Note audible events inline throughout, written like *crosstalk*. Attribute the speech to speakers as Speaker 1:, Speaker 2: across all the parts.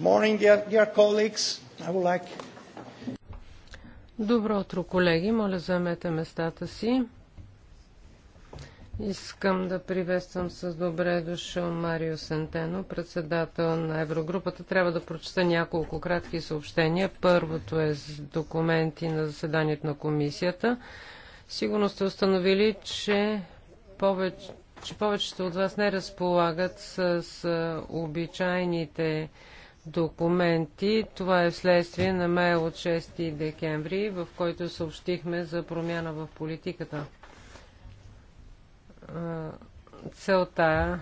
Speaker 1: Morning, dear, dear colleagues. I would like...
Speaker 2: Добро утро, колеги. Моля, заемете местата си. Искам да приветствам с добре дошъл Марио Сентено, председател на Еврогрупата. Трябва да прочета няколко кратки съобщения. Първото е с документи на заседанието на комисията. Сигурно сте установили, че повече че повечето от вас не разполагат с, с обичайните документи. Това е вследствие на мейл от 6 декември, в който съобщихме за промяна в политиката. Целта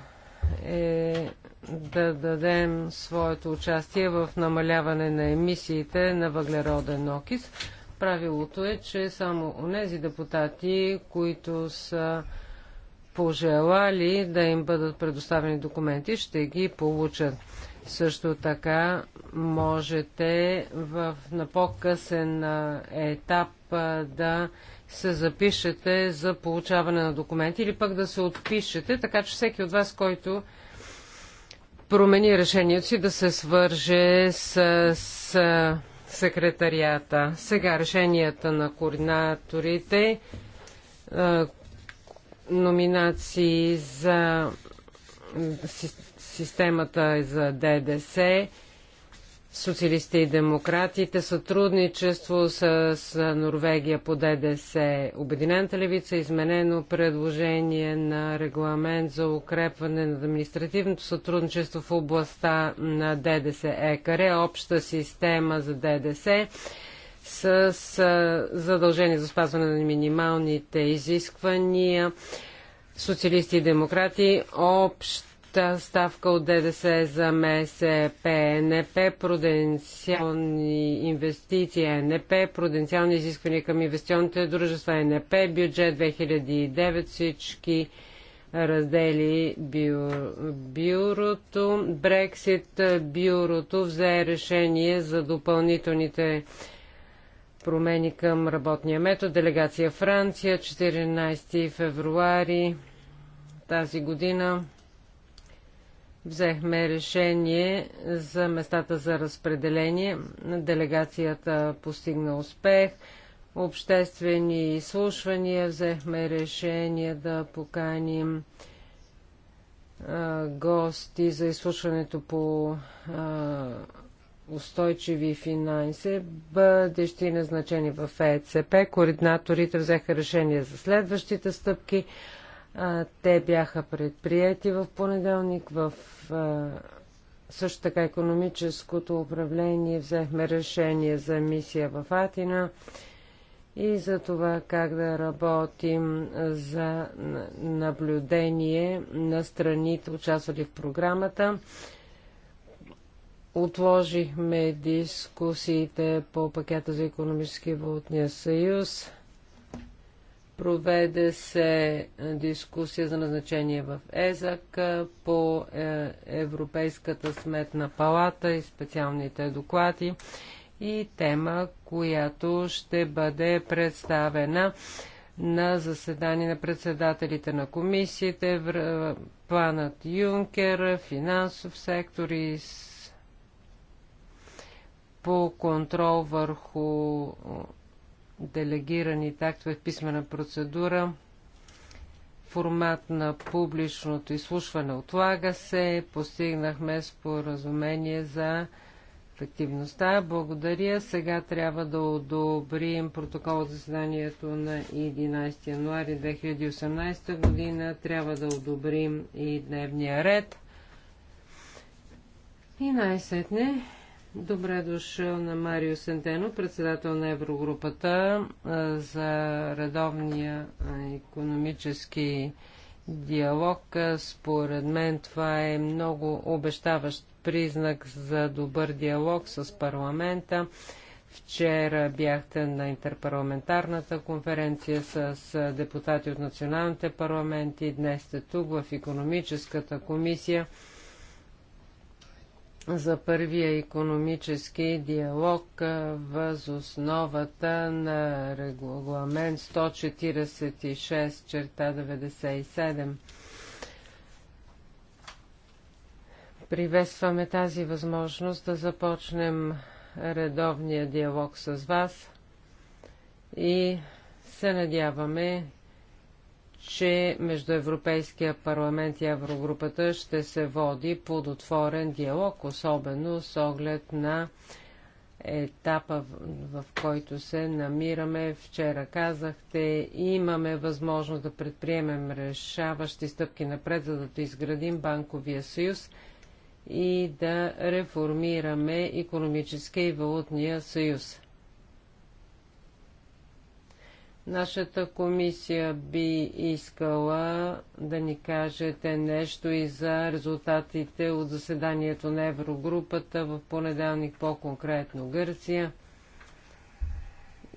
Speaker 2: е да дадем своето участие в намаляване на емисиите на въглероден окис. Правилото е, че само онези депутати, които са пожелали да им бъдат предоставени документи, ще ги получат. Също така можете в, на по-късен етап да се запишете за получаване на документи или пък да се отпишете, така че всеки от вас, който промени решението си да се свърже с, с секретарията. Сега решенията на координаторите, номинации за системата е за ДДС, социалистите и демократите, сътрудничество с Норвегия по ДДС, Обединената левица, изменено предложение на регламент за укрепване на административното сътрудничество в областта на ДДС ЕКАРЕ, е обща система за ДДС с задължение за спазване на минималните изисквания, социалисти и демократи, общ ставка от ДДС за МС, ПНП, пруденциални инвестиции, НП, пруденциални изисквания към инвестиционните дружества, НП, бюджет 2009, всички раздели бюро, бюрото. Брексит бюрото взе решение за допълнителните промени към работния метод. Делегация Франция, 14 февруари тази година взехме решение за местата за разпределение. Делегацията постигна успех. Обществени изслушвания взехме решение да поканим гости за изслушването по а, устойчиви финанси, бъдещи назначени в ЕЦП. Координаторите взеха решение за следващите стъпки – те бяха предприяти в понеделник. В също така економическото управление взехме решение за мисия в Атина и за това как да работим за наблюдение на страните, участвали в програмата. Отложихме дискусиите по пакета за економически и съюз. Проведе се е, дискусия за назначение в ЕЗАК е, по е, Европейската сметна палата и специалните доклади и тема, която ще бъде представена на заседание на председателите на комисиите, планът Юнкер, финансов сектор и по контрол върху Делегирани актове в писмена процедура, формат на публичното изслушване отлага се, постигнахме споразумение за ефективността. Благодаря. Сега трябва да одобрим протокол от заседанието на 11 януари 2018 година. Трябва да одобрим и дневния ред. И най-сетне Добре дошъл на Марио Сентено, председател на Еврогрупата за редовния економически диалог. Според мен това е много обещаващ признак за добър диалог с парламента. Вчера бяхте на интерпарламентарната конференция с депутати от националните парламенти. Днес сте тук в економическата комисия за първия економически диалог въз основата на регламент 146 черта 97. Приветстваме тази възможност да започнем редовния диалог с вас и се надяваме че между Европейския парламент и Еврогрупата ще се води под отворен диалог, особено с оглед на етапа, в, в който се намираме. Вчера казахте, имаме възможност да предприемем решаващи стъпки напред, за да изградим банковия съюз и да реформираме економическия и валутния съюз. Нашата комисия би искала да ни кажете нещо и за резултатите от заседанието на Еврогрупата в понеделник по-конкретно Гърция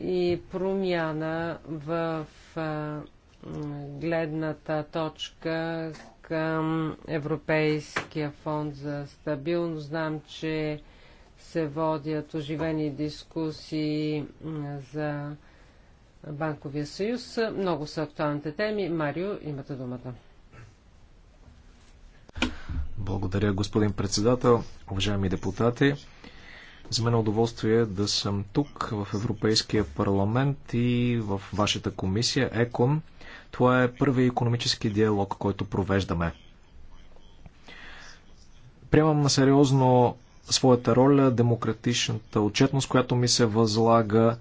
Speaker 2: и промяна в гледната точка към Европейския фонд за стабилност. Знам, че се водят оживени дискусии за банковия съюз. Много са актуалните теми. Марио, имате думата.
Speaker 3: Благодаря, господин председател, уважаеми депутати. За мен е удоволствие да съм тук в Европейския парламент и в вашата комисия ЕКОН. Това е първият економически диалог, който провеждаме. Приемам на сериозно своята роля, демократичната отчетност, която ми се възлага,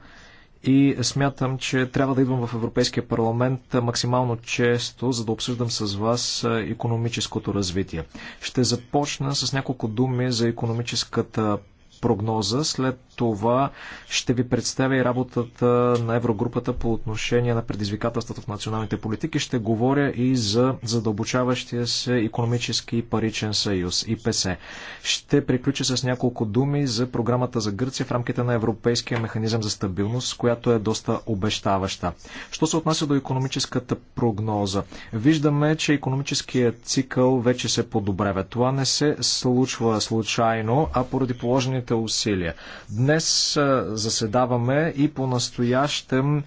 Speaker 3: и смятам, че трябва да идвам в Европейския парламент максимално често, за да обсъждам с вас економическото развитие. Ще започна с няколко думи за економическата прогноза. След това ще ви представя и работата на Еврогрупата по отношение на предизвикателствата в националните политики. Ще говоря и за задълбочаващия се економически и паричен съюз, ИПС. Ще приключа с няколко думи за програмата за Гърция в рамките на Европейския механизъм за стабилност, която е доста обещаваща. Що се отнася до економическата прогноза? Виждаме, че економическият цикъл вече се подобрява. Това не се случва случайно, а поради положените положените усилия. Днес заседаваме и по-настоящем е,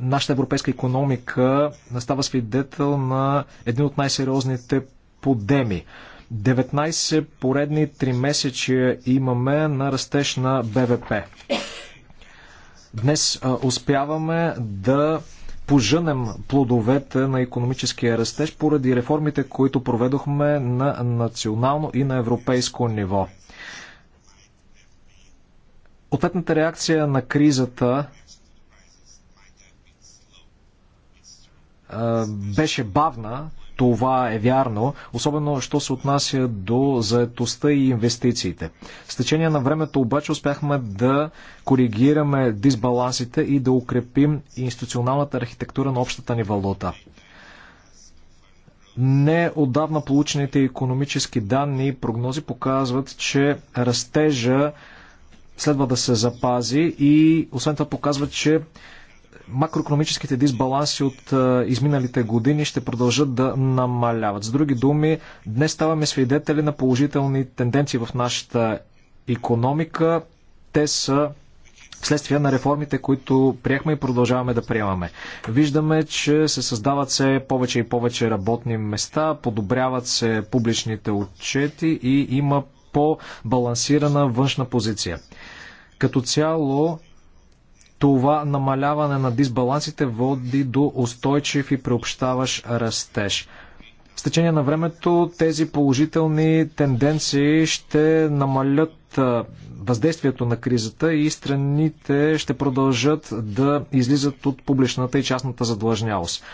Speaker 3: нашата европейска економика става свидетел на един от най-сериозните подеми. 19 поредни три месечия имаме на растеж на БВП. Днес успяваме да пожънем плодовете на економическия растеж поради реформите, които проведохме на национално и на европейско ниво. Ответната реакция на кризата беше бавна, това е вярно, особено що се отнася до заетостта и инвестициите. С течение на времето обаче успяхме да коригираме дисбалансите и да укрепим институционалната архитектура на общата ни валута. Не отдавна получените економически данни и прогнози показват, че растежа следва да се запази и освен това показва, че макроекономическите дисбаланси от изминалите години ще продължат да намаляват. С други думи, днес ставаме свидетели на положителни тенденции в нашата економика. Те са вследствие на реформите, които приехме и продължаваме да приемаме. Виждаме, че се създават все повече и повече работни места, подобряват се публичните отчети и има по-балансирана външна позиция. Като цяло, това намаляване на дисбалансите води до устойчив и приобщаващ растеж. С течение на времето тези положителни тенденции ще намалят въздействието на кризата и страните ще продължат да излизат от публичната и частната задлъжнялост.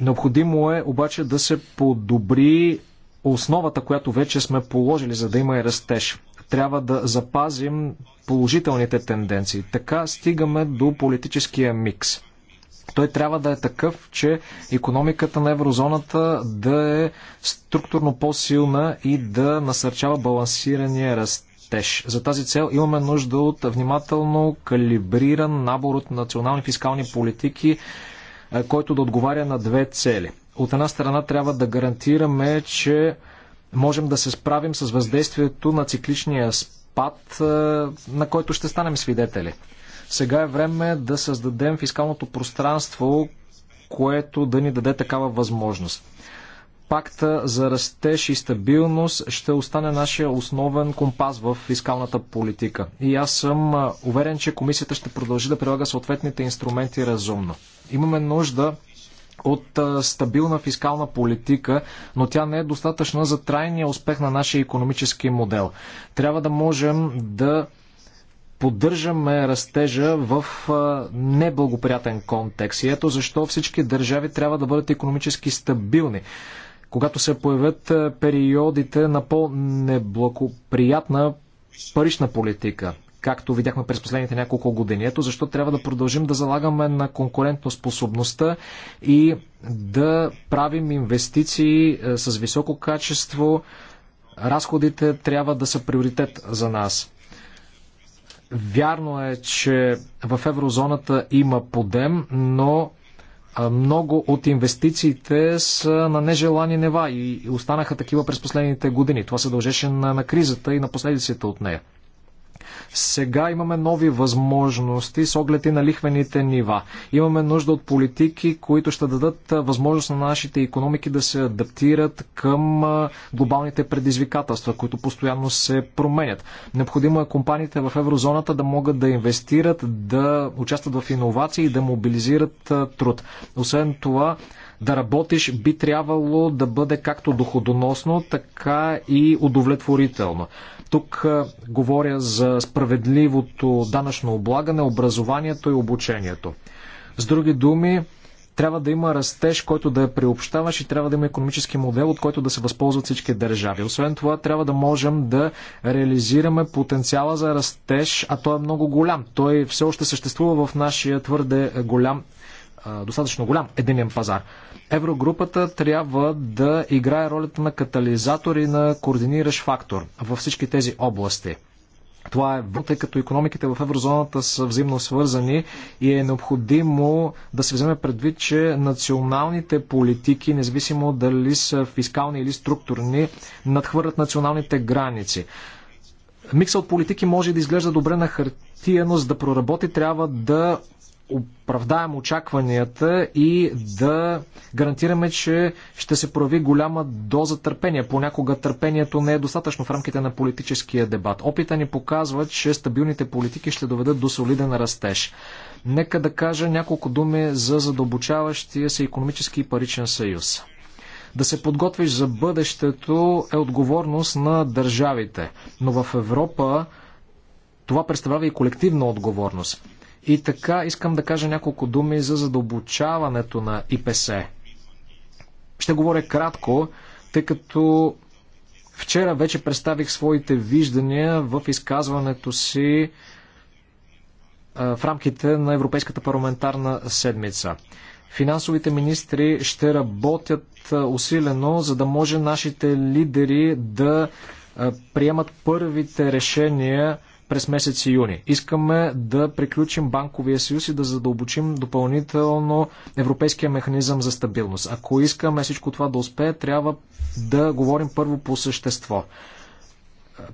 Speaker 3: Необходимо е обаче да се подобри основата, която вече сме положили, за да има и растеж. Трябва да запазим положителните тенденции. Така стигаме до политическия микс. Той трябва да е такъв, че економиката на еврозоната да е структурно по-силна и да насърчава балансирания растеж. За тази цел имаме нужда от внимателно калибриран набор от национални фискални политики, е, който да отговаря на две цели. От една страна трябва да гарантираме, че можем да се справим с въздействието на цикличния спад, е, на който ще станем свидетели. Сега е време да създадем фискалното пространство, което да ни даде такава възможност. Пакта за растеж и стабилност ще остане нашия основен компас в фискалната политика. И аз съм е, уверен, че комисията ще продължи да прилага съответните инструменти разумно. Имаме нужда от стабилна фискална политика, но тя не е достатъчна за трайния успех на нашия економически модел. Трябва да можем да поддържаме растежа в неблагоприятен контекст. И ето защо всички държави трябва да бъдат економически стабилни. Когато се появят периодите на по-неблагоприятна парична политика, както видяхме през последните няколко години. Ето защо трябва да продължим да залагаме на конкурентоспособността и да правим инвестиции е, с високо качество. Разходите трябва да са приоритет за нас. Вярно е, че в еврозоната има подем, но е, много от инвестициите са на нежелани нева и останаха такива през последните години. Това се дължеше на, на кризата и на последиците от нея. Сега имаме нови възможности с оглед и на лихвените нива. Имаме нужда от политики, които ще дадат възможност на нашите економики да се адаптират към глобалните предизвикателства, които постоянно се променят. Необходимо е компаниите в еврозоната да могат да инвестират, да участват в иновации и да мобилизират труд. Освен това, да работиш би трябвало да бъде както доходоносно, така и удовлетворително. Тук говоря за справедливото данъчно облагане, образованието и обучението. С други думи, трябва да има растеж, който да е приобщаваш и трябва да има економически модел, от който да се възползват всички държави. Освен това, трябва да можем да реализираме потенциала за растеж, а той е много голям. Той все още съществува в нашия твърде голям достатъчно голям единен пазар. Еврогрупата трябва да играе ролята на катализатор и на координиращ фактор във всички тези области. Това е, тъй като економиките в еврозоната са взаимно свързани и е необходимо да се вземе предвид, че националните политики, независимо дали са фискални или структурни, надхвърлят националните граници. Миксът от политики може да изглежда добре на хартия, но за да проработи трябва да оправдаем очакванията и да гарантираме, че ще се прояви голяма доза търпение. Понякога търпението не е достатъчно в рамките на политическия дебат. Опита ни показва, че стабилните политики ще доведат до солиден растеж. Нека да кажа няколко думи за задълбочаващия се економически и паричен съюз. Да се подготвиш за бъдещето е отговорност на държавите, но в Европа това представлява и колективна отговорност. И така искам да кажа няколко думи за задълбочаването на ИПС. Ще говоря кратко, тъй като вчера вече представих своите виждания в изказването си в рамките на Европейската парламентарна седмица. Финансовите министри ще работят усилено, за да може нашите лидери да приемат първите решения през месец юни. Искаме да приключим банковия съюз и да задълбочим допълнително европейския механизъм за стабилност. Ако искаме всичко това да успее, трябва да говорим първо по същество.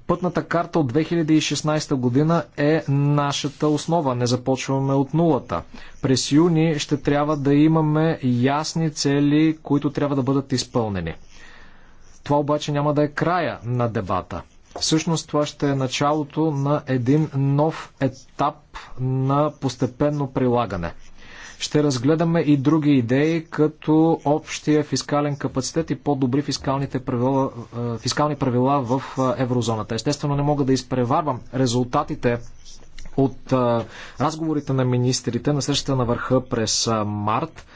Speaker 3: Пътната карта от 2016 година е нашата основа. Не започваме от нулата. През юни ще трябва да имаме ясни цели, които трябва да бъдат изпълнени. Това обаче няма да е края на дебата. Всъщност това ще е началото на един нов етап на постепенно прилагане. Ще разгледаме и други идеи, като общия фискален капацитет и по-добри правила, е, фискални правила в е, еврозоната. Естествено, не мога да изпреварвам резултатите от е, разговорите на министрите на срещата на върха през март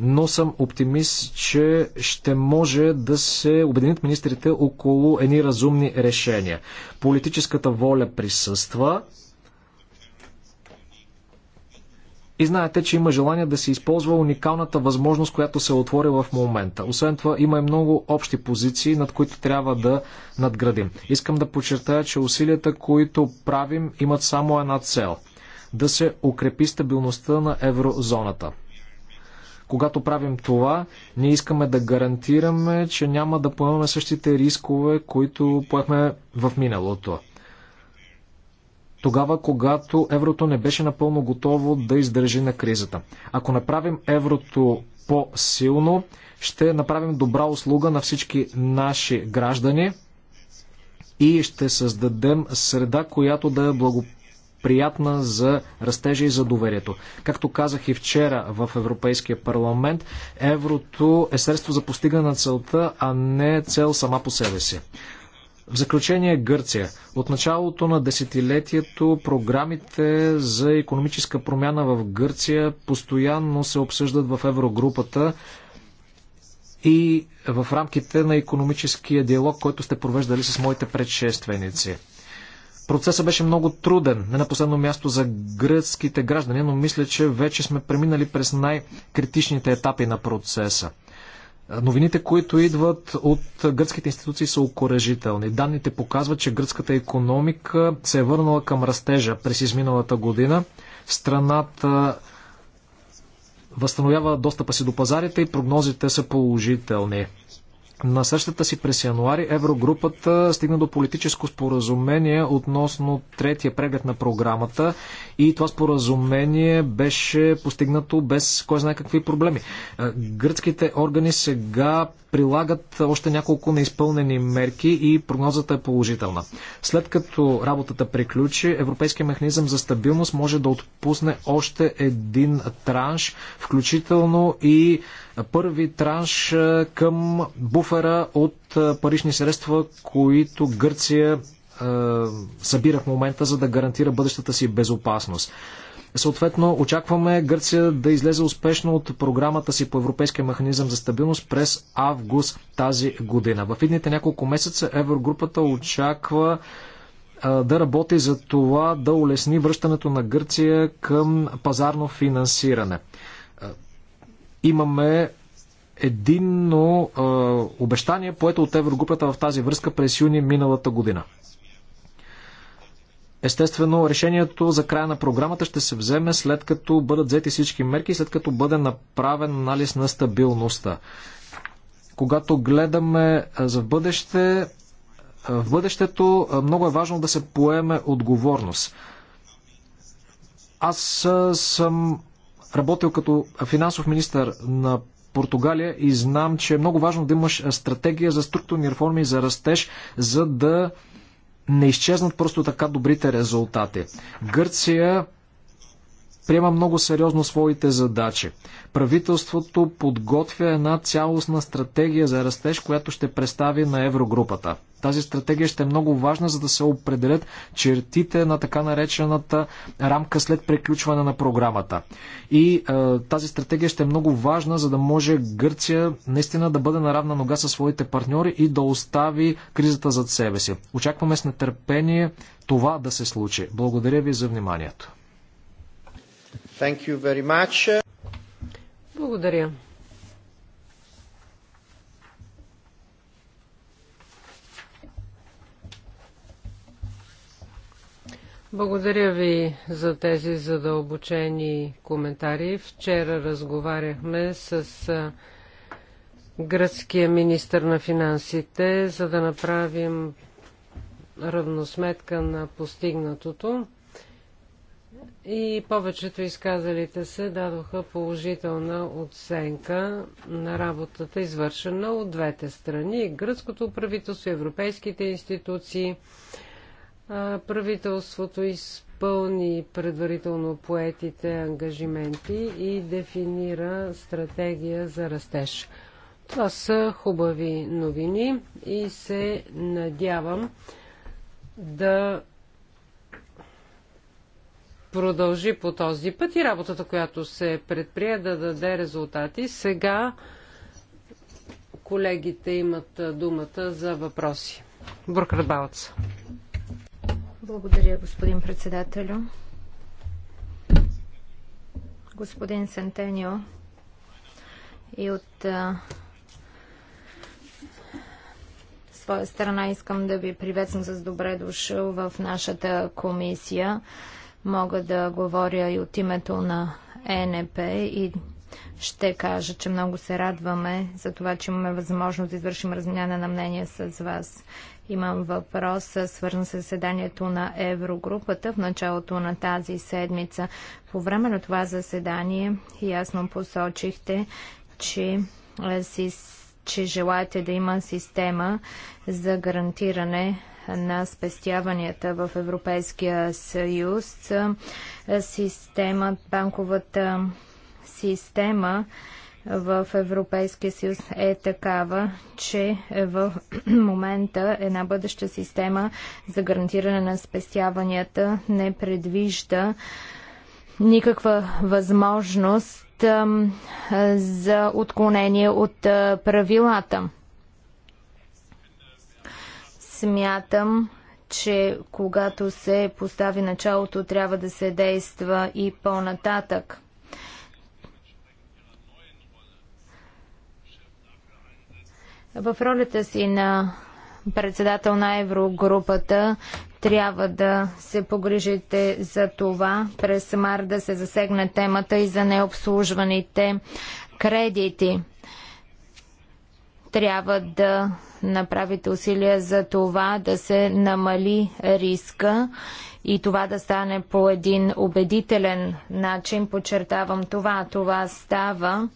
Speaker 3: но съм оптимист, че ще може да се обединят министрите около едни разумни решения. Политическата воля присъства. И знаете, че има желание да се използва уникалната възможност, която се отвори в момента. Освен това, има и много общи позиции, над които трябва да надградим. Искам да подчертая, че усилията, които правим, имат само една цел да се укрепи стабилността на еврозоната. Когато правим това, ние искаме да гарантираме, че няма да поемаме същите рискове, които поехме в миналото. Тогава, когато еврото не беше напълно готово да издържи на кризата. Ако направим еврото по-силно, ще направим добра услуга на всички наши граждани и ще създадем среда, която да е благоприятна благоприятна за растежа и за доверието. Както казах и вчера в Европейския парламент, еврото е средство за постигане на целта, а не цел сама по себе си. В заключение Гърция. От началото на десетилетието програмите за економическа промяна в Гърция постоянно се обсъждат в еврогрупата и в рамките на економическия диалог, който сте провеждали с моите предшественици. Процесът беше много труден, не на последно място за гръцките граждани, но мисля, че вече сме преминали през най-критичните етапи на процеса. Новините, които идват от гръцките институции са окоръжителни. Данните показват, че гръцката економика се е върнала към растежа през изминалата година. Страната възстановява достъпа си до пазарите и прогнозите са положителни. На същата си през януари Еврогрупата стигна до политическо споразумение относно третия преглед на програмата и това споразумение беше постигнато без кой знае какви проблеми. Гръцките органи сега прилагат още няколко неизпълнени мерки и прогнозата е положителна. След като работата приключи, Европейския механизъм за стабилност може да отпусне още един транш, включително и първи транш към буфера от парични средства, които Гърция е, събира в момента, за да гарантира бъдещата си безопасност. Съответно, очакваме Гърция да излезе успешно от програмата си по Европейския механизъм за стабилност през август тази година. В идните няколко месеца Еврогрупата очаква е, да работи за това да улесни връщането на Гърция към пазарно финансиране. Е, имаме единно обещание, поето от Еврогрупата в тази връзка през юни миналата година. Естествено, решението за края на програмата ще се вземе след като бъдат взети всички мерки, след като бъде направен анализ на стабилността. Когато гледаме за бъдеще, в бъдещето много е важно да се поеме отговорност. Аз съм работил като финансов министр на Португалия и знам, че е много важно да имаш стратегия за структурни реформи за растеж, за да не изчезнат просто така добрите резултати. Гърция приема много сериозно своите задачи. Правителството подготвя една цялостна стратегия за растеж, която ще представи на Еврогрупата. Тази стратегия ще е много важна, за да се определят чертите на така наречената рамка след приключване на програмата. И е, тази стратегия ще е много важна, за да може Гърция наистина да бъде на равна нога със своите партньори и да остави кризата зад себе си. Очакваме с нетърпение това да се случи. Благодаря ви за вниманието.
Speaker 1: Thank you very much.
Speaker 2: Благодаря. Благодаря ви за тези задълбочени коментари. Вчера разговаряхме с гръцкия министр на финансите, за да направим равносметка на постигнатото и повечето изказалите се дадоха положителна оценка на работата, извършена от двете страни гръцкото правителство, европейските институции. Правителството изпълни предварително поетите ангажименти и дефинира стратегия за растеж. Това са хубави новини и се надявам да продължи по този път и работата, която се предприе да даде резултати. Сега колегите имат думата за въпроси. Буркрат Балц.
Speaker 4: Благодаря, господин председателю. Господин Сентенио, и от а, своя страна искам да ви приветствам с добре дошъл в нашата комисия. Мога да говоря и от името на ЕНП и ще кажа, че много се радваме за това, че имаме възможност да извършим размяна на мнение с вас. Имам въпрос, свързан с заседанието на Еврогрупата в началото на тази седмица. По време на това заседание ясно посочихте, че, е, че желаете да има система за гарантиране на спестяванията в Европейския съюз. Система, банковата система в Европейския съюз е такава, че в *clears throat* момента една бъдеща система за гарантиране на спестяванията не предвижда никаква възможност за отклонение от правилата. Смятам, че когато се постави началото, трябва да се действа и по-нататък. В ролята си на председател на Еврогрупата трябва да се погрижите за това през мар да се засегне темата и за необслужваните кредити трябва да направите усилия за това да се намали риска и това да стане по един убедителен начин. Подчертавам това. Това става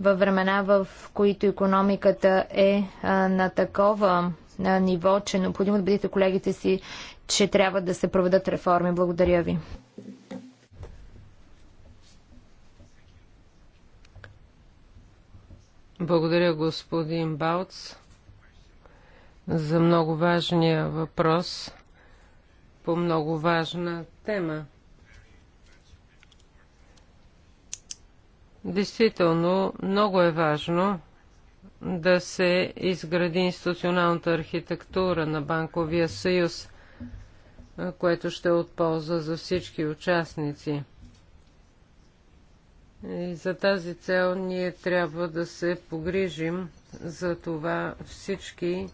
Speaker 4: във времена, в които економиката е а, на такова а, ниво, че е необходимо да бъдете колегите си, че трябва да се проведат реформи. Благодаря ви.
Speaker 2: Благодаря, господин Балц, за много важния въпрос по много важна тема. Действително, много е важно да се изгради институционалната архитектура на Банковия съюз, което ще е от полза за всички участници – и за тази цел ние трябва да се погрижим за това всички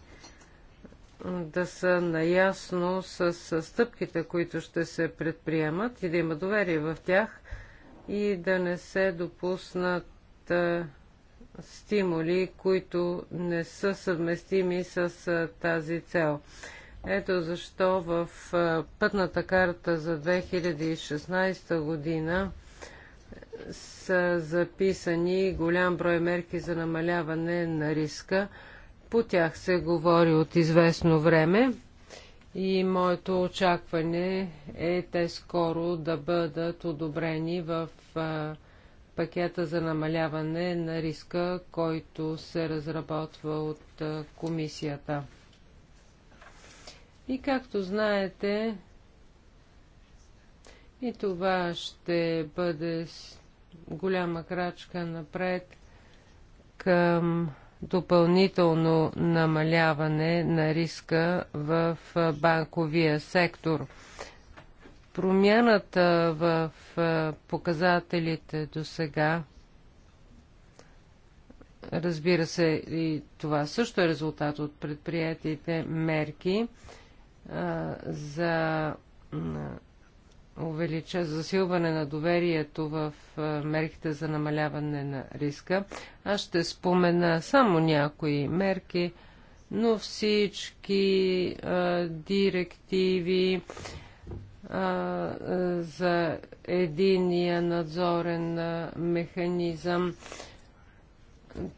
Speaker 2: да са наясно с стъпките, които ще се предприемат и да има доверие в тях и да не се допуснат стимули, които не са съвместими с тази цел. Ето защо в пътната карта за 2016 година са записани голям брой мерки за намаляване на риска. По тях се говори от известно време и моето очакване е те скоро да бъдат одобрени в пакета за намаляване на риска, който се разработва от комисията. И както знаете, и това ще бъде голяма крачка напред към допълнително намаляване на риска в банковия сектор. Промяната в показателите до сега, разбира се, и това също е резултат от предприятите мерки за увелича засилване на доверието в мерките за намаляване на риска. Аз ще спомена само някои мерки, но всички а, директиви а, за единия надзорен механизъм,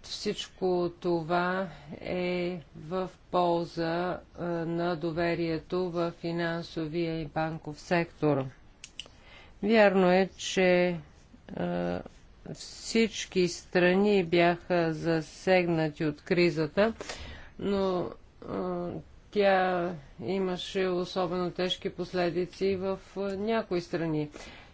Speaker 2: всичко това е в полза на доверието в финансовия и банков сектор. Вярно е, че а, всички страни бяха засегнати от кризата, но а, тя имаше особено тежки последици в а, някои страни.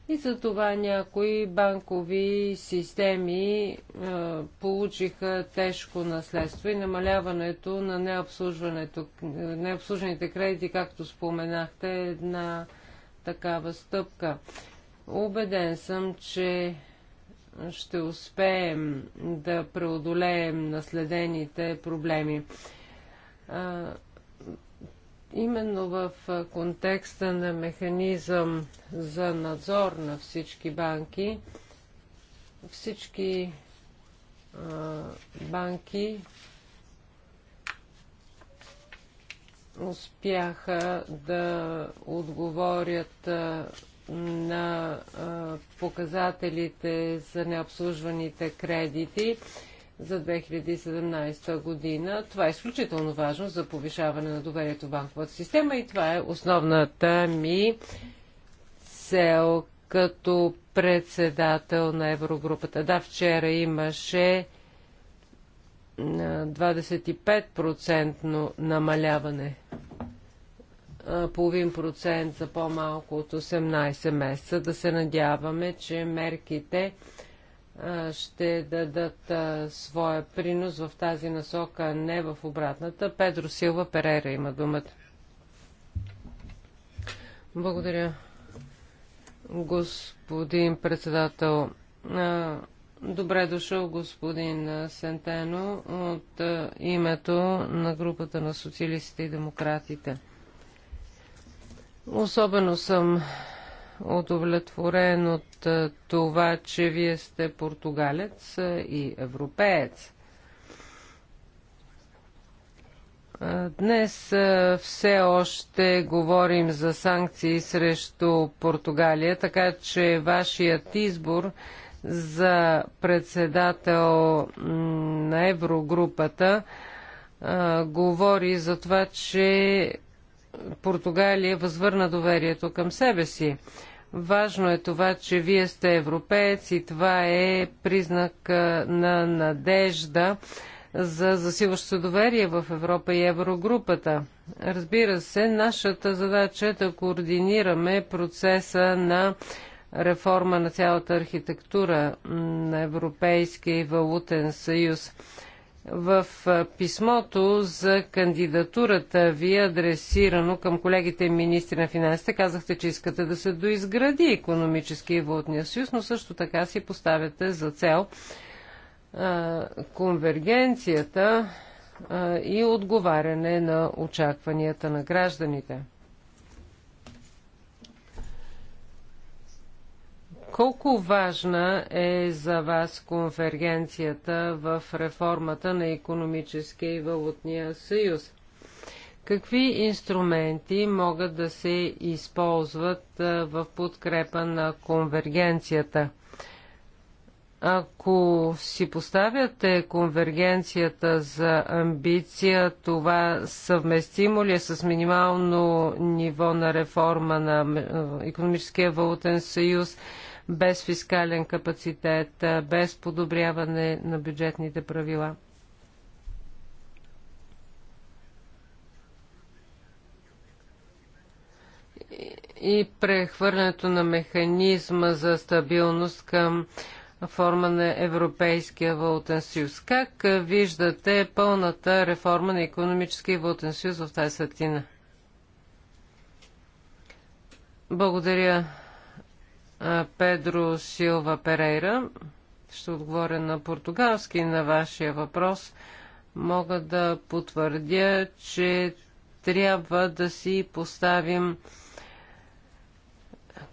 Speaker 2: И за това някои банкови системи а, получиха тежко наследство и намаляването на необслужването, необслужените кредити, както споменахте, е една такава стъпка. Убеден съм, че ще успеем да преодолеем наследените проблеми. А, именно в контекста на механизъм за надзор на всички банки, всички а, банки успяха да отговорят а, на а, показателите за необслужваните кредити за 2017 година. Това е изключително важно за повишаване на доверието в банковата система и това е основната ми цел като председател на Еврогрупата. Да, вчера имаше 25% намаляване половин процент за по-малко от 18 месеца. Да се надяваме, че мерките ще дадат своя принос в тази насока, не в обратната. Педро Силва Перера има думата. Благодаря, господин председател. Добре дошъл, господин Сентено, от името на групата на социалистите и демократите. Особено съм удовлетворен от това, че вие сте португалец и европеец. Днес все още говорим за санкции срещу Португалия, така че вашият избор за председател на Еврогрупата говори за това, че Португалия възвърна доверието към себе си. Важно е това, че вие сте европеец и това е признак на надежда за засилващо доверие в Европа и Еврогрупата. Разбира се, нашата задача е да координираме процеса на реформа на цялата архитектура на Европейския и валутен съюз. В писмото за кандидатурата ви, адресирано към колегите министри на финансите, казахте, че искате да се доизгради економически и валутния съюз, но също така си поставяте за цел а, конвергенцията а, и отговаряне на очакванията на гражданите. Колко важна е за вас конвергенцията в реформата на економическия и валутния съюз? Какви инструменти могат да се използват в подкрепа на конвергенцията? Ако си поставяте конвергенцията за амбиция, това съвместимо ли е с минимално ниво на реформа на економическия валутен съюз? без фискален капацитет, без подобряване на бюджетните правила. и прехвърлянето на механизма за стабилност към форма на Европейския валутен съюз. Как виждате пълната реформа на економическия валутен съюз в тази светлина? Благодаря Педро Силва Перейра. Ще отговоря на португалски на вашия въпрос. Мога да потвърдя, че трябва да си поставим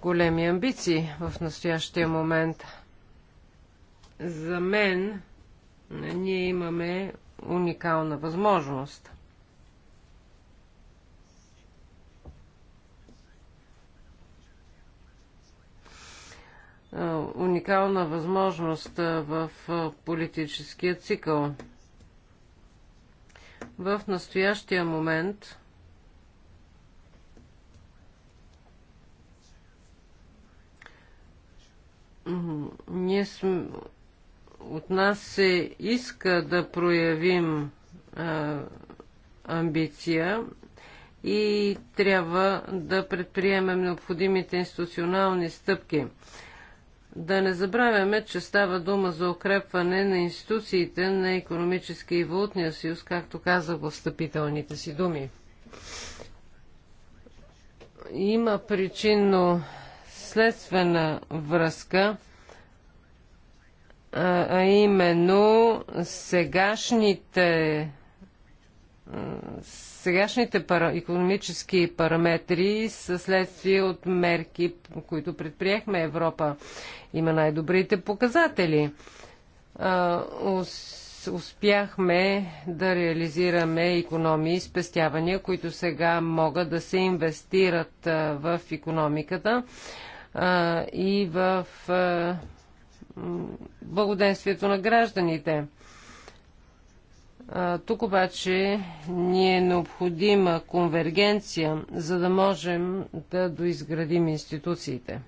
Speaker 2: големи амбиции в настоящия момент. За мен ние имаме уникална възможност. Е, уникална възможност е, в е, политическия цикъл. В настоящия момент ние см... от нас се иска да проявим а, амбиция и трябва да предприемем необходимите институционални стъпки. Да не забравяме, че става дума за укрепване на институциите на економически и валутния съюз, както казах в встъпителните си думи. Има причинно следствена връзка, а именно сегашните сегашните пара, економически параметри са следствие от мерки, които предприехме. Европа има най-добрите показатели. А, успяхме да реализираме економии и спестявания, които сега могат да се инвестират а, в економиката а, и в благоденствието на гражданите. Тук обаче ни е необходима конвергенция, за да можем да доизградим институциите.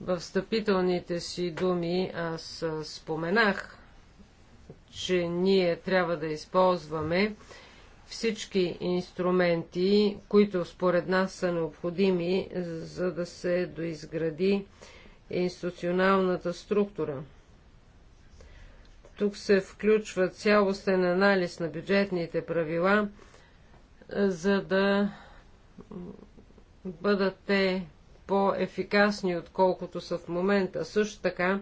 Speaker 2: В встъпителните си думи аз споменах, че ние трябва да използваме всички инструменти, които според нас са необходими, за да се доизгради институционалната структура – тук се включва цялостен анализ на бюджетните правила, за да бъдат те по-ефикасни, отколкото са в момента. Също така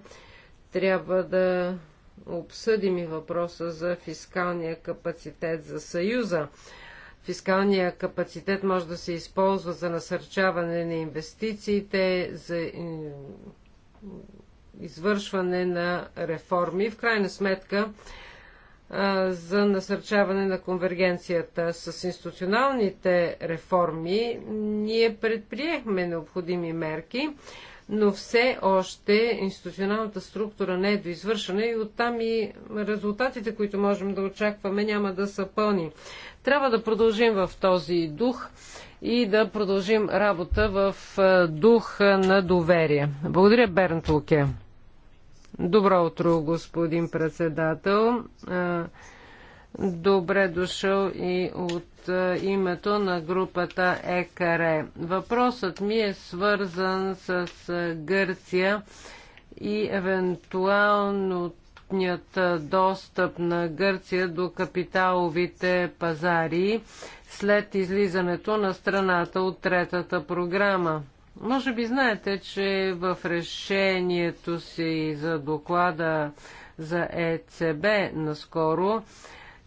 Speaker 2: трябва да обсъдим и въпроса за фискалния капацитет за Съюза. Фискалния капацитет може да се използва за насърчаване на инвестициите, за извършване на реформи. В крайна сметка, за насърчаване на конвергенцията с институционалните реформи, ние предприехме необходими мерки, но все още институционалната структура не е доизвършена и оттам и резултатите, които можем да очакваме, няма да са пълни. Трябва да продължим в този дух и да продължим работа в дух на доверие. Благодаря, Бернт Луке. Добро утро, господин председател. Добре дошъл и от името на групата ЕКАРЕ. Въпросът ми е свързан с Гърция и евентуалният достъп на Гърция до капиталовите пазари след излизането на страната от третата програма. Може би знаете, че в решението си за доклада за ЕЦБ наскоро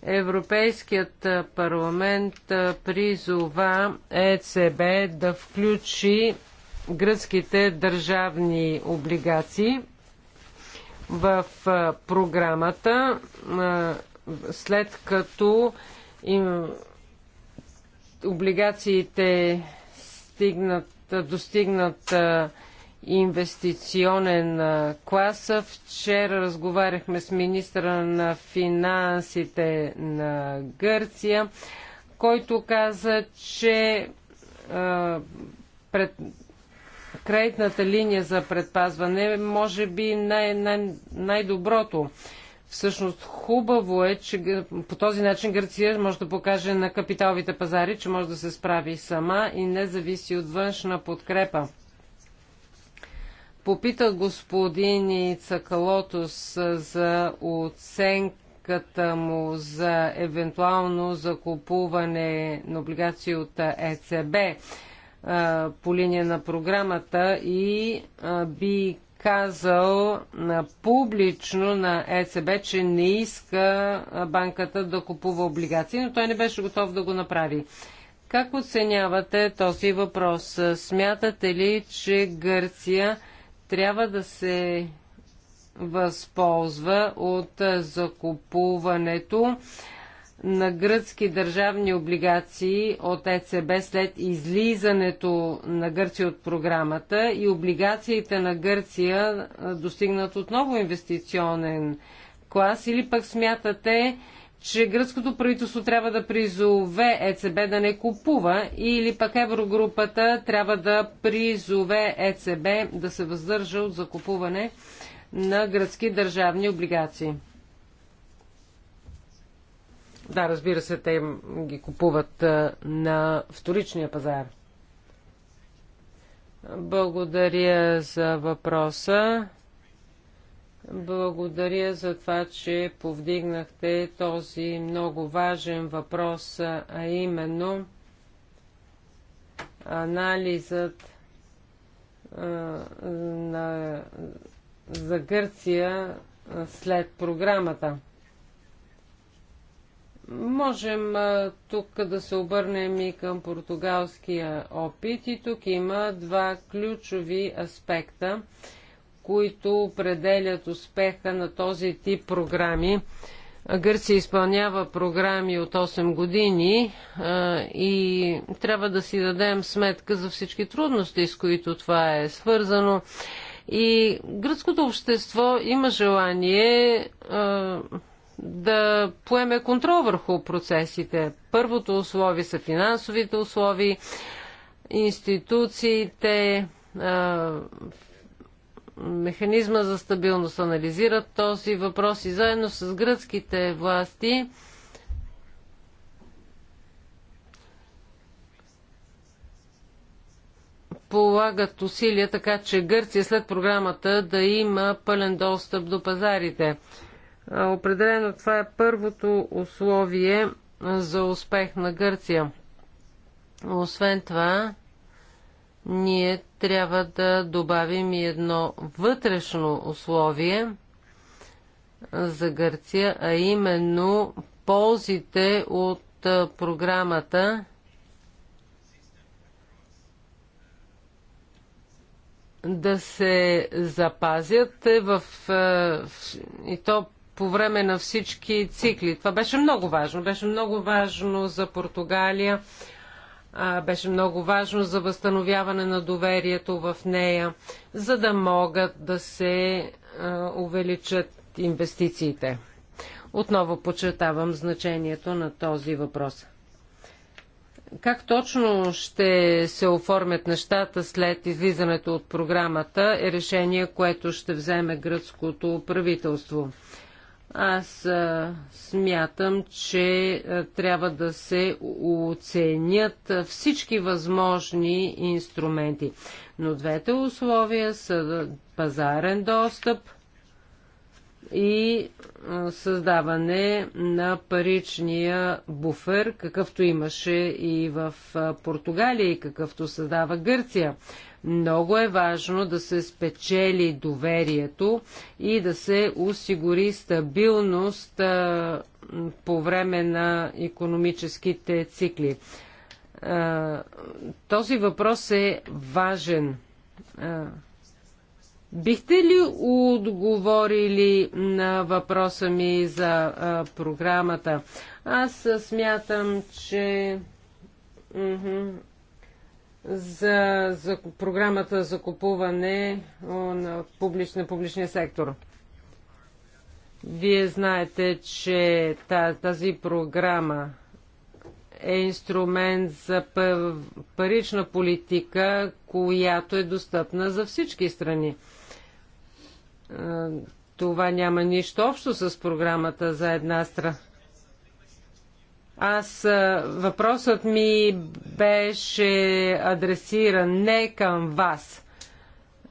Speaker 2: Европейският парламент призова ЕЦБ да включи гръцките държавни облигации в програмата, след като им облигациите стигнат достигнат инвестиционен клас. Вчера разговаряхме с министра на финансите на Гърция, който каза, че пред кредитната линия за предпазване може би най- доброто най Всъщност хубаво е, че по този начин Гърция може да покаже на капиталовите пазари, че може да се справи сама и не зависи от външна подкрепа. Попита господин Цакалотос за оценката му за евентуално закупуване на облигации от ЕЦБ по линия на програмата и би казал публично на ЕЦБ, че не иска банката да купува облигации, но той не беше готов да го направи. Как оценявате този въпрос? Смятате ли, че Гърция трябва да се възползва от закупуването на гръцки държавни облигации от ЕЦБ след излизането на Гърция от програмата и облигациите на Гърция достигнат отново инвестиционен клас или пък смятате, че гръцкото правителство трябва да призове ЕЦБ да не купува или пък Еврогрупата трябва да призове ЕЦБ да се въздържа от закупуване на гръцки държавни облигации. Да, разбира се, те ги купуват на вторичния пазар. Благодаря за въпроса. Благодаря за това, че повдигнахте този много важен въпрос, а именно анализът а, на, за Гърция след програмата. Можем тук да се обърнем и към португалския опит и тук има два ключови аспекта, които определят успеха на този тип програми. Гърция изпълнява програми от 8 години а, и трябва да си дадем сметка за всички трудности, с които това е свързано. И гръцкото общество има желание а, да поеме контрол върху процесите. Първото условие са финансовите условия, институциите, механизма за стабилност анализират този въпрос и заедно с гръцките власти полагат усилия така, че Гърция след програмата да има пълен достъп до пазарите. Определено това е първото условие за успех на Гърция. Освен това, ние трябва да добавим и едно вътрешно условие за Гърция, а именно ползите от програмата да се запазят е в, и то по време на всички цикли. Това беше много важно. Беше много важно за Португалия, беше много важно за възстановяване на доверието в нея, за да могат да се увеличат инвестициите. Отново подчертавам значението на този въпрос. Как точно ще се оформят нещата след излизането от програмата е решение, което ще вземе гръцкото правителство. Аз а, смятам, че а, трябва да се оценят всички възможни инструменти. Но двете условия са пазарен достъп – и създаване на паричния буфер, какъвто имаше и в Португалия и какъвто създава Гърция. Много е важно да се спечели доверието и да се осигури стабилност по време на економическите цикли. този въпрос е важен. Бихте ли отговорили на въпроса ми за а, програмата? Аз смятам, че за, за програмата за купуване на, публич, на публичния сектор. Вие знаете, че тази програма е инструмент за парична политика, която е достъпна за всички страни това няма нищо общо с програмата за една страна. Аз въпросът ми беше адресиран не към вас.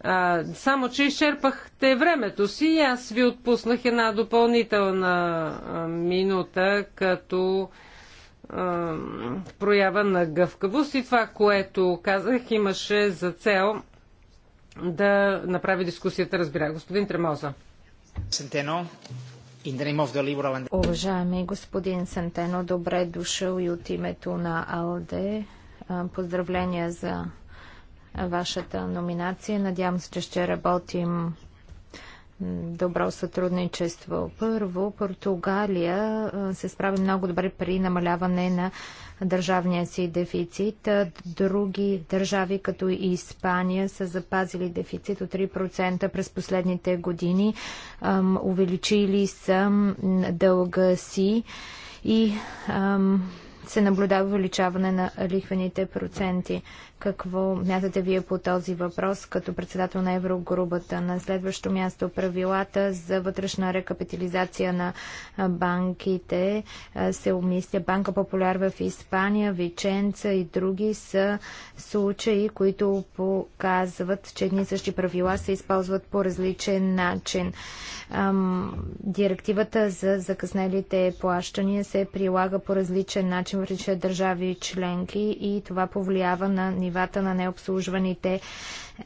Speaker 2: А, само, че изчерпахте времето си и аз ви отпуснах една допълнителна а, минута като а, проява на гъвкавост и това, което казах, имаше за цел да направи дискусията, разбира. Господин Тремоза. Сентено,
Speaker 4: Уважаеми господин Сантено, добре дошъл и от името на АЛДЕ. Поздравления за вашата номинация. Надявам се, че ще работим добро сътрудничество. Първо, Португалия се справи много добре при намаляване на държавния си дефицит. Други държави, като и Испания, са запазили дефицит от 3% през последните години. Увеличили са дълга си и се наблюдава увеличаване на лихвените проценти. Какво мятате вие по този въпрос като председател на Еврогрубата? На следващо място правилата за вътрешна рекапитализация на банките се умисля. Банка Популяр в Испания, Виченца и други са случаи, които показват, че едни същи правила се използват по различен начин. Директивата за закъснелите плащания се прилага по различен начин в различни държави и членки и това повлиява на нивата на необслужваните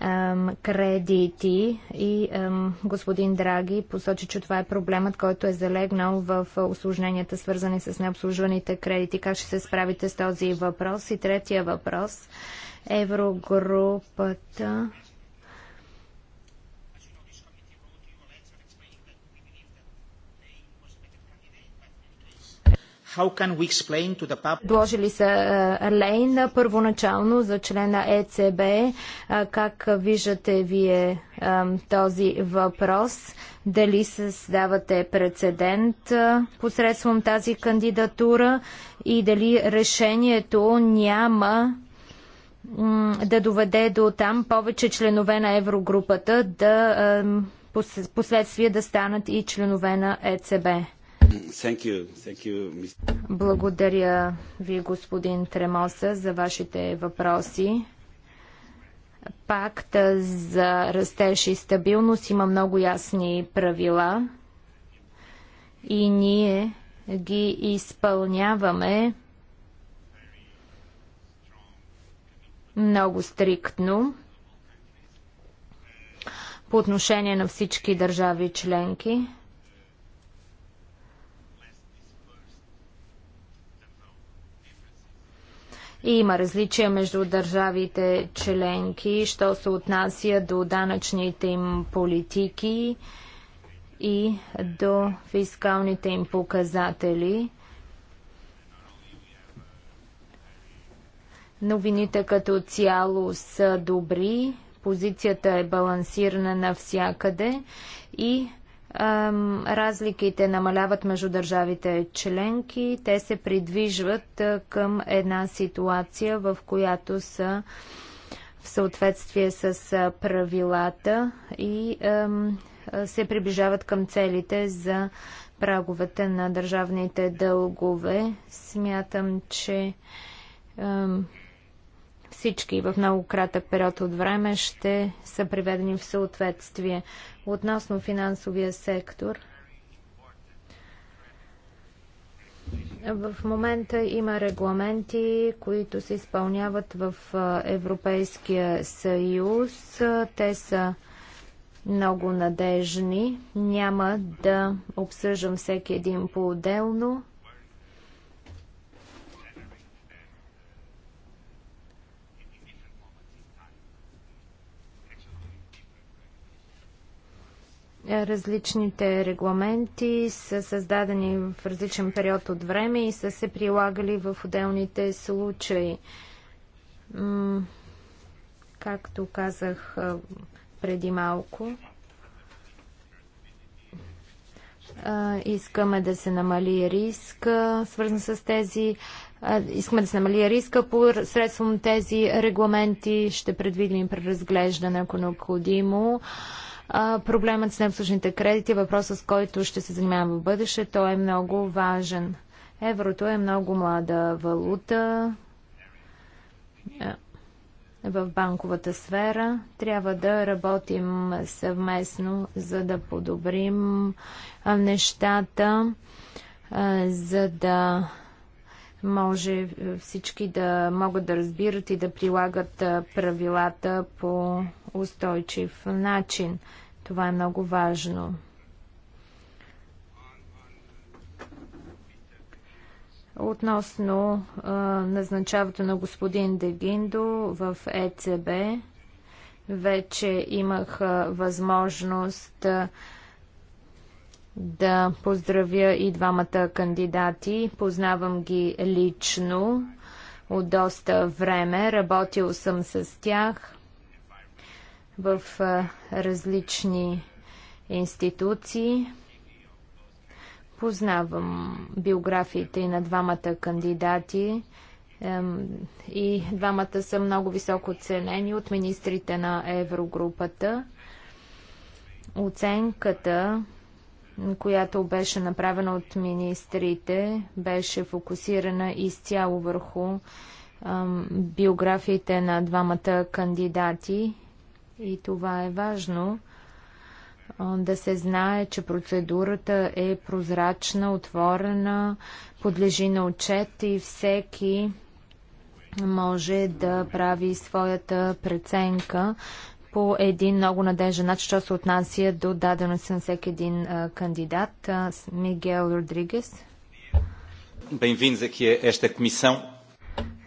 Speaker 4: ем, кредити и ем, господин Драги посочи, че това е проблемът, който е залегнал в осложненията, свързани с необслужваните кредити. Как ще се справите с този въпрос? И третия въпрос. Еврогрупата Вложили са е, Лейн първоначално за члена ЕЦБ. Как виждате вие е, този въпрос? Дали създавате прецедент е, посредством тази кандидатура и дали решението няма да доведе до там повече членове на еврогрупата да последствие да станат и членове на ЕЦБ? Благодаря ви, господин Тремоса, за вашите въпроси. Пакта за растеж и стабилност има много ясни правила и ние ги изпълняваме много стриктно по отношение на всички държави членки. И има различия между държавите членки, що се отнася до данъчните им политики и до фискалните им показатели. Новините като цяло са добри, позицията е балансирана навсякъде и Разликите намаляват между държавите членки. Те се придвижват към една ситуация, в която са в съответствие с правилата и се приближават към целите за праговете на държавните дългове. Смятам, че всички в много кратък период от време ще са приведени в съответствие. Относно финансовия сектор, в момента има регламенти, които се изпълняват в Европейския съюз. Те са много надежни. Няма да обсъждам всеки един по-отделно. различните регламенти са създадени в различен период от време и са се прилагали в отделните случаи. Както казах преди малко, искаме да се намали риска, свързан с тези искаме да се намали риска по средством тези регламенти. Ще предвидим преразглеждане, ако е необходимо проблемът с необслужените кредити е въпросът, с който ще се занимаваме в бъдеще. Той е много важен. Еврото е много млада валута в банковата сфера. Трябва да работим съвместно, за да подобрим нещата, за да може е, всички да могат да разбират и да прилагат е, правилата по устойчив начин. Това е много важно. Относно а, е, назначаването на господин Дегиндо в ЕЦБ, вече имах а, възможност а, да поздравя и двамата кандидати. Познавам ги лично от доста време. Работил съм с тях в различни институции. Познавам биографиите и на двамата кандидати и двамата са много високо ценени от министрите на Еврогрупата. Оценката която беше направена от министрите, беше фокусирана изцяло върху биографиите на двамата кандидати. И това е важно да се знае, че процедурата е прозрачна, отворена, подлежи на отчет и всеки може да прави своята преценка по един много надежден начин, що се отнася до даденост на всеки един а, кандидат. А, Мигел Родригес.
Speaker 3: bem е aqui a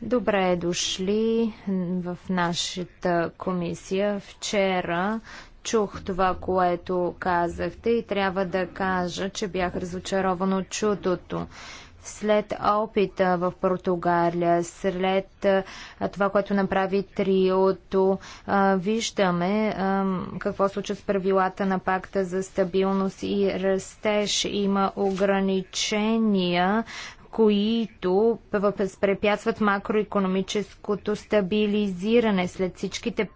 Speaker 4: Добре е дошли в нашата комисия. Вчера чух това, което казахте и трябва да кажа, че бях разочарован от чудото след опита в Португалия, след това, което направи триото, виждаме какво случва с правилата на пакта за стабилност и растеж. Има ограничения, които възпрепятстват макроекономическото стабилизиране след всичките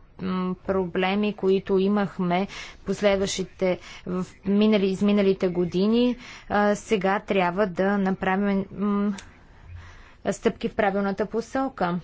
Speaker 4: проблеми, които имахме последващите в минали, изминалите години, сега трябва да направим стъпки в правилната посока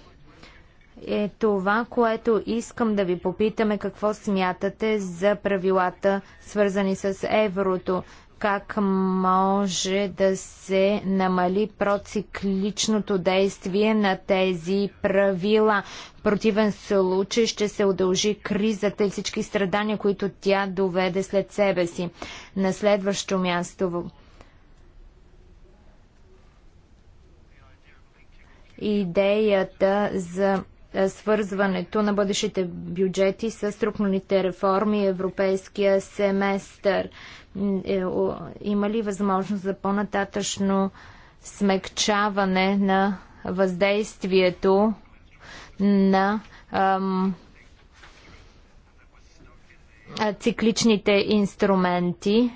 Speaker 4: е това, което искам да ви попитаме какво смятате за правилата, свързани с еврото как може да се намали процикличното действие на тези правила. В противен случай ще се удължи кризата и всички страдания, които тя доведе след себе си. На следващо място идеята за свързването на бъдещите бюджети с структурните реформи европейския семестър. Е, има ли възможност за по-нататъчно смекчаване на въздействието на ам, цикличните инструменти?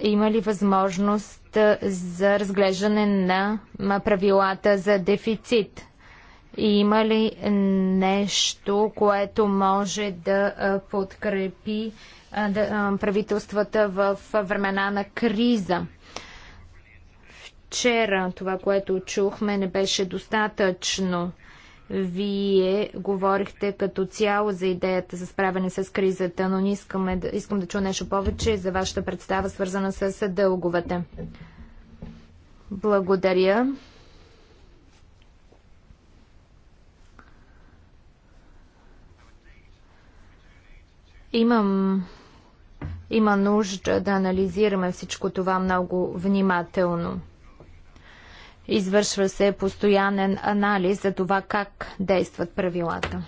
Speaker 4: Има ли възможност за разглеждане на правилата за дефицит? Има ли нещо, което може да подкрепи правителствата в времена на криза? Вчера това, което чухме, не беше достатъчно. Вие говорихте като цяло за идеята за справяне с кризата, но не искаме да, искам да чуя нещо повече за вашата представа, свързана с дълговете. Благодаря. Имам има нужда да анализираме всичко това много внимателно. Извършва се постоянен анализ за това как действат правилата.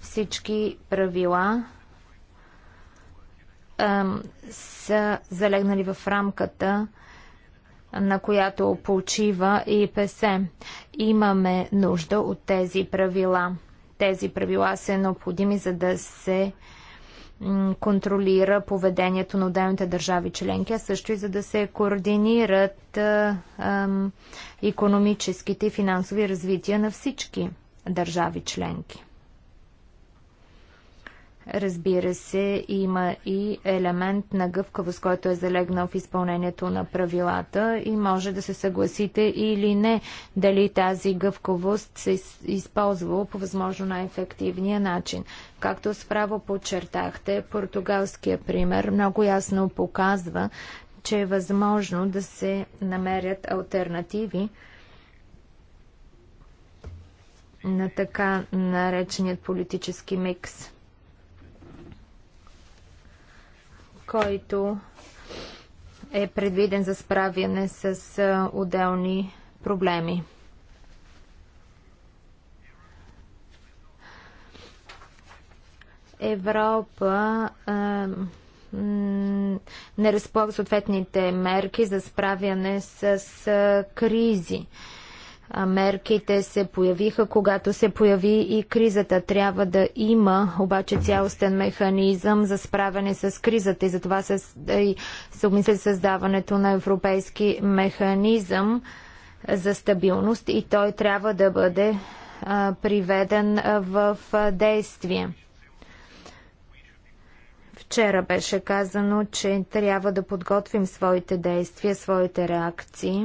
Speaker 4: Всички правила ем, са залегнали в рамката, на която почива и ПСМ. Имаме нужда от тези правила тези правила са необходими, за да се контролира поведението на отделните държави членки, а също и за да се координират економическите и финансови развития на всички държави членки. Разбира се, има и елемент на гъвкавост, който е залегнал в изпълнението на правилата и може да се съгласите или не дали тази гъвкавост се използва по възможно най-ефективния начин. Както справо подчертахте, португалския пример много ясно показва, че е възможно да се намерят альтернативи на така нареченият политически микс. който е предвиден за справяне с отделни проблеми. Европа а, не разполага съответните мерки за справяне с а, кризи. А, мерките се появиха, когато се появи и кризата. Трябва да има обаче цялостен механизъм за справяне с кризата и затова се, се обмисля създаването на европейски механизъм за стабилност и той трябва да бъде а, приведен в действие. Вчера беше казано, че трябва да подготвим своите действия, своите реакции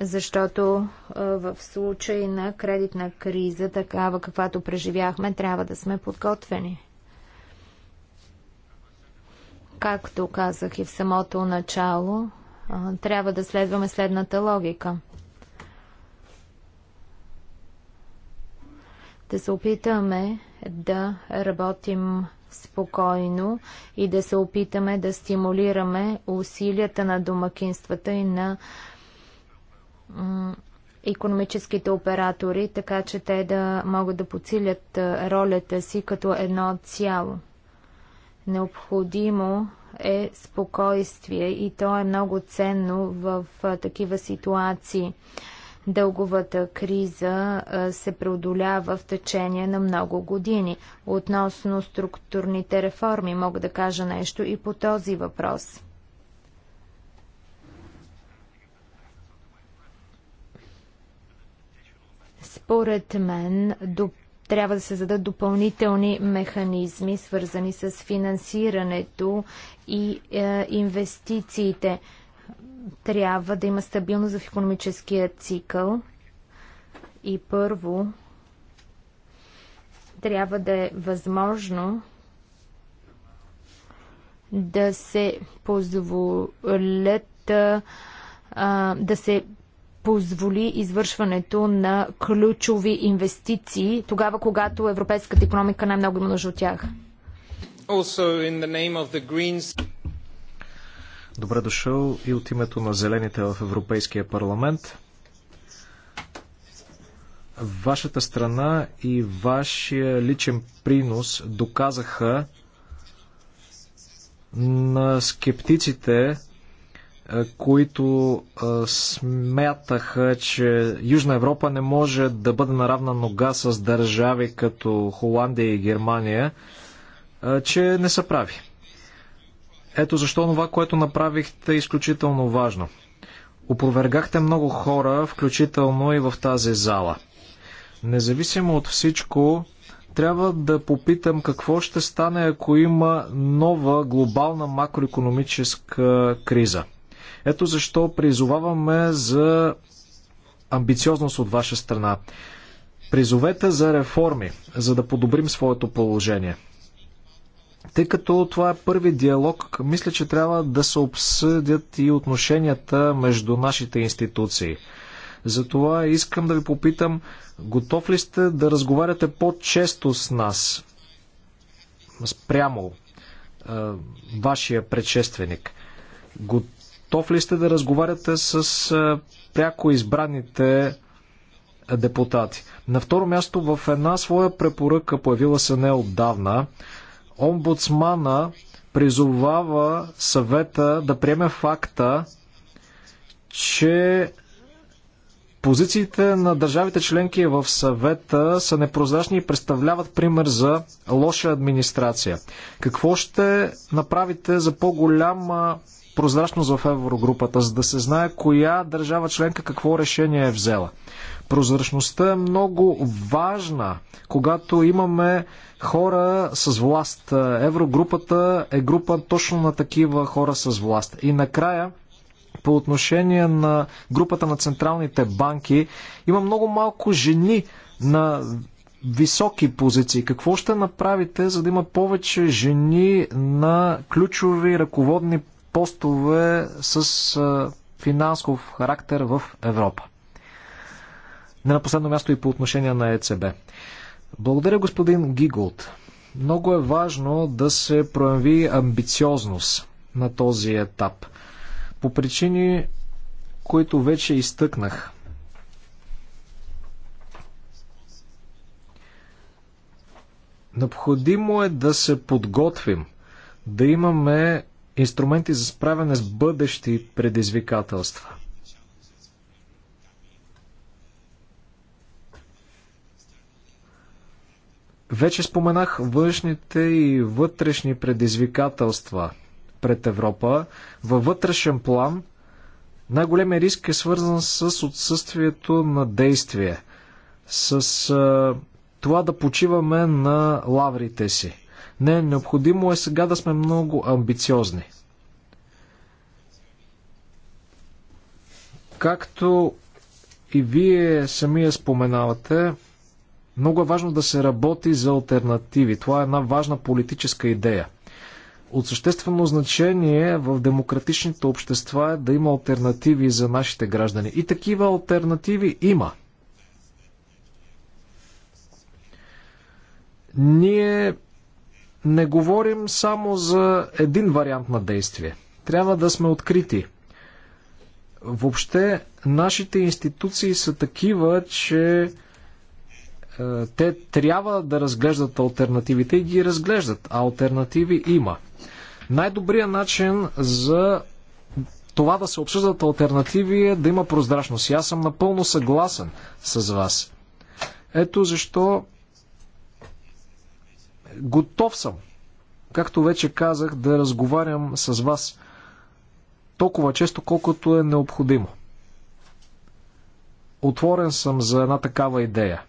Speaker 4: защото в случай на кредитна криза, такава каквато преживяхме, трябва да сме подготвени. Както казах и в самото начало, трябва да следваме следната логика. Да се опитаме да работим спокойно и да се опитаме да стимулираме усилията на домакинствата и на економическите оператори, така че те да могат да подсилят ролята си като едно цяло. Необходимо е спокойствие и то е много ценно в такива ситуации. Дълговата криза се преодолява в течение на много години. Относно структурните реформи мога да кажа нещо и по този въпрос. Според мен до трябва да се зададат допълнителни механизми, свързани с финансирането и е, инвестициите. Трябва да има стабилност в економическия цикъл. И първо, трябва да е възможно да се позволят да се позволи извършването на ключови инвестиции, тогава когато европейската економика най-много има нужда от тях.
Speaker 3: Добре дошъл и от името на Зелените в Европейския парламент. Вашата страна и вашия личен принос доказаха на скептиците, които смятаха, че Южна Европа не може да бъде на равна нога с държави като Холандия и Германия, че не са прави. Ето защо това, което направихте е изключително важно. Опровергахте много хора, включително и в тази зала. Независимо от всичко, трябва да попитам какво ще стане, ако има нова глобална макроекономическа криза – ето защо призоваваме за амбициозност от ваша страна. Призовете за реформи, за да подобрим своето положение. Тъй като това е първи диалог, мисля, че трябва да се обсъдят и отношенията между нашите институции. Затова искам да ви попитам, готов ли сте да разговаряте по-често с нас, спрямо е, вашия предшественик? Готов готов ли сте да разговаряте с пряко избраните депутати? На второ място, в една своя препоръка, появила се не отдавна, омбудсмана призовава съвета да приеме факта, че позициите на държавите членки в съвета са непрозрачни и представляват пример за лоша администрация. Какво ще направите за по-голяма прозрачност в еврогрупата, за да се знае коя държава членка какво решение е взела. Прозрачността е много важна, когато имаме хора с власт. Еврогрупата е група точно на такива хора с власт. И накрая, по отношение на групата на централните банки, има много малко жени на високи позиции. Какво ще направите, за да има повече жени на ключови ръководни постове с финансов характер в Европа. Не на последно място и по отношение на ЕЦБ. Благодаря господин Гиголд. Много е важно да се прояви амбициозност на този етап. По причини, които вече изтъкнах. Необходимо е да се подготвим, да имаме инструменти за справяне с бъдещи предизвикателства. Вече споменах външните и вътрешни предизвикателства пред Европа. Във вътрешен план най-големият риск е свързан с отсъствието на действие, с това да почиваме на лаврите си. Не, необходимо е сега да сме много амбициозни. Както и вие самия споменавате, много е важно да се работи за альтернативи. Това е една важна политическа идея. От съществено значение в демократичните общества е да има альтернативи за нашите граждани. И такива альтернативи има. Ние не говорим само за един вариант на действие. Трябва да сме открити. Въобще, нашите институции са такива, че е, те трябва да разглеждат альтернативите и ги разглеждат. А альтернативи има. Най-добрият начин за това да се обсъждат альтернативи е да има прозрачност. И аз съм напълно съгласен с вас. Ето защо Готов съм, както вече казах, да разговарям с вас толкова често, колкото е необходимо. Отворен съм за една такава идея.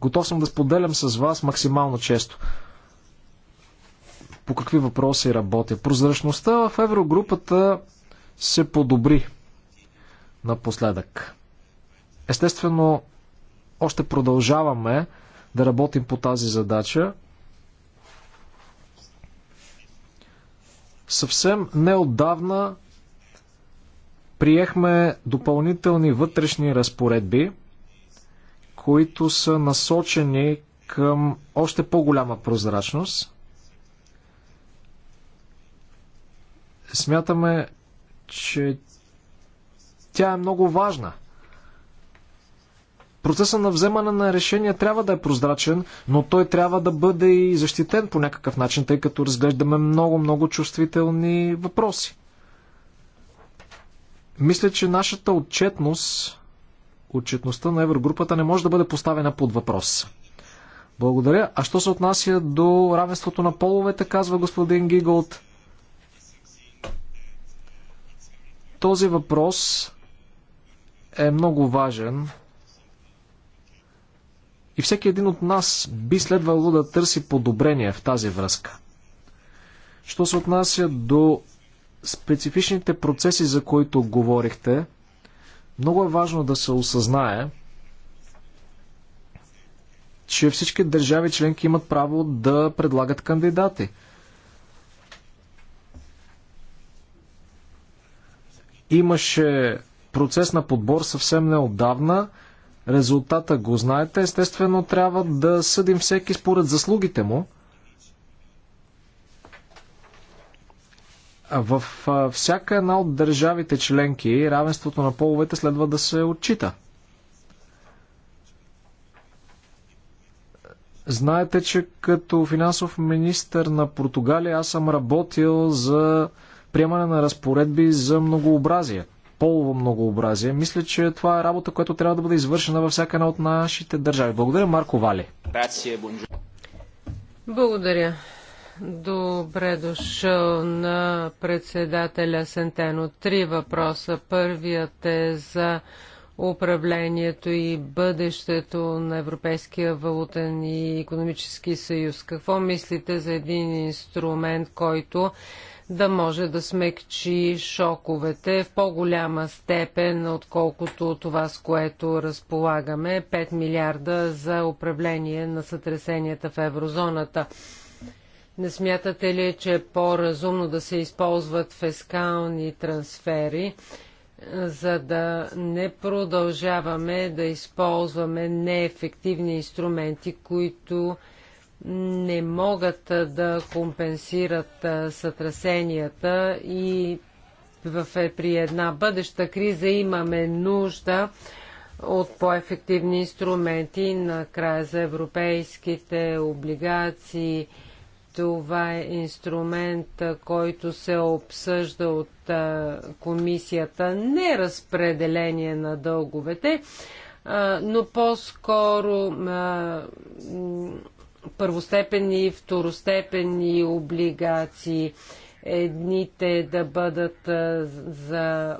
Speaker 3: Готов съм да споделям с вас максимално често. По какви въпроси работя? Прозрачността в еврогрупата се подобри напоследък. Естествено, още продължаваме да работим по тази задача. Съвсем неотдавна приехме допълнителни вътрешни разпоредби, които са насочени към още по-голяма прозрачност. Смятаме, че тя е много важна – Процесът на вземане на решения трябва да е прозрачен, но той трябва да бъде и защитен по някакъв начин, тъй като разглеждаме много-много чувствителни въпроси. Мисля, че нашата отчетност, отчетността на Еврогрупата не може да бъде поставена под въпрос. Благодаря. А що се отнася до равенството на половете, казва господин Гиголт. Този въпрос е много важен. И всеки един от нас би следвало да търси подобрение в тази връзка. Що се отнася до специфичните процеси, за които говорихте, много е важно да се осъзнае, че всички държави членки имат право да предлагат кандидати. Имаше процес на подбор съвсем неодавна – Резултата го знаете. Естествено, трябва да съдим всеки според заслугите му. В всяка една от държавите членки равенството на половете следва да се отчита. Знаете, че като финансов министр на Португалия аз съм работил за приемане на разпоредби за многообразие полово многообразие. Мисля, че това е работа, която трябва да бъде извършена във всяка една от нашите държави. Благодаря, Марко Вали.
Speaker 2: Благодаря. Добре дошъл на председателя Сентено. Три въпроса. Първият е за управлението и бъдещето на Европейския валутен и економически съюз. Какво мислите за един инструмент, който да може да смекчи шоковете в по-голяма степен, отколкото това, с което разполагаме 5 милиарда за управление на сътресенията в еврозоната. Не смятате ли, че е по-разумно да се използват фискални трансфери, за да не продължаваме да използваме неефективни инструменти, които не могат да компенсират сътресенията и в, е, при една бъдеща криза имаме нужда от по-ефективни инструменти, накрая за европейските облигации. Това е инструмент, който се обсъжда от комисията. Не е разпределение на дълговете, но по-скоро първостепенни и второстепенни облигации. Едните да бъдат за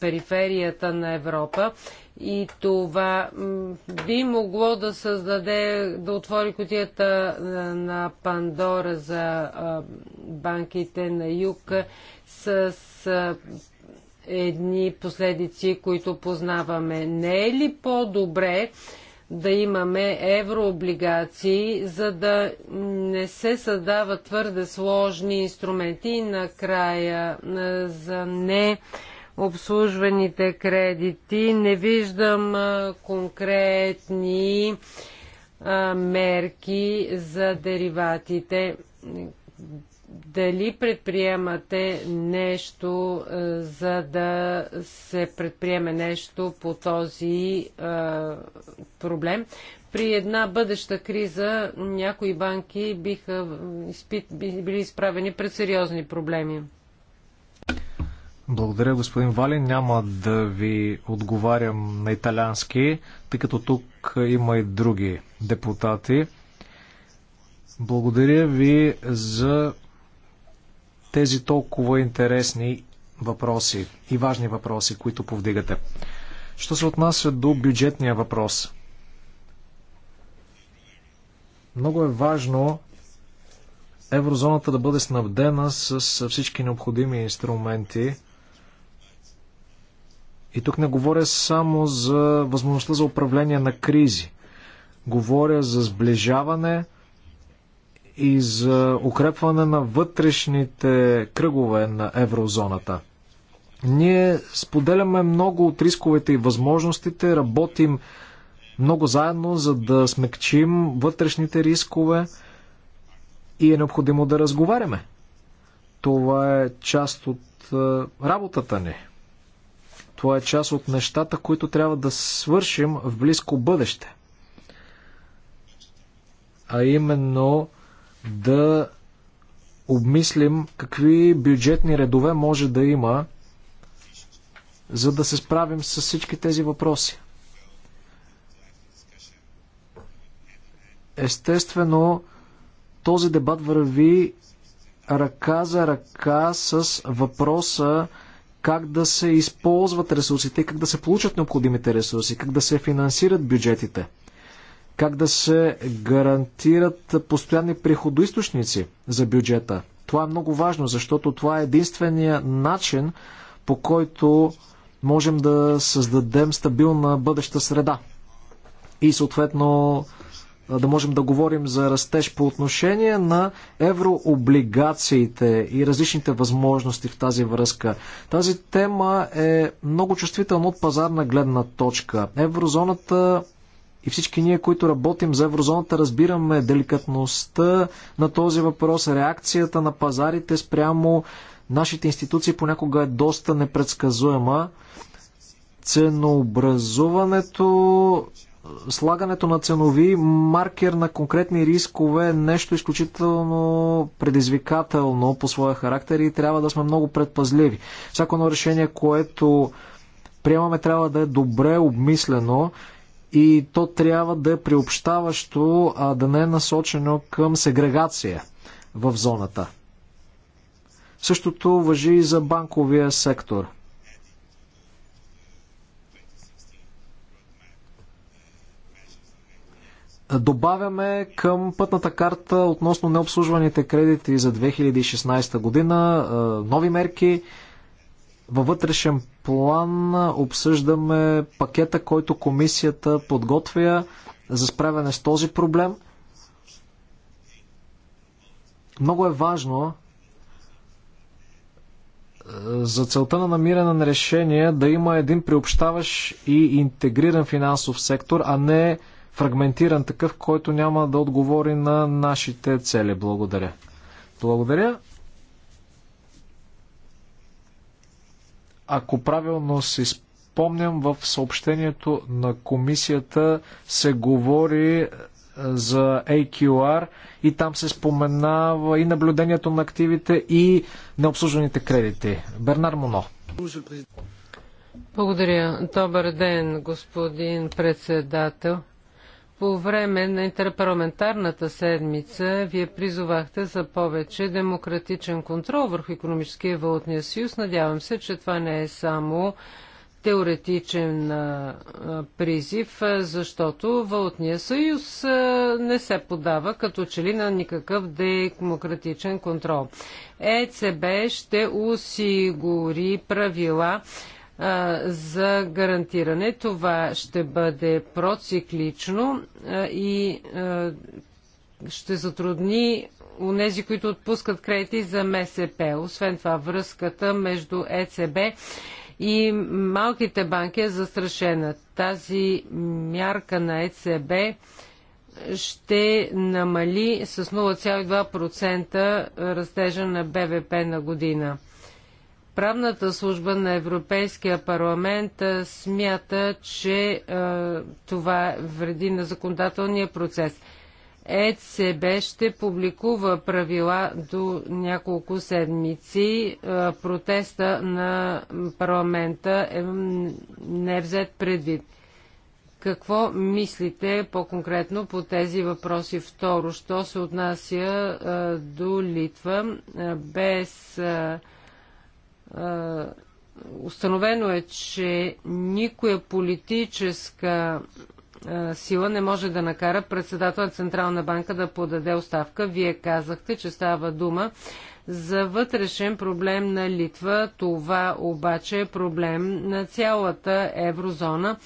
Speaker 2: периферията на Европа и това би могло да създаде, да отвори котията на Пандора за банките на юг с едни последици, които познаваме. Не е ли по-добре да имаме еврооблигации, за да не се създават твърде сложни инструменти и накрая за не обслужваните кредити. Не виждам конкретни мерки за дериватите дали предприемате нещо, е, за да се предприеме нещо по този е, проблем. При една бъдеща криза някои банки биха е, били изправени пред сериозни проблеми.
Speaker 3: Благодаря, господин Валин, Няма да ви отговарям на италянски, тъй като тук има и други депутати. Благодаря ви за тези толкова интересни въпроси и важни въпроси, които повдигате. Що се отнася до бюджетния въпрос? Много е важно еврозоната да бъде снабдена с всички необходими инструменти. И тук не говоря само за възможността за управление на кризи. Говоря за сближаване, и за укрепване на вътрешните кръгове на еврозоната. Ние споделяме много от рисковете и възможностите, работим много заедно, за да смекчим вътрешните рискове и е необходимо да разговаряме. Това е част от е, работата ни. Това е част от нещата, които трябва да свършим в близко бъдеще. А именно да обмислим какви бюджетни редове може да има, за да се справим с всички тези въпроси. Естествено, този дебат върви ръка за ръка с въпроса как да се използват ресурсите, как да се получат необходимите ресурси, как да се финансират бюджетите как да се гарантират постоянни приходоисточници за бюджета. Това е много важно, защото това е единствения начин, по който можем да създадем стабилна бъдеща среда. И съответно да можем да говорим за растеж по отношение на еврооблигациите и различните възможности в тази връзка. Тази тема е много чувствителна от пазарна гледна точка. Еврозоната и всички ние, които работим за еврозоната, разбираме деликатността на този въпрос, реакцията на пазарите спрямо нашите институции понякога е доста непредсказуема. Ценообразуването, слагането на ценови маркер на конкретни рискове е нещо изключително предизвикателно по своя характер и трябва да сме много предпазливи. Всяко едно решение, което приемаме, трябва да е добре обмислено и то трябва да е приобщаващо, а да не е насочено към сегрегация в зоната. Същото въжи и за банковия сектор. Добавяме към пътната карта относно необслужваните кредити за 2016 година нови мерки – във вътрешен план обсъждаме пакета, който комисията подготвя за справяне с този проблем. Много е важно е, за целта на намиране на решение да има един приобщаващ и интегриран финансов сектор, а не фрагментиран такъв, който няма да отговори на нашите цели. Благодаря. Благодаря. Ако правилно си спомням, в съобщението на комисията се говори е, за AQR и там се споменава и наблюдението на активите и необслужваните кредити. Бернар Моно.
Speaker 2: Благодаря. Добър ден, господин председател. По време на интерпарламентарната седмица вие призовахте за повече демократичен контрол върху економическия и валутния съюз. Надявам се, че това не е само теоретичен призив, защото валутния съюз не се подава като че ли на никакъв демократичен контрол. ЕЦБ ще осигури правила за гарантиране. Това ще бъде проциклично и ще затрудни унези, които отпускат кредити за МСП. Освен това, връзката между ЕЦБ и малките банки е застрашена. Тази мярка на ЕЦБ ще намали с 0,2% растежа на БВП на година. Правната служба на Европейския парламент смята, че това вреди на законодателния процес. ЕЦБ ще публикува правила до няколко седмици. протеста на парламента е не е взет предвид. Какво мислите по-конкретно по тези въпроси? Второ, що се отнася до Литва? Без установено е, че никоя политическа сила не може да накара председател на Централна банка да подаде оставка. Вие казахте, че става дума за вътрешен проблем на Литва. Това обаче е проблем на цялата еврозона.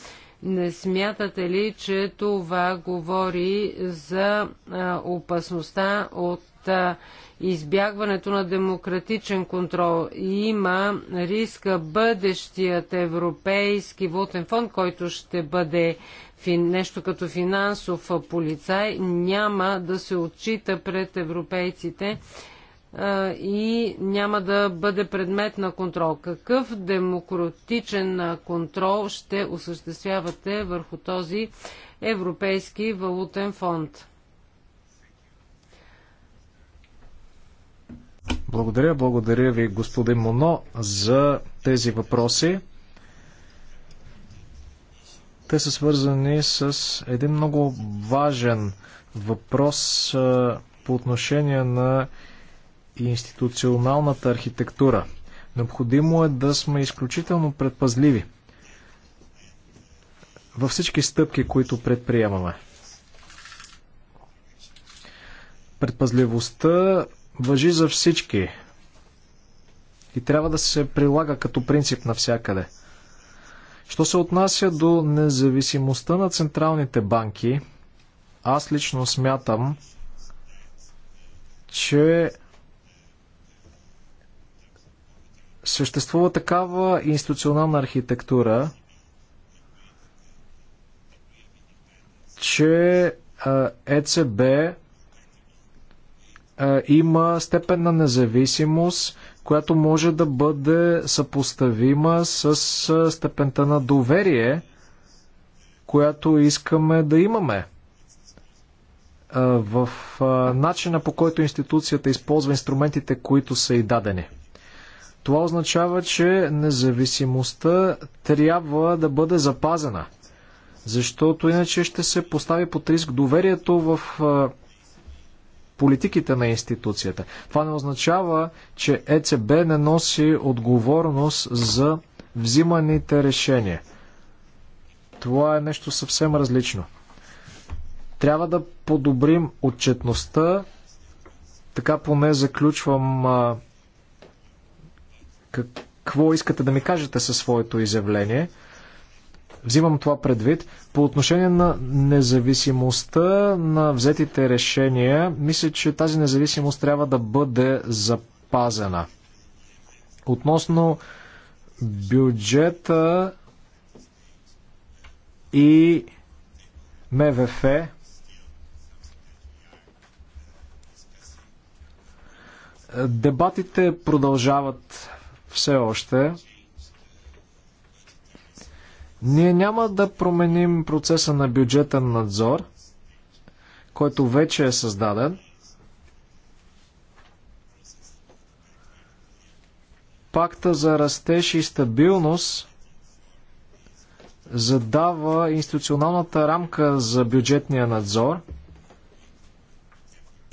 Speaker 2: Не смятате ли, че това говори за опасността от избягването на демократичен контрол и има риска бъдещият европейски валутен фонд, който ще бъде нещо като финансов полицай, няма да се отчита пред европейците и няма да бъде предмет на контрол. Какъв демократичен контрол ще осъществявате върху този Европейски валутен фонд?
Speaker 3: Благодаря, благодаря ви, господин Моно, за тези въпроси. Те са свързани с един много важен въпрос по отношение на институционалната архитектура. Необходимо е да сме изключително предпазливи във всички стъпки, които предприемаме. Предпазливостта въжи за всички и трябва да се прилага като принцип навсякъде. Що се отнася до независимостта на централните банки, аз лично смятам, че съществува такава институционална архитектура, че ЕЦБ е, има степен на независимост, която може да бъде съпоставима с е, степента на доверие, която искаме да имаме е, в начина по който институцията използва инструментите, които са и дадени. Това означава, че независимостта трябва да бъде запазена, защото иначе ще се постави под риск доверието в политиките на институцията. Това не означава, че ЕЦБ не носи отговорност за взиманите решения. Това е нещо съвсем различно. Трябва да подобрим отчетността, така поне заключвам а, какво искате да ми кажете със своето изявление – Взимам това предвид. По отношение на независимостта на взетите решения, мисля, че тази независимост трябва да бъде запазена. Относно бюджета и МВФ, дебатите продължават все още. Ние няма да променим процеса на бюджетен надзор, който вече е създаден. Пакта за растеж и стабилност задава институционалната рамка за бюджетния надзор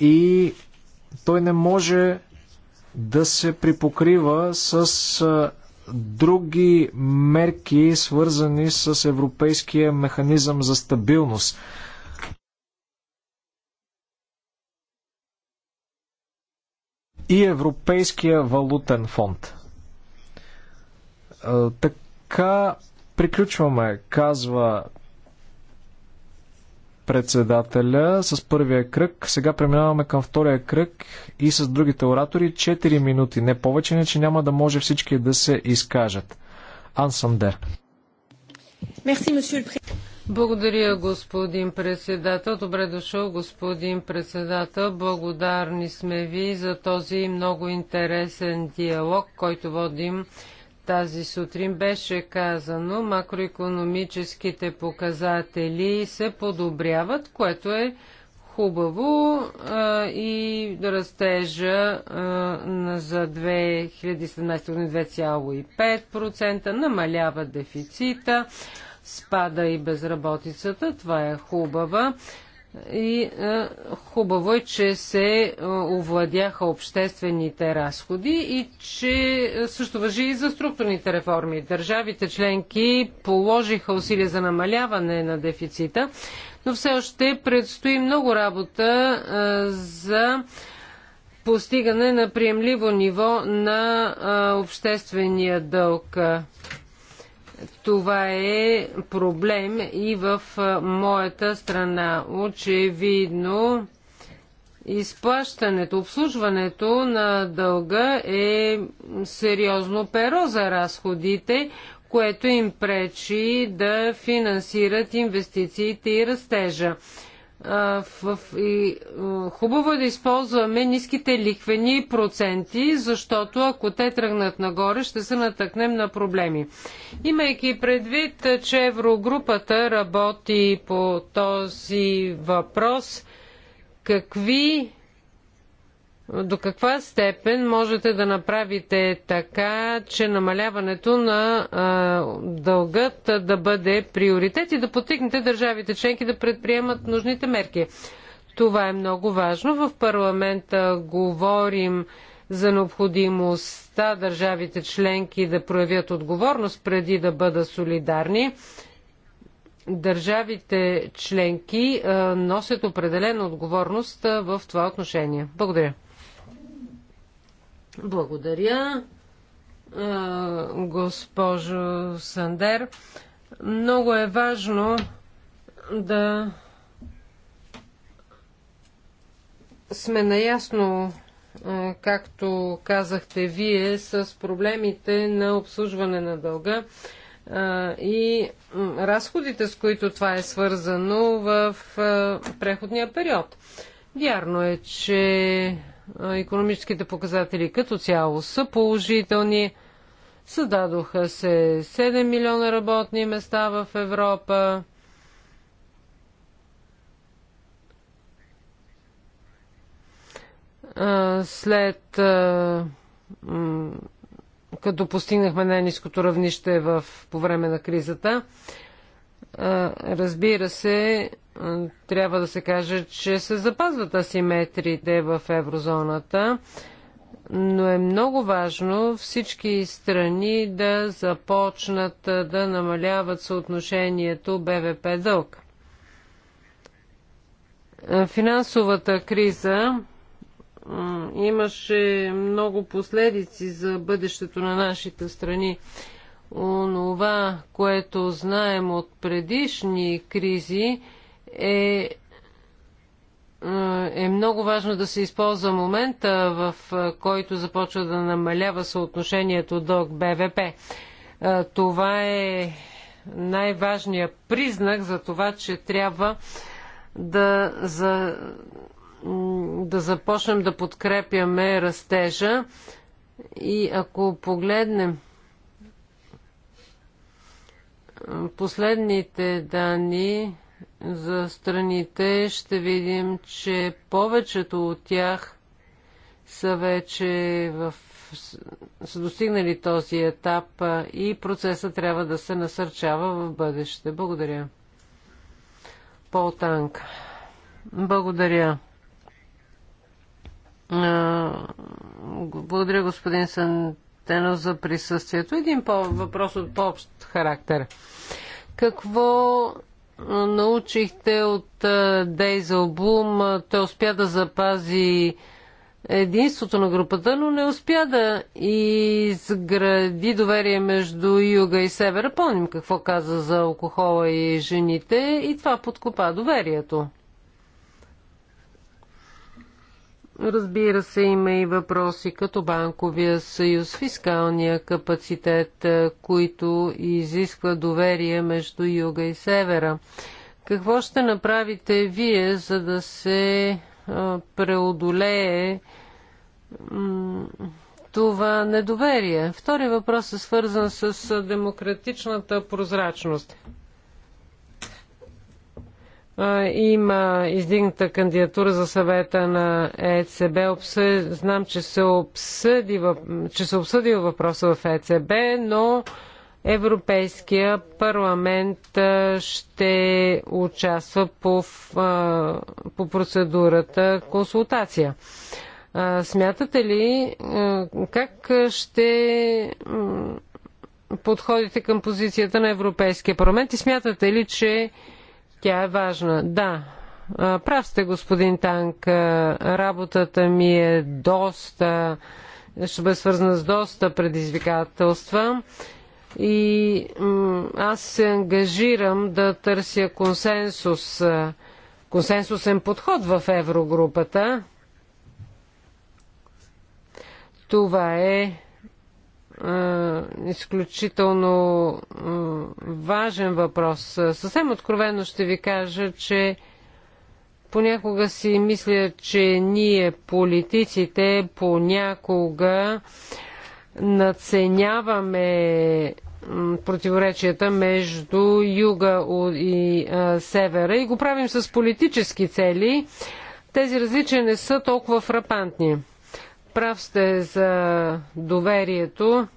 Speaker 3: и той не може да се припокрива с други мерки, свързани с Европейския механизъм за стабилност. И Европейския валутен фонд. Така приключваме, казва председателя с първия кръг. Сега преминаваме към втория кръг и с другите оратори 4 минути, не повече, не че няма да може всички да се изкажат. Ан Сандер.
Speaker 2: Благодаря, господин председател. Добре дошъл, господин председател. Благодарни сме ви за този много интересен диалог, който водим тази сутрин беше казано, макроекономическите показатели се подобряват, което е хубаво а, и растежа а, за 2017 година 2,5%, намалява дефицита, спада и безработицата, това е хубава и е, хубаво е, че се е, овладяха обществените разходи и че е, също въжи и за структурните реформи. Държавите членки положиха усилия за намаляване на дефицита, но все още предстои много работа за постигане на приемливо ниво на обществения дълг. Това е проблем и в моята страна. Очевидно, изплащането, обслужването на дълга е сериозно перо за разходите, което им пречи да финансират инвестициите и растежа в, и, хубаво е да използваме ниските лихвени проценти, защото ако те тръгнат нагоре, ще се натъкнем на проблеми. Имайки предвид, че Еврогрупата работи по този въпрос, какви до каква степен можете да направите така, че намаляването на а, дългът да бъде приоритет и да потикнете държавите членки да предприемат нужните мерки? Това е много важно. В парламента говорим за необходимостта държавите членки да проявят отговорност преди да бъдат солидарни. Държавите членки а, носят определена отговорност а, в това отношение. Благодаря. Благодаря, госпожо Сандер. Много е важно да сме наясно, както казахте вие, с проблемите на обслужване на дълга и разходите, с които това е свързано в преходния период. Вярно е, че економическите показатели като цяло са положителни. Създадоха се 7 милиона работни места в Европа. След като постигнахме най-низкото равнище в, по време на кризата, Разбира се, трябва да се каже, че се запазват асиметриите в еврозоната, но е много важно всички страни да започнат да намаляват съотношението БВП-дълг. Финансовата криза имаше много последици за бъдещето на нашите страни онова, което знаем от предишни кризи, е, е много важно да се използва момента, в който започва да намалява съотношението дълг БВП. Е, това е най-важният признак за това, че трябва да, за, да започнем да подкрепяме растежа. И ако погледнем последните данни за страните ще видим, че повечето от тях са вече в са достигнали този етап и процеса трябва да се насърчава в бъдеще. Благодаря. Пол Танк. Благодаря. Благодаря, господин Сантенов за присъствието. Един по- въпрос от по-общ характер. Какво научихте от Дейзел Блум? Той успя да запази единството на групата, но не успя да изгради доверие между юга и севера. Помним какво каза за алкохола и жените и това подкопа доверието. Разбира се, има и въпроси като банковия съюз, фискалния капацитет, които изисква доверие между юга и севера. Какво ще направите вие, за да се преодолее това недоверие? Втори въпрос е свързан с демократичната прозрачност. Има издигната кандидатура за съвета на ЕЦБ. Знам, че се, обсъди, че се обсъди въпроса в ЕЦБ, но Европейския парламент ще участва по, по процедурата консултация. Смятате ли как ще подходите към позицията на Европейския парламент и смятате ли, че тя е важна. Да, прав сте, господин Танк. Работата ми е доста, ще бъде свързана с доста предизвикателства. И аз се ангажирам да търся консенсус, консенсусен подход в Еврогрупата. Това е е, изключително е, важен въпрос. Съвсем откровено ще ви кажа, че понякога си мисля, че ние политиците понякога наценяваме противоречията между юга и е, севера и го правим с политически цели. Тези различия не са толкова фрапантни. Прав сте за доверието.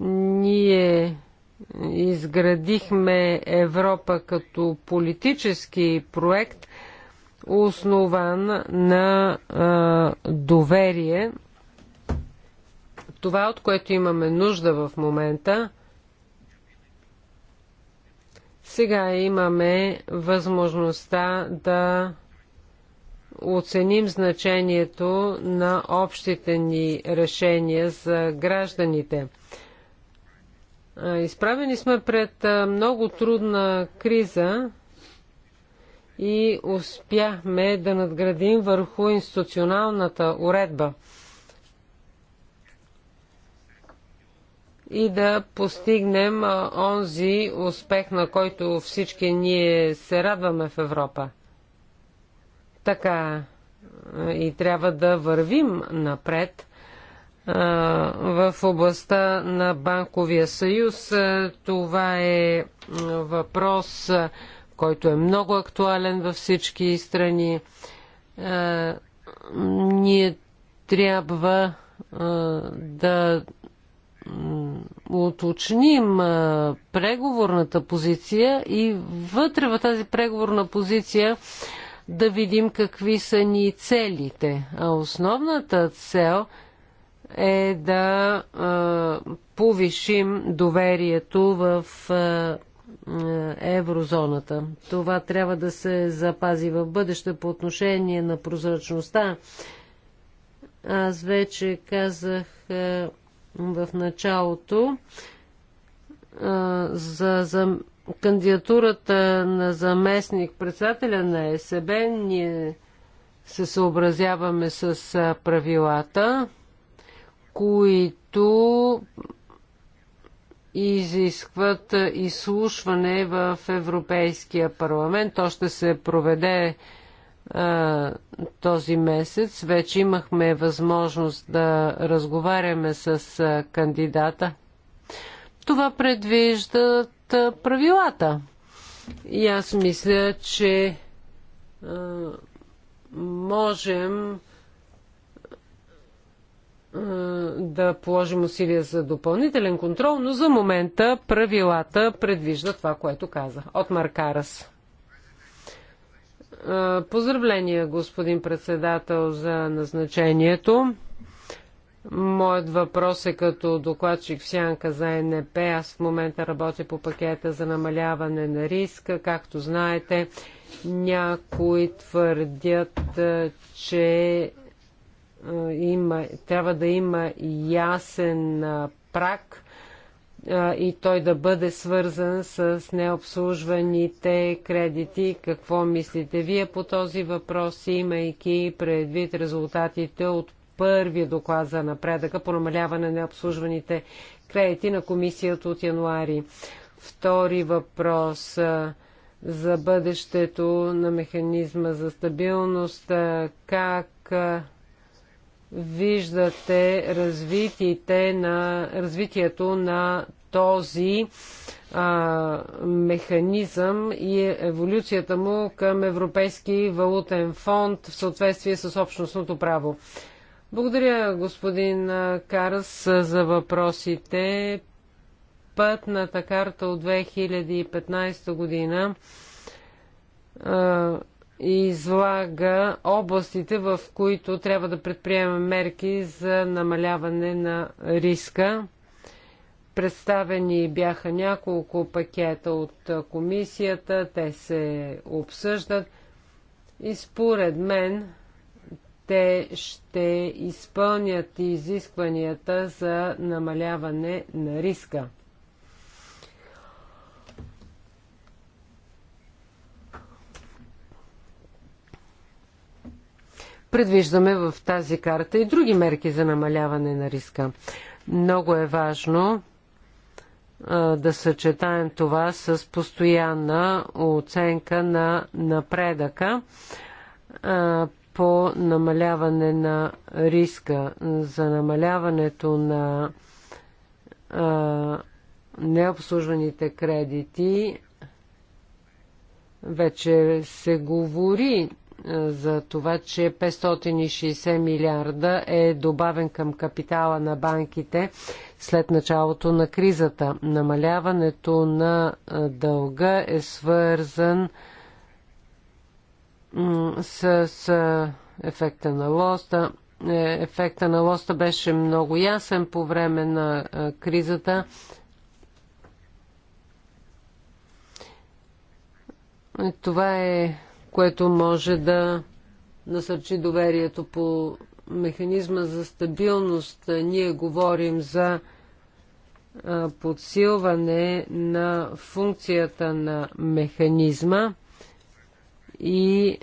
Speaker 2: Ние изградихме Европа като политически проект, основан на а, доверие. Това, от което имаме нужда в момента, сега имаме възможността да оценим значението на общите ни решения за гражданите. Изправени сме пред много трудна криза и успяхме да надградим върху институционалната уредба и да постигнем онзи успех, на който всички ние се радваме в Европа. Така и трябва да вървим напред в областта на банковия съюз. Това е въпрос, който е много актуален във всички страни. Ние трябва да уточним преговорната позиция и вътре в тази преговорна позиция да видим какви са ни целите. А основната цел е да а, повишим доверието в а, еврозоната. Това трябва да се запази в бъдеще по отношение на прозрачността. Аз вече казах а, в началото за, за кандидатурата на заместник председателя на ЕСБ ние се съобразяваме с правилата, които изискват изслушване в Европейския парламент. То ще се проведе а, този месец. Вече имахме възможност да разговаряме с а, кандидата. Това предвиждат правилата. И аз мисля, че а, можем а, да положим усилия за допълнителен контрол, но за момента правилата предвиждат това, което каза. От Маркарас. Поздравления, господин председател, за назначението. Моят въпрос е като докладчик в сянка за НП. Аз в момента работя по пакета за намаляване на риска. Както знаете, някои твърдят, че има, трябва да има ясен прак и той да бъде свързан с необслужваните кредити. Какво мислите вие по този въпрос, имайки предвид резултатите от първия доклад за напредъка по намаляване на обслужваните кредити на комисията от януари. Втори въпрос за бъдещето на механизма за стабилност. Как виждате развитите на, развитието на този а, механизъм и еволюцията му към Европейски валутен фонд в съответствие с общностното право. Благодаря, господин Карас, за въпросите. Пътната карта от 2015 година излага областите, в които трябва да предприемем мерки за намаляване на риска. Представени бяха няколко пакета от комисията, те се обсъждат и според мен те ще изпълнят изискванията за намаляване на риска. Предвиждаме в тази карта и други мерки за намаляване на риска. Много е важно да съчетаем това с постоянна оценка на напредъка по намаляване на риска, за намаляването на а, необслужваните кредити. Вече се говори за това, че 560 милиарда е добавен към капитала на банките след началото на кризата. Намаляването на дълга е свързан а, с, с ефекта на лоста. Е, ефекта на лоста беше много ясен по време на е, кризата. Е, това е което може да насърчи доверието по механизма за стабилност. Ние говорим за подсилване на функцията на механизма и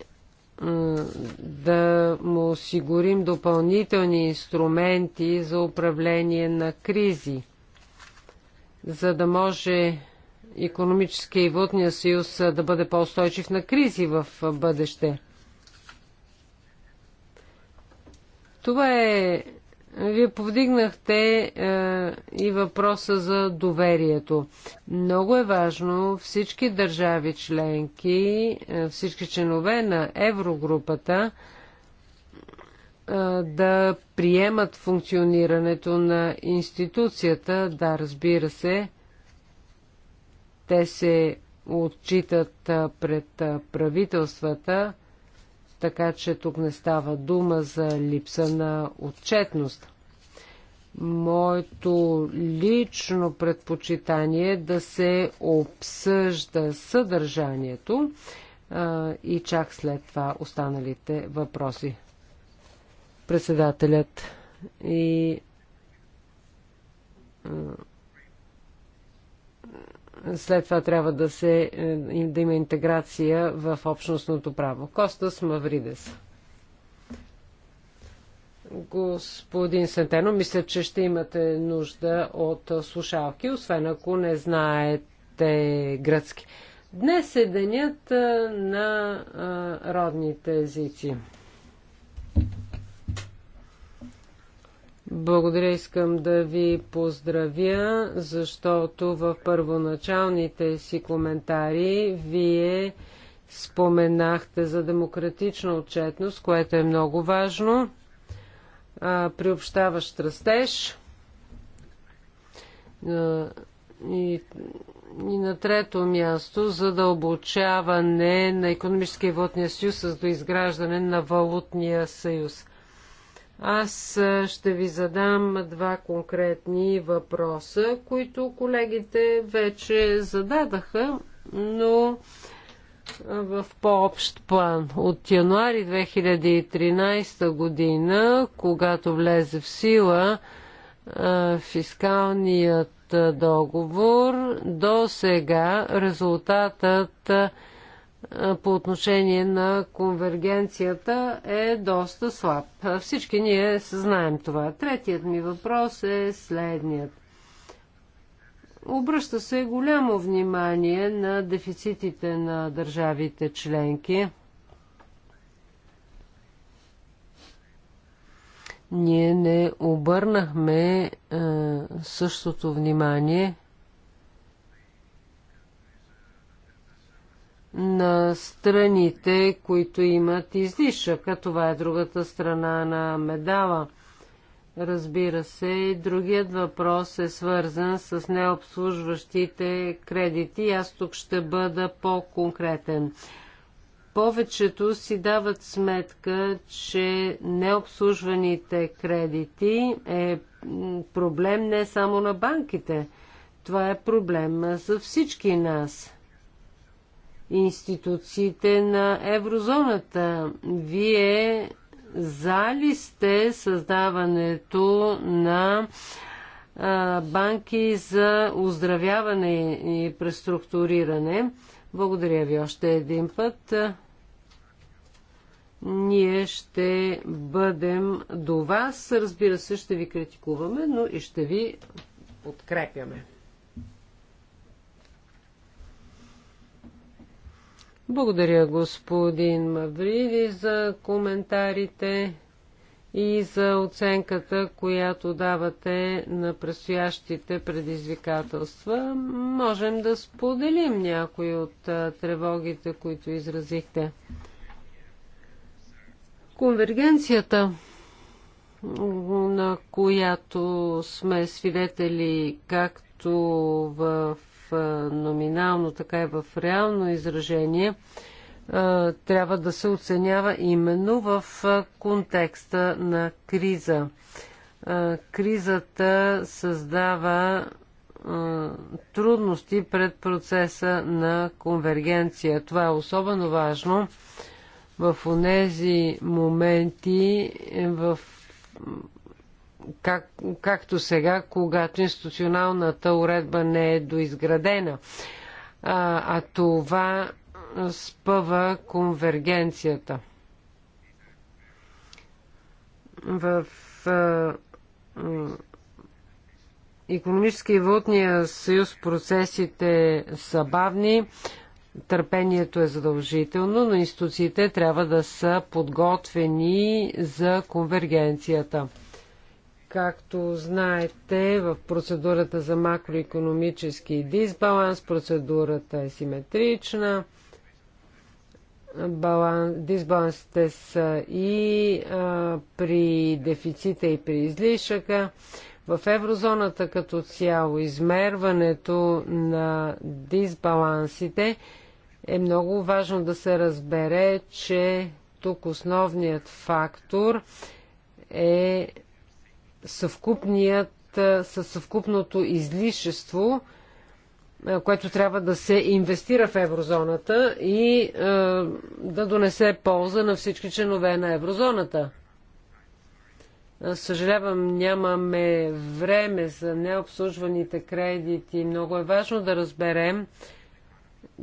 Speaker 2: да му осигурим допълнителни инструменти за управление на кризи, за да може економическия и водния съюз да бъде по-устойчив на кризи в бъдеще. Това е вие повдигнахте е, и въпроса за доверието. Много е важно всички държави членки, е, всички членове на Еврогрупата е, да приемат функционирането на институцията. Да, разбира се, те се отчитат е, пред е, правителствата така че тук не става дума за липса на отчетност. Моето лично предпочитание е да се обсъжда съдържанието а, и чак след това останалите въпроси. Председателят и след това трябва да, се, е, да има интеграция в общностното право. Костас Мавридес. Господин Сентено, мисля, че ще имате нужда от слушалки, освен ако не знаете гръцки. Днес е денят е, на е, родните езици. Благодаря, искам да ви поздравя, защото в първоначалните си коментари вие споменахте за демократична отчетност, което е много важно. приобщаващ растеж. и, и на трето място за дълбочаване на економическия и съюз с доизграждане на валутния съюз. Аз ще ви задам два конкретни въпроса, които колегите вече зададаха, но в по-общ план. От януари 2013 година, когато влезе в сила фискалният договор, до сега резултатът по отношение на конвергенцията е доста слаб. Всички ние знаем това. Третият ми въпрос е следният. Обръща се голямо внимание на дефицитите на държавите членки. Ние не обърнахме е, същото внимание – на страните, които имат излишък, а това е другата страна на медала. Разбира се, и другият въпрос е свързан с необслужващите кредити. Аз тук ще бъда по-конкретен. Повечето си дават сметка, че необслужваните кредити е проблем не само на банките. Това е проблем за всички нас институциите на еврозоната. Вие за ли сте създаването на банки за оздравяване и преструктуриране? Благодаря ви още един път. Ние ще бъдем до вас. Разбира се, ще ви критикуваме, но и ще ви подкрепяме. Благодаря господин Мавриди за коментарите и за оценката, която давате на предстоящите предизвикателства. Можем да споделим някои от тревогите, които изразихте. Конвергенцията, на която сме свидетели както в номинално, така и в реално изражение, трябва да се оценява именно в контекста на криза. Кризата създава трудности пред процеса на конвергенция. Това е особено важно в онези моменти, в как, както сега, когато институционалната уредба не е доизградена. А, а това спъва конвергенцията. В а, економически и вълтния съюз процесите са бавни, търпението е задължително, но институциите трябва да са подготвени за конвергенцията. Както знаете, в процедурата за макроекономически дисбаланс процедурата е симетрична. Баланс, дисбалансите са и а, при дефицита и при излишъка. В еврозоната като цяло измерването на дисбалансите е много важно да се разбере, че тук основният фактор е съвкупният, със съвкупното излишество, което трябва да се инвестира в еврозоната и да донесе полза на всички членове на еврозоната. Съжалявам, нямаме време за необслужваните кредити. Много е важно да разберем,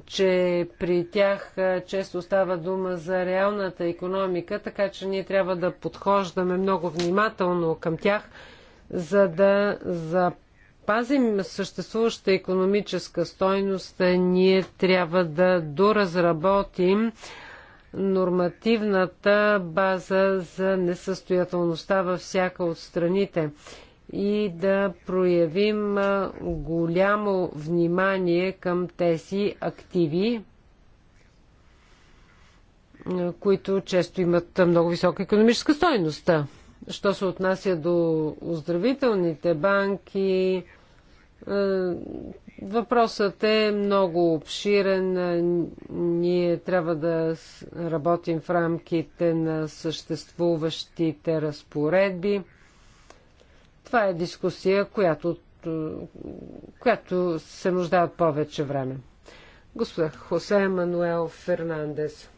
Speaker 2: че при тях често става дума за реалната економика, така че ние трябва да подхождаме много внимателно към тях, за да запазим съществуваща економическа стойност. Ние трябва да доразработим нормативната база за несъстоятелността във всяка от страните и да проявим голямо внимание към тези активи, които често имат много висока економическа стойност. Що се отнася до оздравителните банки, въпросът е много обширен. Ние трябва да работим в рамките на съществуващите разпоредби. Това е дискусия, която, която се нуждае от повече време. Господа Хосе Мануел Фернандес.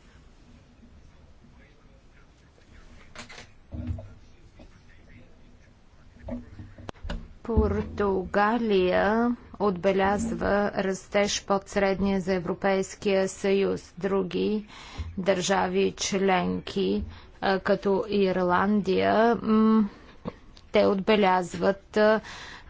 Speaker 4: Португалия отбелязва растеж под средния за Европейския съюз. Други държави членки, като Ирландия, те отбелязват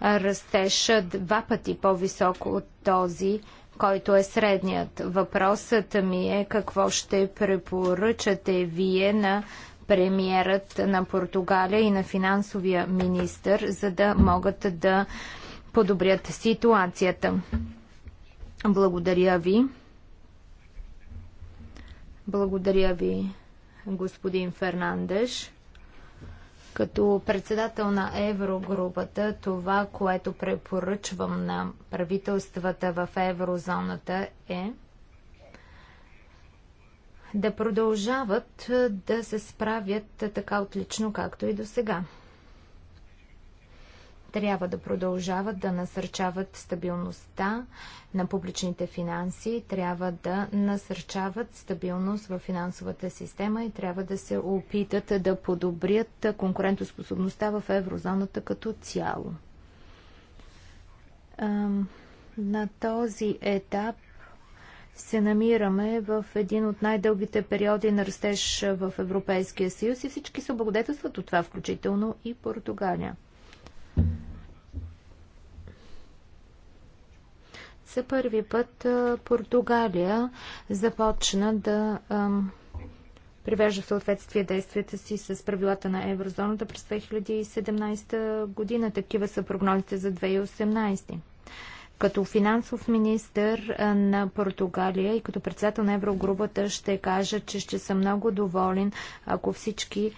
Speaker 4: растеж два пъти по-високо от този, който е средният. Въпросът ми е какво ще препоръчате вие на премиерът на Португалия и на финансовия министр, за да могат да подобрят ситуацията. Благодаря ви. Благодаря ви, господин Фернандеш. Като председател на Еврогрупата, това, което препоръчвам на правителствата в еврозоната е да продължават да се справят така отлично, както и до сега трябва да продължават да насърчават стабилността на публичните финанси, трябва да насърчават стабилност в финансовата система и трябва да се опитат да подобрят конкурентоспособността в еврозоната като цяло. На този етап се намираме в един от най-дългите периоди на растеж в Европейския съюз и всички се облагодетелстват от това, включително и Португалия. За първи път Португалия започна да привежда в съответствие действията си с правилата на еврозоната през 2017 година. Такива са прогнозите за 2018. Като финансов министр на Португалия и като председател на Еврогрупата ще кажа, че ще съм много доволен, ако всички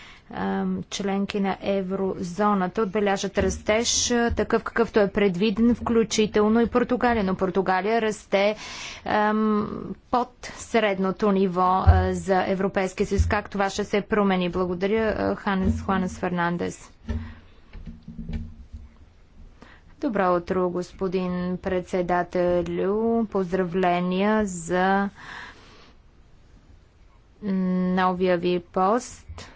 Speaker 4: членки на еврозоната отбеляжат растеж такъв какъвто е предвиден, включително и Португалия. Но Португалия расте ем, под средното ниво е, за Европейския съюз. Как това ще се промени? Благодаря, Ханес Хуанес Фернандес. Добро утро, господин председателю. Поздравления за новия ви пост.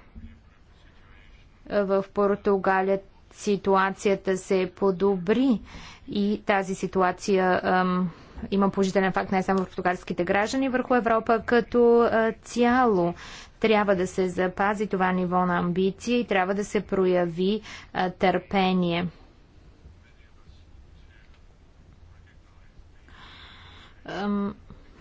Speaker 4: В Португалия ситуацията се подобри и тази ситуация ам, има положителен факт не само в португалските граждани, върху Европа като а, цяло. Трябва да се запази това ниво на амбиция и трябва да се прояви а, търпение.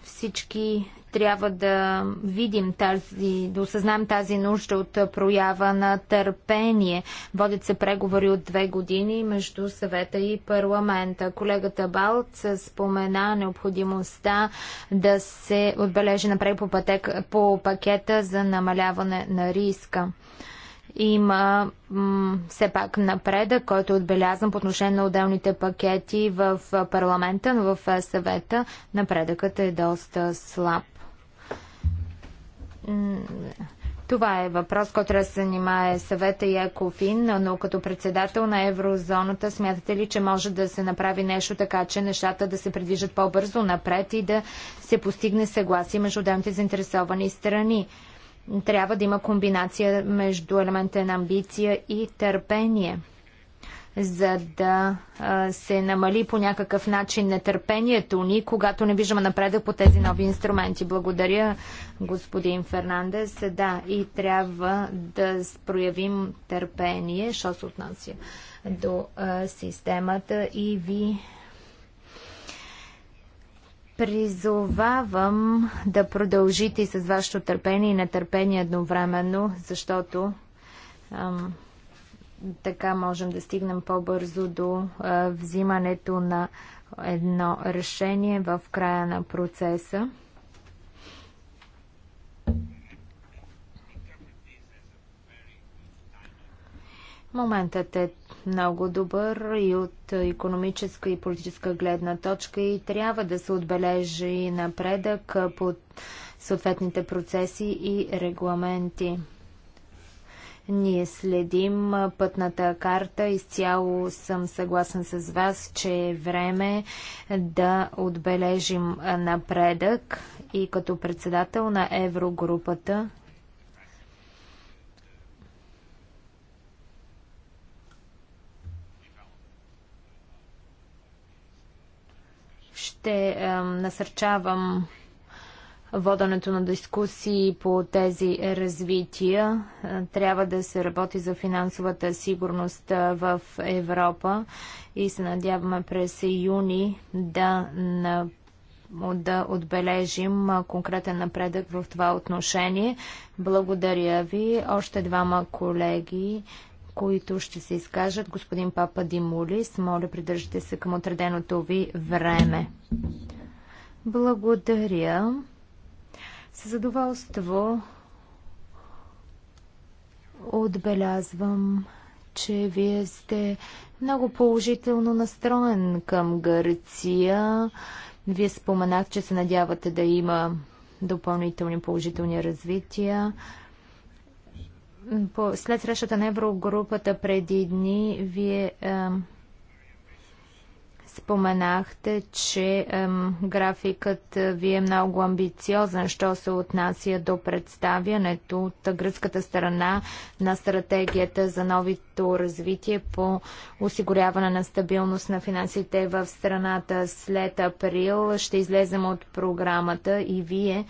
Speaker 4: всички трябва да видим тази, да осъзнаем тази нужда от проява на търпение. Водят се преговори от две години между съвета и парламента. Колегата Балт спомена необходимостта да се отбележи напред по, пътек, по пакета за намаляване на риска. Има все пак напредък, който е отбелязан по отношение на отделните пакети в парламента, но в съвета напредъкът е доста слаб. Това е въпрос, който трябва да се занимае съвета и Екофин, но като председател на еврозоната смятате ли, че може да се направи нещо така, че нещата да се придвижат по-бързо напред и да се постигне съгласие между отделните заинтересовани страни? Трябва да има комбинация между елемента на амбиция и търпение, за да се намали по някакъв начин нетърпението ни, когато не виждаме напредък по тези нови инструменти. Благодаря, господин Фернандес. Да, и трябва да проявим търпение, що се отнася до системата и ви призовавам да продължите с вашето търпение и нетърпение едновременно, защото ам, така можем да стигнем по-бързо до а, взимането на едно решение в края на процеса. Моментът е много добър и от економическа и политическа гледна точка и трябва да се отбележи напредък по съответните процеси и регламенти. Ние следим пътната карта. Изцяло съм съгласен с вас, че е време да отбележим напредък и като председател на Еврогрупата ще насърчавам воденето на дискусии по тези развития. Трябва да се работи за финансовата сигурност в Европа и се надяваме през юни да, да отбележим конкретен напредък в това отношение. Благодаря ви. Още двама колеги които ще се изкажат. Господин Папа Димулис, моля придържате се към отреденото ви време. Благодаря. С задоволство отбелязвам, че вие сте много положително настроен към Гърция. Вие споменах, че се надявате да има допълнителни положителни развития по, след срещата на Еврогрупата преди дни, вие ем, споменахте, че ем, графикът ви е много амбициозен, що се отнася до представянето от гръцката страна на стратегията за новито развитие по осигуряване на стабилност на финансите в страната. След април ще излезем от програмата и вие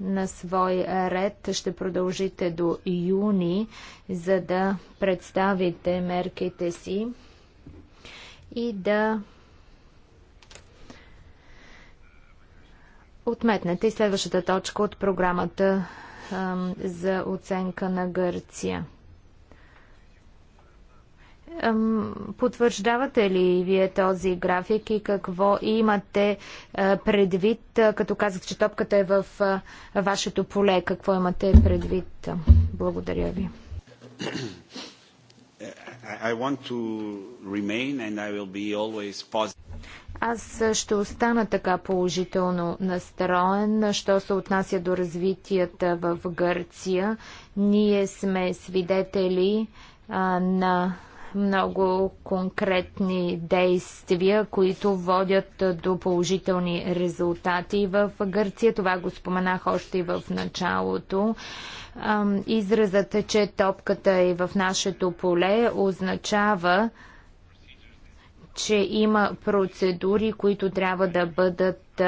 Speaker 4: на свой ред ще продължите до юни, за да представите мерките си и да отметнете следващата точка от програмата за оценка на Гърция. Потвърждавате ли вие този график и какво имате предвид, като казах, че топката е в вашето поле? Какво имате предвид? Благодаря ви. Аз ще остана така положително настроен, що се отнася до развитията в Гърция. Ние сме свидетели а, на много конкретни действия, които водят до положителни резултати в Гърция. Това го споменах още и в началото. Изразът, че топката е в нашето поле, означава, че има процедури, които трябва да бъдат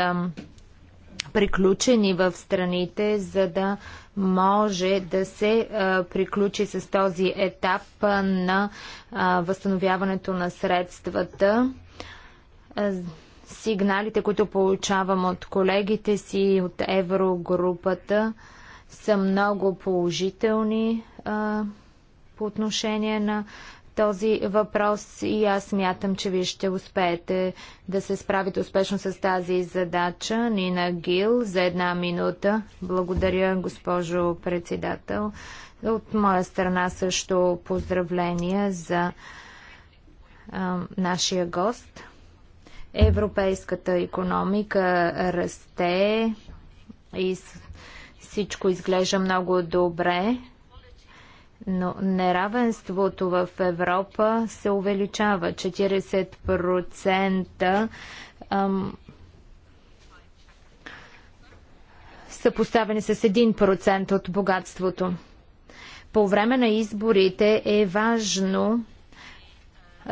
Speaker 4: приключени в страните, за да може да се а, приключи с този етап на а, възстановяването на средствата. Сигналите, които получавам от колегите си, от еврогрупата, са много положителни по отношение на този въпрос и аз смятам, че вие ще успеете да се справите успешно с тази задача. Нина Гил за една минута. Благодаря, госпожо председател. От моя страна също поздравления за а, нашия гост. Европейската економика расте и всичко изглежда много добре. Но неравенството в Европа се увеличава. 40% ам, са поставени с 1% от богатството. По време на изборите е важно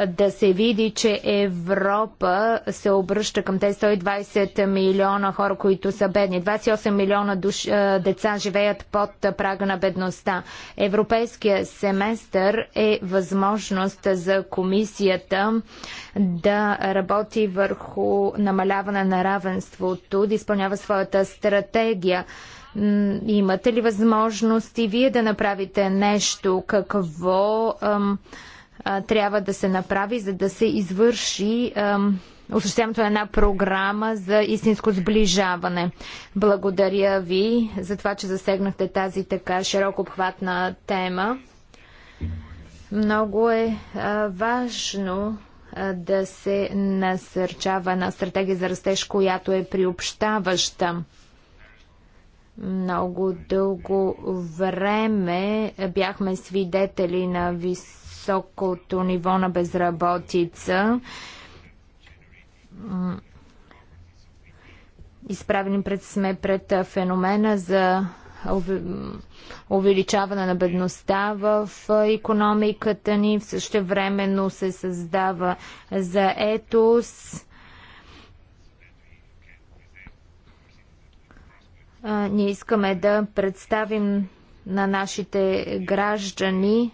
Speaker 4: да се види, че Европа се обръща към тези 120 милиона хора, които са бедни. 28 милиона душ, деца живеят под прага на бедността. Европейския семестър е възможност за комисията да работи върху намаляване на равенството, да изпълнява своята стратегия. Имате ли възможност и вие да направите нещо? Какво ам, а, трябва да се направи, за да се извърши осъществяването на една програма за истинско сближаване. Благодаря ви за това, че засегнахте тази така широко обхватна тема. Много е а, важно а, да се насърчава на стратегия за растеж, която е приобщаваща. Много дълго време бяхме свидетели на високо високото ниво на безработица, изправени пред, сме пред феномена за увеличаване на бедността в економиката ни. В също времено се създава за етос. Ние искаме да представим на нашите граждани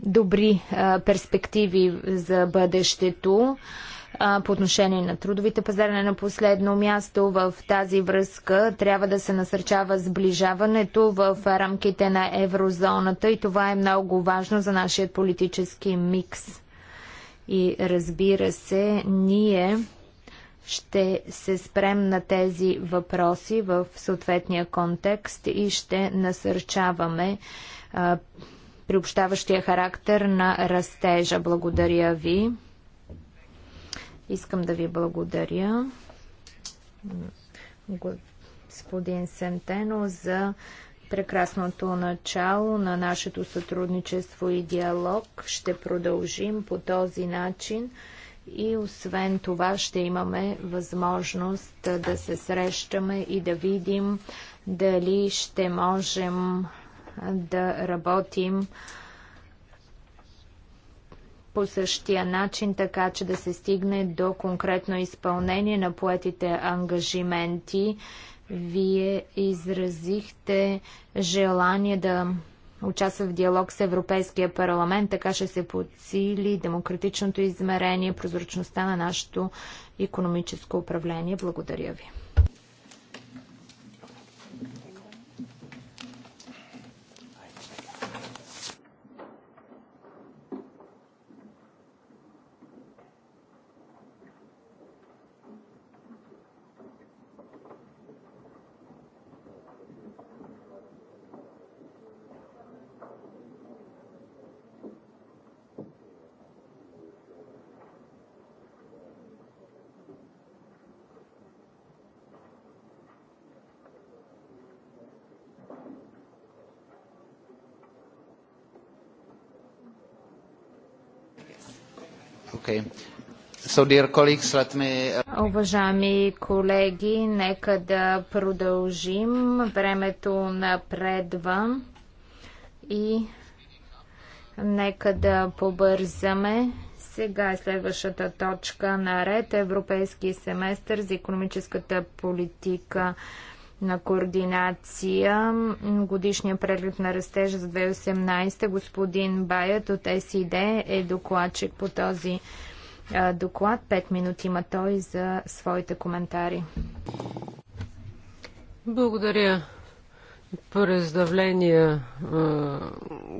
Speaker 4: добри а, перспективи за бъдещето а, по отношение на трудовите пазари. На последно място в тази връзка трябва да се насърчава сближаването в рамките на еврозоната и това е много важно за нашия политически микс. И разбира се, ние ще се спрем на тези въпроси в съответния контекст и ще насърчаваме а, приобщаващия характер на растежа. Благодаря ви. Искам да ви благодаря, господин Сентено, за прекрасното начало на нашето сътрудничество и диалог. Ще продължим по този начин и освен това ще имаме възможност да се срещаме и да видим дали ще можем да работим по същия начин, така че да се стигне до конкретно изпълнение на поетите ангажименти. Вие изразихте желание да участва в диалог с Европейския парламент, така ще се подсили демократичното измерение, прозрачността на нашето економическо управление. Благодаря ви. Uh, Уважаеми колеги, нека да продължим. Времето напредва и нека да побързаме. Сега е следващата точка на ред Европейски семестър за економическата политика на координация. Годишния преглед на растежа за 2018. Господин Баят от СИД е докладчик по този доклад. Пет минути има той за своите коментари.
Speaker 2: Благодаря. През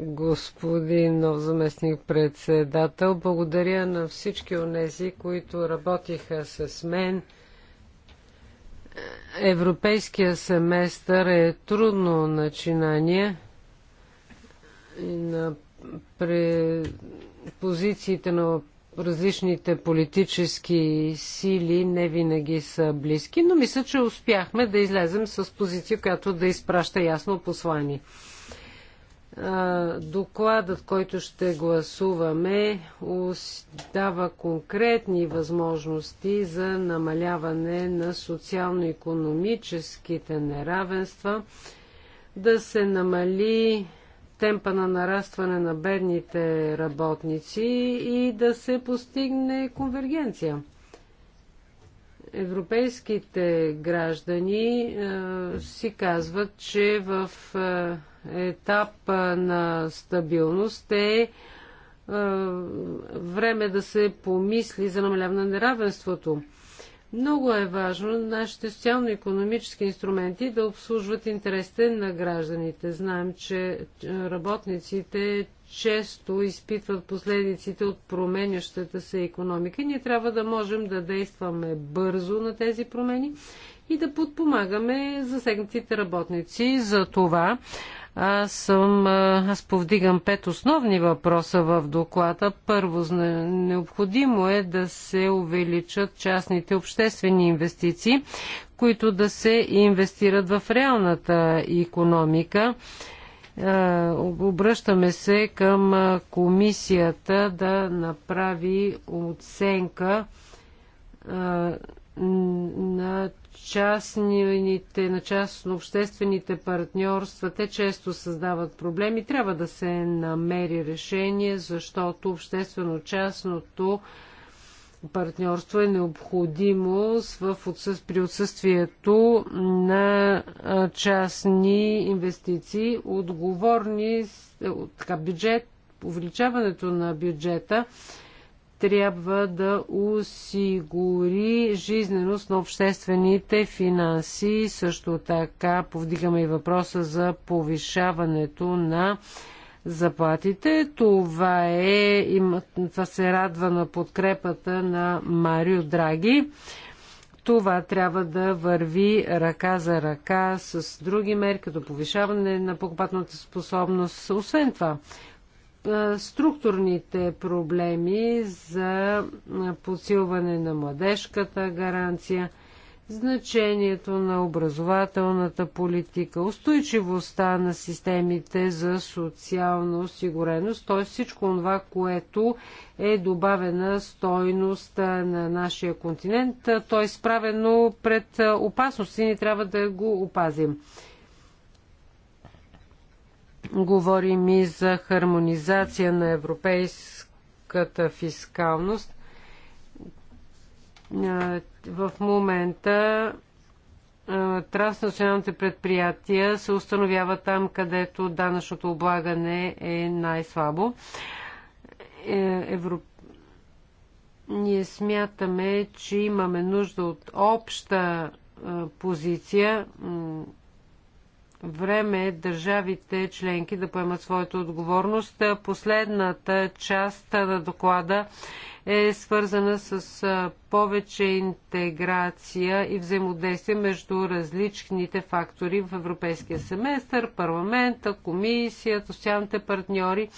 Speaker 2: господин нов заместник председател. Благодаря на всички онези, които работиха с мен. Европейския семестър е трудно начинание на позициите на различните политически сили не винаги са близки, но мисля, че успяхме да излезем с позиция, която да изпраща ясно послание. Докладът, който ще гласуваме, дава конкретни възможности за намаляване на социално-економическите неравенства, да се намали темпа на нарастване на бедните работници и да се постигне конвергенция. Европейските граждани е, си казват, че в е, етап е, на стабилност е, е време да се помисли за намаляване на неравенството. Много е важно нашите социално-економически инструменти да обслужват интересите на гражданите. Знаем, че е, работниците често изпитват последиците от променящата се економика. Ние трябва да можем да действаме бързо на тези промени и да подпомагаме засегнатите работници. За това аз, съм, аз повдигам пет основни въпроса в доклада. Първо, необходимо е да се увеличат частните обществени инвестиции, които да се инвестират в реалната економика. Обръщаме се към комисията да направи оценка на частните, на частно-обществените партньорства, те често създават проблеми. Трябва да се намери решение, защото обществено-частното партньорство е необходимо в отсъс... при отсъствието на частни инвестиции. Отговорни така, бюджет, увеличаването на бюджета трябва да осигури жизненост на обществените финанси. Също така повдигаме и въпроса за повишаването на заплатите. Това, е, това се радва на подкрепата на Марио Драги. Това трябва да върви ръка за ръка с други мерки, като повишаване на покупателната способност. Освен това, структурните проблеми за подсилване на младежката гаранция, значението на образователната политика, устойчивостта на системите за социална осигуреност, т.е. всичко това, което е добавена стойност на нашия континент. т.е. е справено пред опасности и ни трябва да го опазим. Говорим и за хармонизация на европейската фискалност. В момента транснационалните предприятия се установяват там, където данъчното облагане е най-слабо. Е, Европ... Ние смятаме, че имаме нужда от обща позиция Време е държавите членки да поемат своята отговорност. Последната част на доклада е свързана с повече интеграция и взаимодействие между различните фактори в Европейския семестър, парламента, комисията, социалните партньори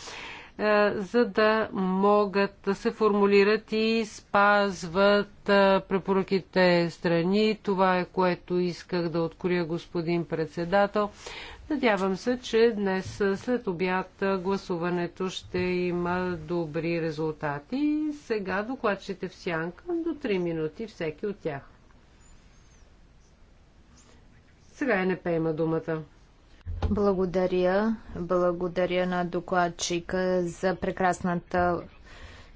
Speaker 2: е, за да могат да се формулират и спазват е, препоръките страни. Това е което исках да откоря господин председател. Надявам се, че днес е, след обяд гласуването ще има добри резултати. Сега докладчите в сянка до 3 минути всеки от тях. Сега не пейма думата.
Speaker 4: Благодаря. Благодаря на докладчика за прекрасната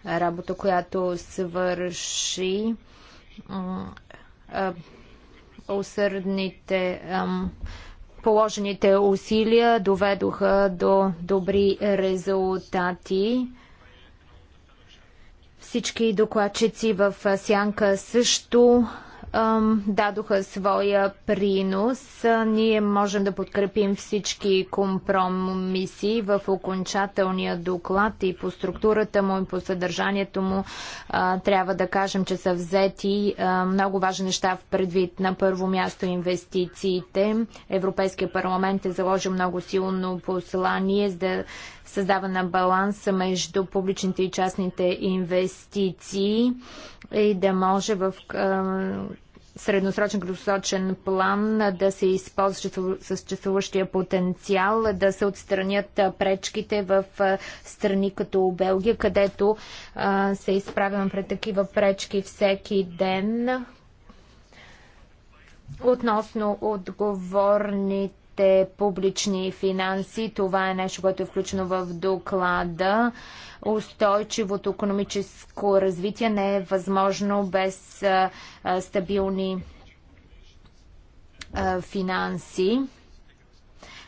Speaker 4: работа, която свърши. Усърдните положените усилия доведоха до добри резултати. Всички докладчици в Сянка също дадоха своя принос. Ние можем да подкрепим всички компромиси в окончателния доклад и по структурата му и по съдържанието му. Трябва да кажем, че са взети много важни неща в предвид. На първо място инвестициите. Европейския парламент е заложил много силно послание за създава на баланс между публичните и частните инвестиции и да може в средносрочен краткосрочен план да се използва съществуващия потенциал, да се отстранят пречките в страни като Белгия, където се изправяме пред такива пречки всеки ден. Относно отговорните те публични финанси. Това е нещо, което е включено в доклада. Устойчивото економическо развитие не е възможно без а, стабилни а, финанси.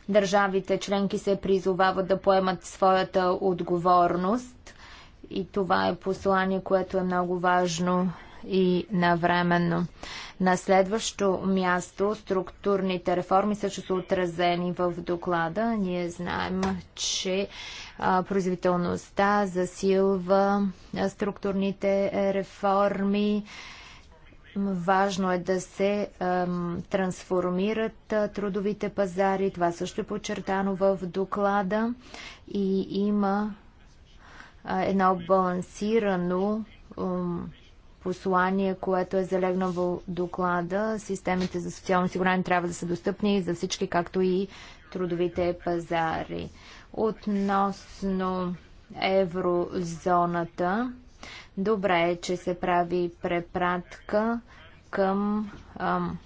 Speaker 4: Държавите членки се призовават да поемат своята отговорност и това е послание, което е много важно и навременно. На следващо място структурните реформи също са отразени в доклада. Ние знаем, че производителността засилва структурните реформи. Важно е да се ем, трансформират трудовите пазари. Това също е подчертано в доклада и има едно балансирано ем, послание, което е залегнало в доклада. Системите за социално осигуряване трябва да са достъпни за всички, както и трудовите пазари. Относно еврозоната, добре е, че се прави препратка към ам,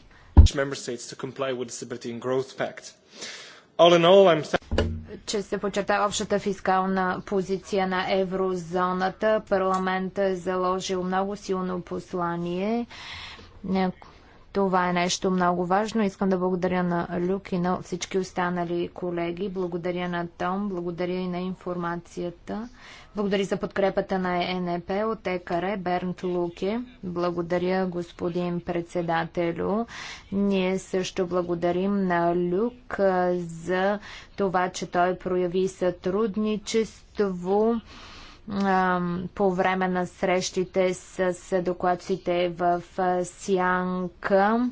Speaker 4: че се подчертава общата фискална позиция на еврозоната. Парламентът е заложил много силно послание това е нещо много важно. Искам да благодаря на Люк и на всички останали колеги. Благодаря на Том, благодаря и на информацията. Благодаря за подкрепата на ЕНП от ЕКАРЕ Бернт Луке. Благодаря, господин председателю. Ние също благодарим на Люк за това, че той прояви сътрудничество по време на срещите с докладците в Сянка.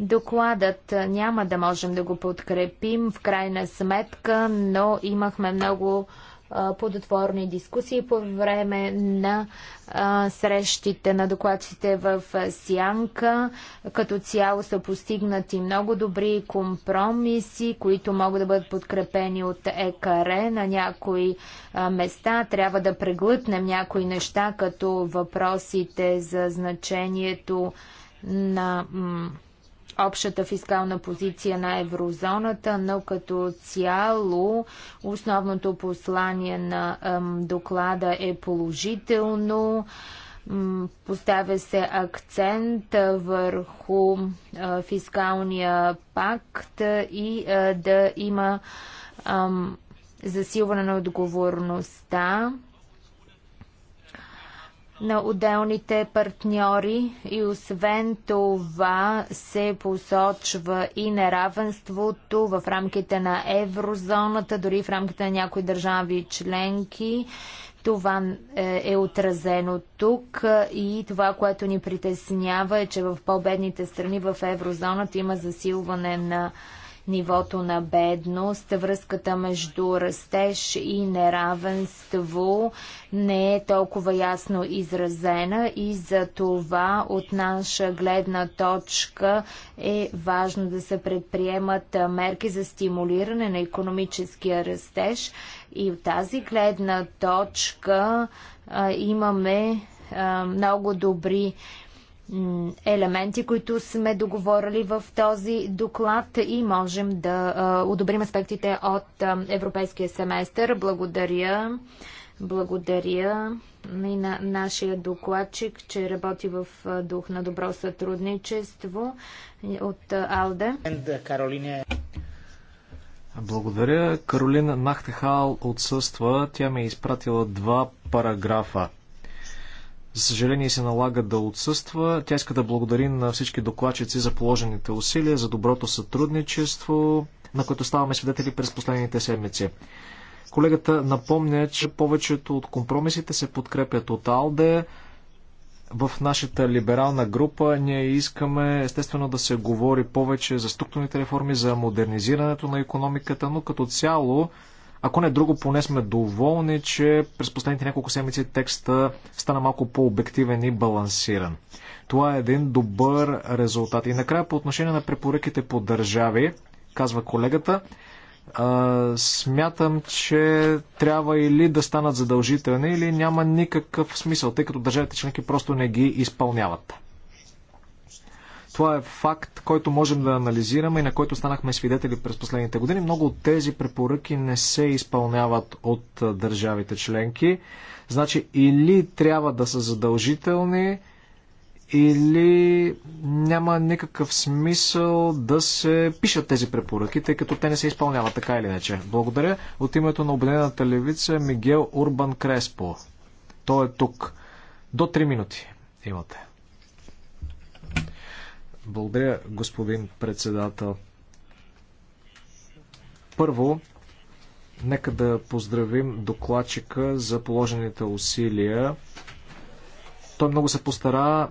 Speaker 4: Докладът няма да можем да го подкрепим в крайна сметка, но имахме много подотворни дискусии по време на срещите на докладците в Сянка. Като цяло са постигнати много добри компромиси, които могат да бъдат подкрепени от ЕКР на някои места. Трябва да преглътнем някои неща, като въпросите за значението на общата фискална позиция на еврозоната, но като цяло основното послание на доклада е положително. Поставя се акцент върху фискалния пакт и да има засилване на отговорността на отделните партньори и освен това се посочва и неравенството в рамките на еврозоната, дори в рамките на някои държави членки. Това е, е отразено тук и това, което ни притеснява е, че в по-бедните страни в еврозоната има засилване на нивото на бедност, връзката между растеж и неравенство не е толкова ясно изразена и за това от наша гледна точка е важно да се предприемат мерки за стимулиране на економическия растеж и от тази гледна точка а, имаме много добри елементи, които сме договорили в този доклад и можем да одобрим аспектите от европейския семестър. Благодаря. Благодаря и на нашия докладчик, че работи в дух на добро сътрудничество от АЛДЕ.
Speaker 3: Благодаря. Каролина Нахтехал отсъства. Тя ми е изпратила два параграфа за съжаление се налага да отсъства. Тя иска да благодари на всички докладчици за положените усилия, за доброто сътрудничество, на което ставаме свидетели през последните седмици. Колегата напомня, че повечето от компромисите се подкрепят от АЛДЕ. В нашата либерална група ние искаме естествено да се говори повече за структурните реформи, за модернизирането на економиката, но като цяло ако не друго, поне сме доволни, че през последните няколко седмици текста стана малко по-обективен и балансиран. Това е един добър резултат. И накрая по отношение на препоръките по държави, казва колегата, а, смятам, че трябва или да станат задължителни, или няма никакъв смисъл, тъй като държавите членки просто не ги изпълняват. Това е факт, който можем да анализираме и на който станахме свидетели през последните години. Много от тези препоръки не се изпълняват от държавите членки. Значи или трябва да са задължителни, или няма никакъв смисъл да се пишат тези препоръки, тъй като те не се изпълняват така или иначе. Благодаря. От името на Обединената левица Мигел Урбан Креспо. Той е тук. До 3 минути имате. Благодаря, господин председател. Първо, нека да поздравим докладчика за положените усилия. Той много се постара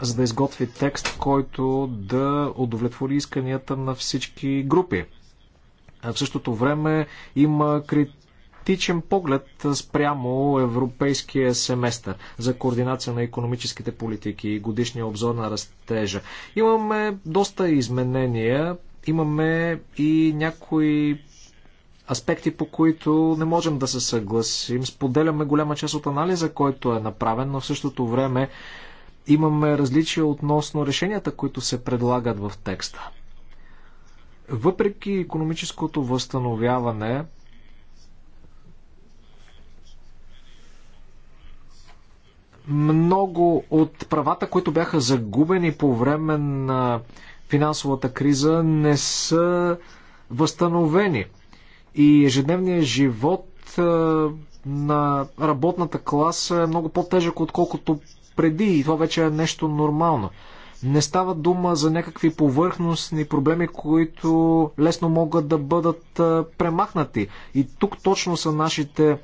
Speaker 3: за да изготви текст, който да удовлетвори исканията на всички групи. В същото време има крит критичен поглед спрямо европейския семестър за координация на економическите политики и годишния обзор на растежа. Имаме доста изменения, имаме и някои аспекти, по които не можем да се съгласим. Споделяме голяма част от анализа, който е направен, но в същото време имаме различия относно решенията, които се предлагат в текста. Въпреки економическото възстановяване, Много от правата, които бяха загубени по време на финансовата криза, не са възстановени. И ежедневният живот на работната класа е много по-тежък, отколкото преди. И това вече е нещо нормално. Не става дума за някакви повърхностни проблеми, които лесно могат да бъдат премахнати. И тук точно са нашите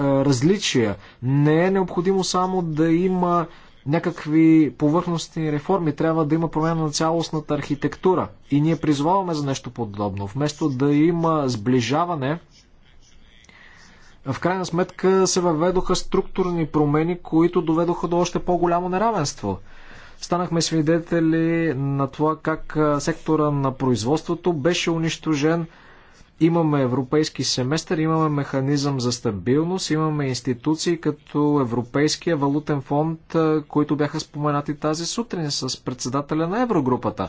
Speaker 3: различия. Не е необходимо само да има някакви повърхностни реформи, трябва да има промяна на цялостната архитектура. И ние призваваме за нещо подобно. Вместо да има сближаване, в крайна сметка се въведоха структурни промени, които доведоха до още по-голямо неравенство. Станахме свидетели на това как сектора на производството беше унищожен, Имаме европейски семестър, имаме механизъм за стабилност, имаме институции като Европейския валутен фонд, които бяха споменати тази сутрин с председателя на Еврогрупата.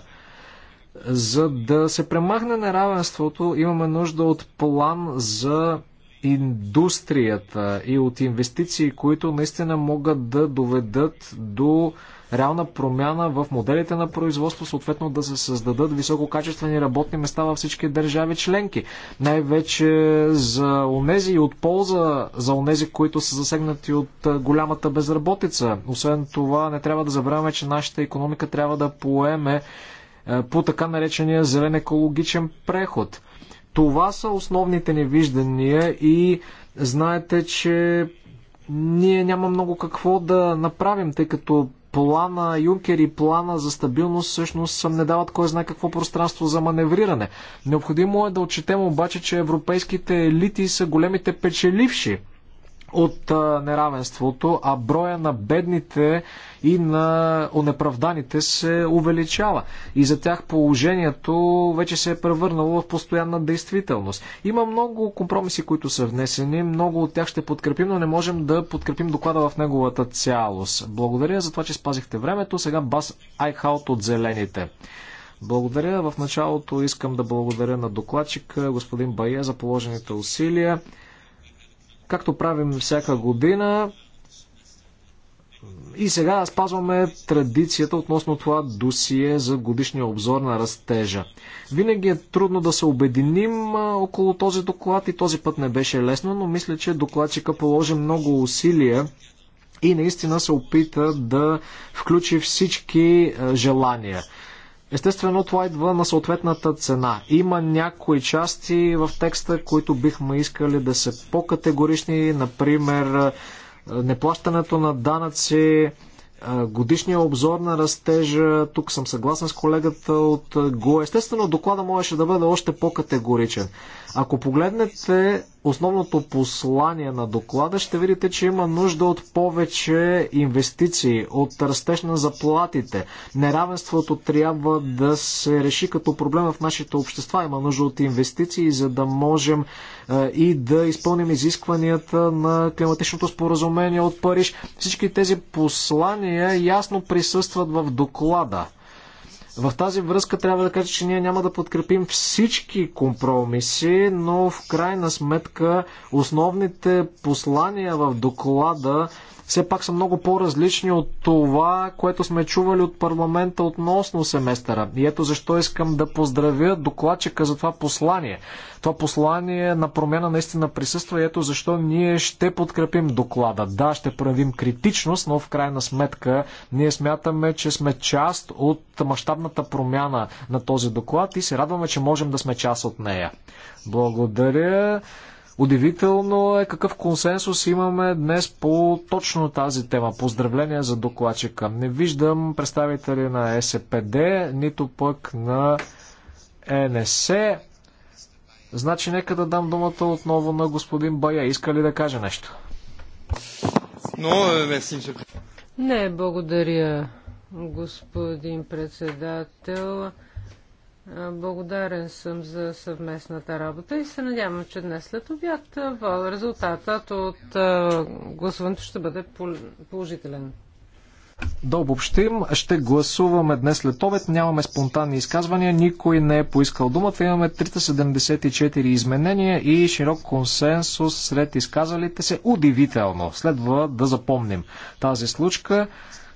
Speaker 3: За да се премахне неравенството, имаме нужда от план за индустрията и от инвестиции, които наистина могат да доведат до реална промяна в моделите на производство, съответно да се създадат висококачествени работни места във всички държави членки. Най-вече за онези и от полза за онези, които са засегнати от голямата безработица. Освен това, не трябва да забравяме, че нашата економика трябва да поеме по така наречения зелен екологичен преход. Това са основните ни виждания и знаете, че ние няма много какво да направим, тъй като плана Юнкер и плана за стабилност всъщност не дават кой знае какво пространство за маневриране. Необходимо е да отчетем обаче, че европейските елити са големите печеливши от неравенството, а броя на бедните и на онеправданите се увеличава. И за тях положението вече се е превърнало в постоянна действителност. Има много компромиси, които са внесени. Много от тях ще подкрепим, но не можем да подкрепим доклада в неговата цялост. Благодаря за това, че спазихте времето. Сега Бас Айхаут от Зелените. Благодаря. В началото искам да благодаря на докладчика господин Бая за положените усилия както правим всяка година. И сега спазваме традицията относно това досие за годишния обзор на растежа. Винаги е трудно да се обединим около този доклад и този път не беше лесно, но мисля, че докладчика положи много усилия и наистина се опита да включи всички желания Естествено, това идва на съответната цена. Има някои части в текста, които бихме искали да са по-категорични, например е, неплащането на данъци, е, годишния обзор на растежа. Тук съм съгласен с колегата от ГО. Естествено, доклада можеше да бъде още по-категоричен. Ако погледнете основното послание на доклада, ще видите, че има нужда от повече инвестиции, от растеж на заплатите. Неравенството трябва да се реши като проблем в нашите общества. Има нужда от инвестиции, за да можем е, и да изпълним изискванията на климатичното споразумение от Париж. Всички тези послания ясно присъстват в доклада. В тази връзка трябва да кажа, че ние няма да подкрепим всички компромиси, но в крайна сметка основните послания в доклада все пак са много по-различни от това, което сме чували от парламента относно семестъра. И ето защо искам да поздравя докладчика за това послание. Това послание на промяна наистина присъства и ето защо ние ще подкрепим доклада. Да, ще проявим критичност, но в крайна сметка ние смятаме, че сме част от мащабната промяна на този доклад и се радваме, че можем да сме част от нея. Благодаря. Удивително е какъв консенсус имаме днес по точно тази тема. Поздравления за докладчика. Не виждам представители на СПД, нито пък на НС. Значи нека да дам думата отново на господин Бая. Иска ли да каже нещо?
Speaker 2: Не, благодаря, господин председател. Благодарен съм за съвместната работа и се надявам, че днес след обяд резултатът от гласуването ще бъде положителен.
Speaker 3: Да обобщим, ще гласуваме днес след обед, нямаме спонтанни изказвания, никой не е поискал думата, имаме 374 изменения и широк консенсус сред изказалите се. Удивително, следва да запомним тази случка.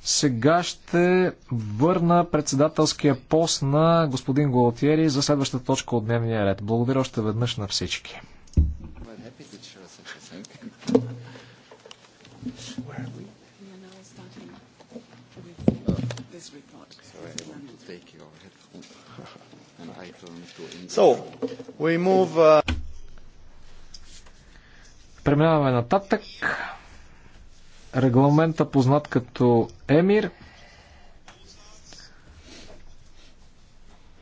Speaker 3: Сега ще върна председателския пост на господин Голтиери за следващата точка от дневния ред. Благодаря още веднъж на всички.
Speaker 1: So, move, uh...
Speaker 3: Преминаваме нататък регламента познат като ЕМИР.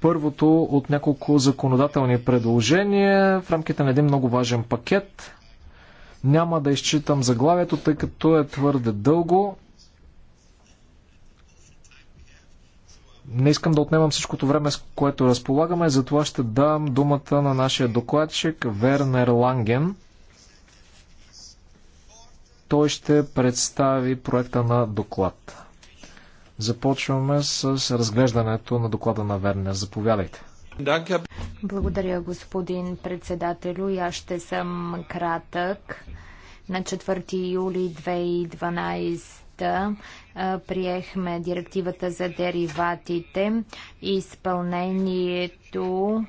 Speaker 3: Първото от няколко законодателни предложения в рамките на един много важен пакет. Няма да изчитам заглавието, тъй като е твърде дълго. Не искам да отнемам всичкото време, с което разполагаме, затова ще дам думата на нашия докладчик Вернер Ланген. Той ще представи проекта на доклад. Започваме с разглеждането на доклада на Верне. Заповядайте.
Speaker 4: Благодаря, господин председателю. И аз ще съм кратък. На 4 юли 2012 приехме директивата за дериватите. Изпълнението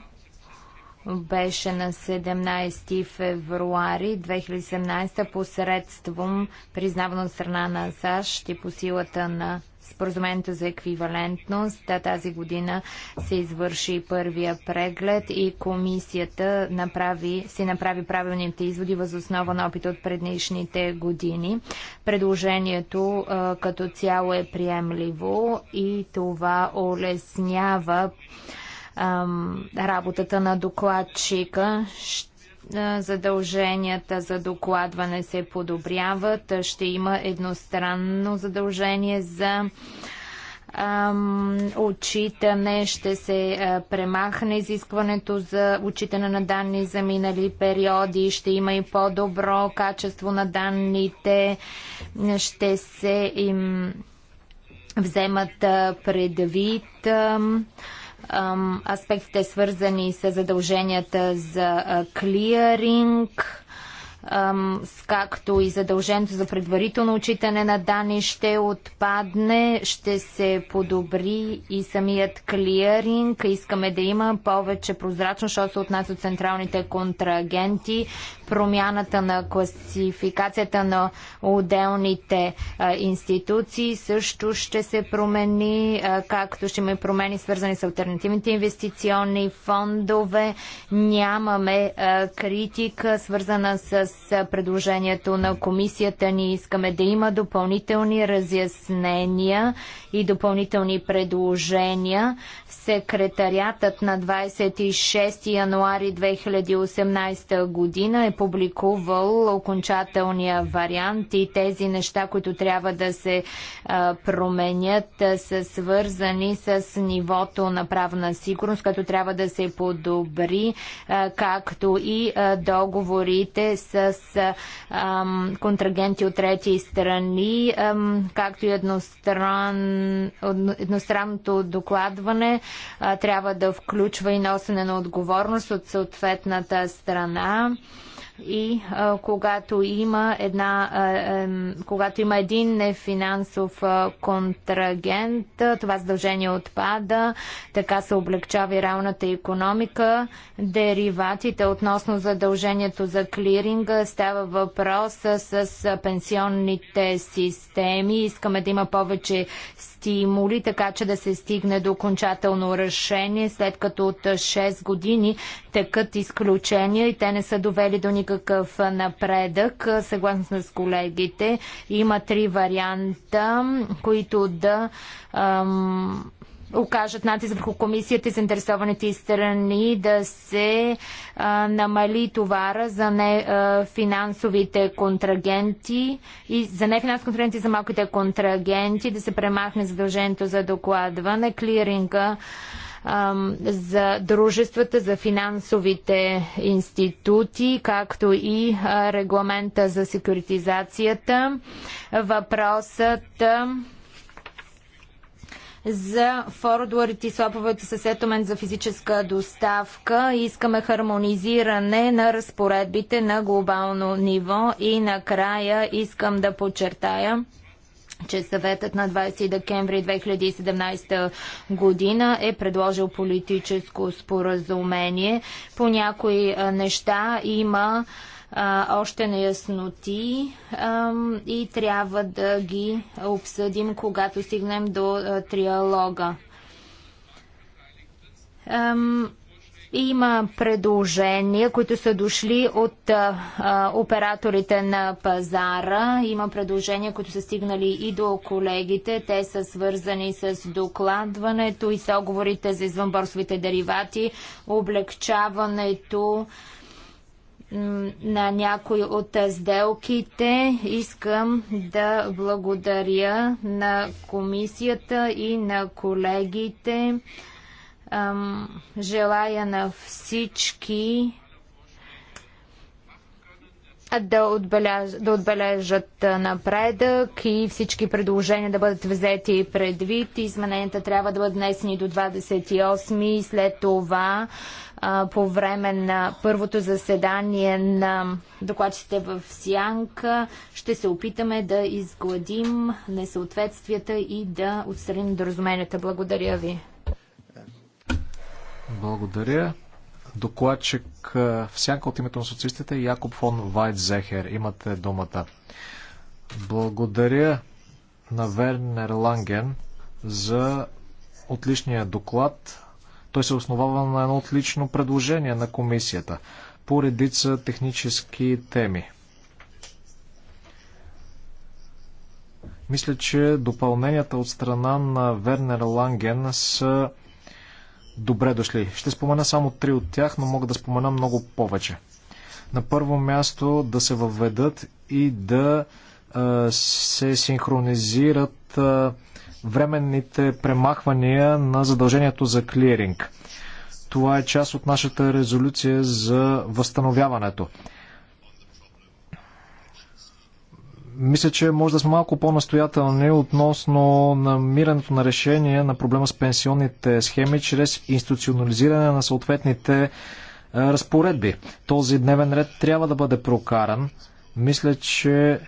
Speaker 4: беше на 17 февруари 2017 посредством признаване от страна на САЩ и по силата на споразумението за еквивалентност. Да, тази година се извърши първия преглед и комисията направи, си направи правилните изводи въз основа на опит от предишните години. Предложението а, като цяло е приемливо и това улеснява ам, работата на докладчика. Задълженията за докладване се подобряват. Ще има едностранно задължение за отчитане, ще се премахне изискването за отчитане на данни за минали периоди, ще има и по-добро качество на данните, ще се им вземат предвид аспектите свързани с задълженията за клиринг, както и задължението за предварително отчитане на данни ще отпадне, ще се подобри и самият клиринг. Искаме да има повече прозрачно, защото се отнася от централните контрагенти, промяната на класификацията на отделните институции също ще се промени, както ще има промени свързани с альтернативните инвестиционни фондове. Нямаме критика свързана с предложението на комисията. Ние искаме да има допълнителни разяснения и допълнителни предложения. Секретариатът на 26 януари 2018 година е публикувал окончателния вариант и тези неща, които трябва да се променят, са свързани с нивото на правна сигурност, като трябва да се подобри, както и договорите с с контрагенти от трети страни, както и едностран, едностранното докладване трябва да включва и носене на отговорност от съответната страна и а, когато има една, а, когато има един нефинансов контрагент, това задължение отпада, така се облегчава и реалната економика. Дериватите относно задължението за клиринга става въпрос с пенсионните системи. Искаме да има повече стимули, така че да се стигне до окончателно решение, след като от 6 години текат изключения и те не са довели до никакъв напредък. Съгласно с колегите, има три варианта, които да ам, окажат натиск върху комисията и заинтересованите страни да се а, намали товара за нефинансовите контрагенти и за нефинансовите контрагенти за малките контрагенти да се премахне задължението за докладване, клиринга за дружествата, за финансовите институти, както и регламента за секюритизацията. Въпросът за фордуарите и слаповете с сетомен за физическа доставка. Искаме хармонизиране на разпоредбите на глобално ниво и накрая искам да подчертая, че съветът на 20 декември 2017 година е предложил политическо споразумение. По някои неща има а, още неясноти а, и трябва да ги обсъдим, когато стигнем до а, триалога. А, има предложения, които са дошли от а, операторите на пазара. Има предложения, които са стигнали и до колегите. Те са свързани с докладването и с оговорите за извънборсовите деривати, облегчаването. А, на някои от сделките. Искам да благодаря на комисията и на колегите. Желая на всички да, отбеляж, да отбележат напредък и всички предложения да бъдат взети предвид. Измененията трябва да бъдат внесени до 28 и след това по време на първото заседание на докладчите в Сянка. Ще се опитаме да изгладим несъответствията и да отстраним доразуменията. Благодаря ви.
Speaker 3: Благодаря. Докладчик в Сянка от името на социалистите Якоб фон Вайтзехер. Имате думата. Благодаря на Вернер Ланген за отличния доклад. Той се основава на едно отлично предложение на комисията по редица технически теми. Мисля, че допълненията от страна на Вернер Ланген са добре дошли. Ще спомена само три от тях, но мога да спомена много повече. На първо място да се въведат и да се синхронизират временните премахвания на задължението за клиринг. Това е част от нашата резолюция за възстановяването. Мисля, че може да сме малко по-настоятелни относно намирането на решение на проблема с пенсионните схеми чрез институционализиране на съответните е, разпоредби. Този дневен ред трябва да бъде прокаран. Мисля, че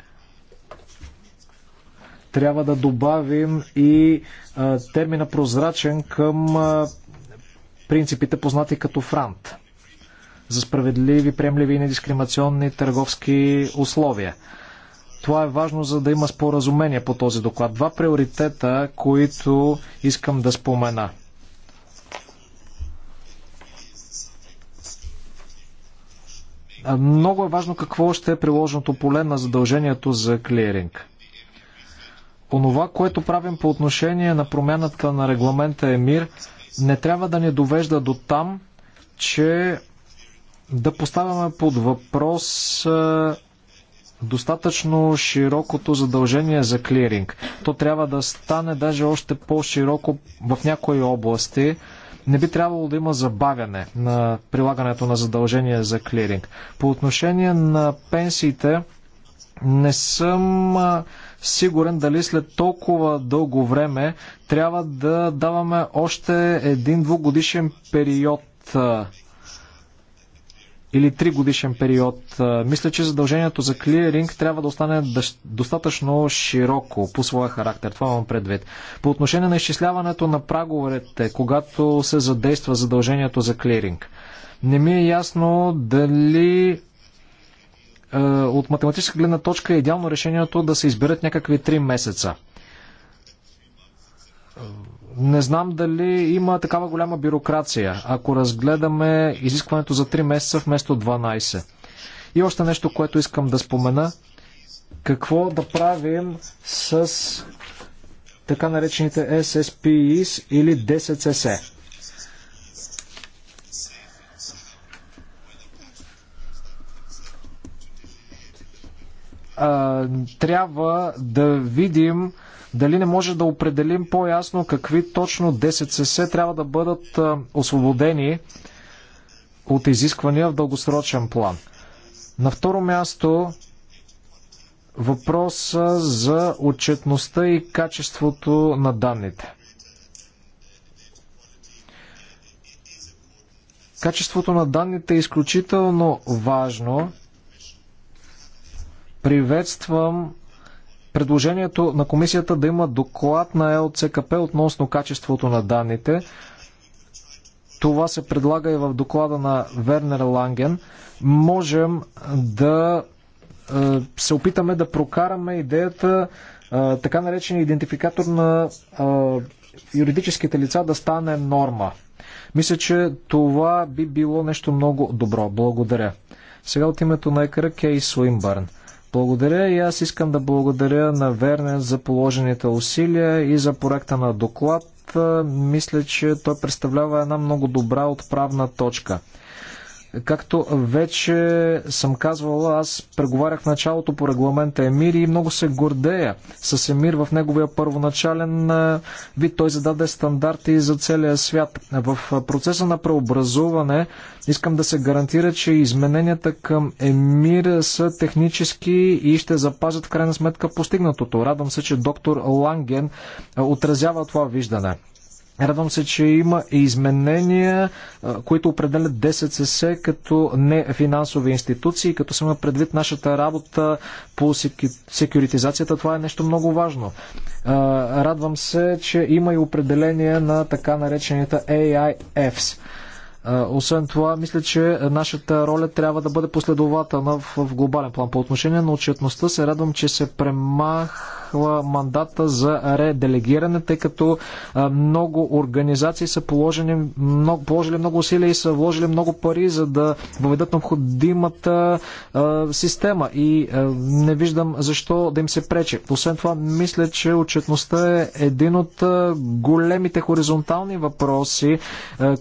Speaker 3: трябва да добавим и а, термина прозрачен към а, принципите познати като франт за справедливи, приемливи и недискриминационни търговски условия. Това е важно, за да има споразумение по този доклад. Два приоритета, които искам да спомена. Много е важно какво ще е приложеното поле на задължението за клиринг онова, което правим по отношение на промяната на регламента ЕМИР, не трябва да ни довежда до там, че да поставяме под въпрос е, достатъчно широкото задължение за клиринг. То трябва да стане даже още по-широко в някои области. Не би трябвало да има забавяне на прилагането на задължение за клиринг. По отношение на пенсиите, не съм сигурен дали след толкова дълго време трябва да даваме още един двугодишен период или три годишен период. Мисля, че задължението за клиринг трябва да остане достатъчно широко по своя характер. Това имам предвид. По отношение на изчисляването на праговете, когато се задейства задължението за клиринг, не ми е ясно дали е, от математическа гледна точка е идеално решението да се изберат някакви 3 месеца. Не знам дали има такава голяма бюрокрация, ако разгледаме изискването за 3 месеца вместо 12. И още нещо, което искам да спомена. Какво да правим с така наречените SSPIs или DSCC? а, трябва да видим дали не може да определим по-ясно какви точно 10СС трябва да бъдат а, освободени от изисквания в дългосрочен план. На второ място въпроса за отчетността и качеството на данните. Качеството на данните е изключително важно – Приветствам предложението на комисията да има доклад на ЛЦКП относно качеството на данните. Това се предлага и в доклада на Вернер Ланген. Можем да е, се опитаме да прокараме идеята е, така наречения идентификатор на е, юридическите лица да стане норма. Мисля, че това би било нещо много добро. Благодаря. Сега от името на екара Кей Суинбърн. Благодаря и аз искам да благодаря на Вернен за положените усилия и за проекта на доклад. Мисля, че той представлява една много добра отправна точка. Както вече съм казвал, аз преговарях в началото по регламента Емир и много се гордея с Емир в неговия първоначален вид. Той зададе стандарти за целия свят. В процеса на преобразуване искам да се гарантира, че измененията към Емир са технически и ще запазят в крайна сметка постигнатото. Радвам се, че доктор Ланген отразява това виждане. Радвам се, че има изменения, които определят 10СС като не финансови институции, като се има предвид нашата работа по секюритизацията. Това е нещо много важно. Радвам се, че има и определение на така наречените AIFs. Освен това, мисля, че нашата роля трябва да бъде последователна в глобален план. По отношение на отчетността се радвам, че се премах изтекла мандата за ределегиране, тъй като много организации са положили много, положили много усилия и са вложили много пари, за да въведат необходимата система и не виждам защо да им се пречи. Освен това, мисля, че отчетността е един от големите хоризонтални въпроси,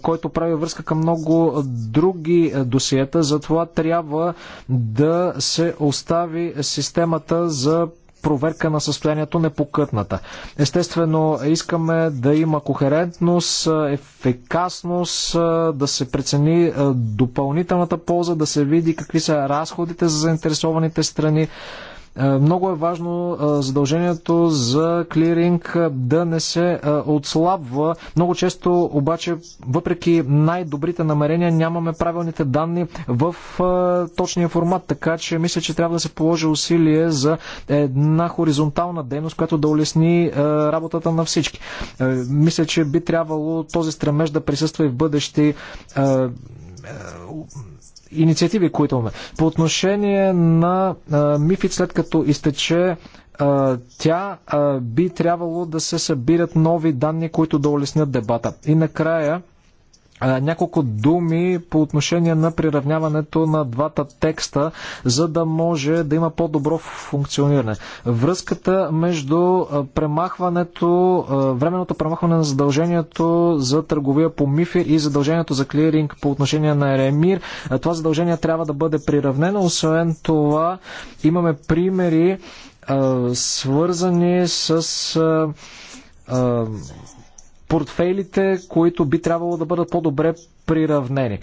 Speaker 3: който прави връзка към много други досиета, затова трябва да се остави системата за проверка на състоянието непокътната. Естествено, искаме да има кохерентност, ефикасност, да се прецени е, допълнителната полза, да се види какви са разходите за заинтересованите страни. Е, много е важно е, задължението за клиринг е, да не се отслабва. Много често обаче, въпреки най-добрите намерения, нямаме правилните данни в точния формат, така че мисля, че трябва да се положи усилие за една хоризонтална дейност, която да улесни работата на всички. Мисля, че би трябвало този стремеж да присъства и в бъдещи инициативи, които имаме. По отношение на а, МИФИД, след като изтече а, тя, а, би трябвало да се събират нови данни, които да улеснят дебата. И накрая, няколко думи по отношение на приравняването на двата текста, за да може да има по-добро функциониране. Връзката между премахването, временното премахване на задължението за търговия по МИФИ и задължението за клиринг по отношение на РЕМИР, това задължение трябва да бъде приравнено. Освен това, имаме примери свързани с портфейлите, които би трябвало да бъдат по-добре приравнени.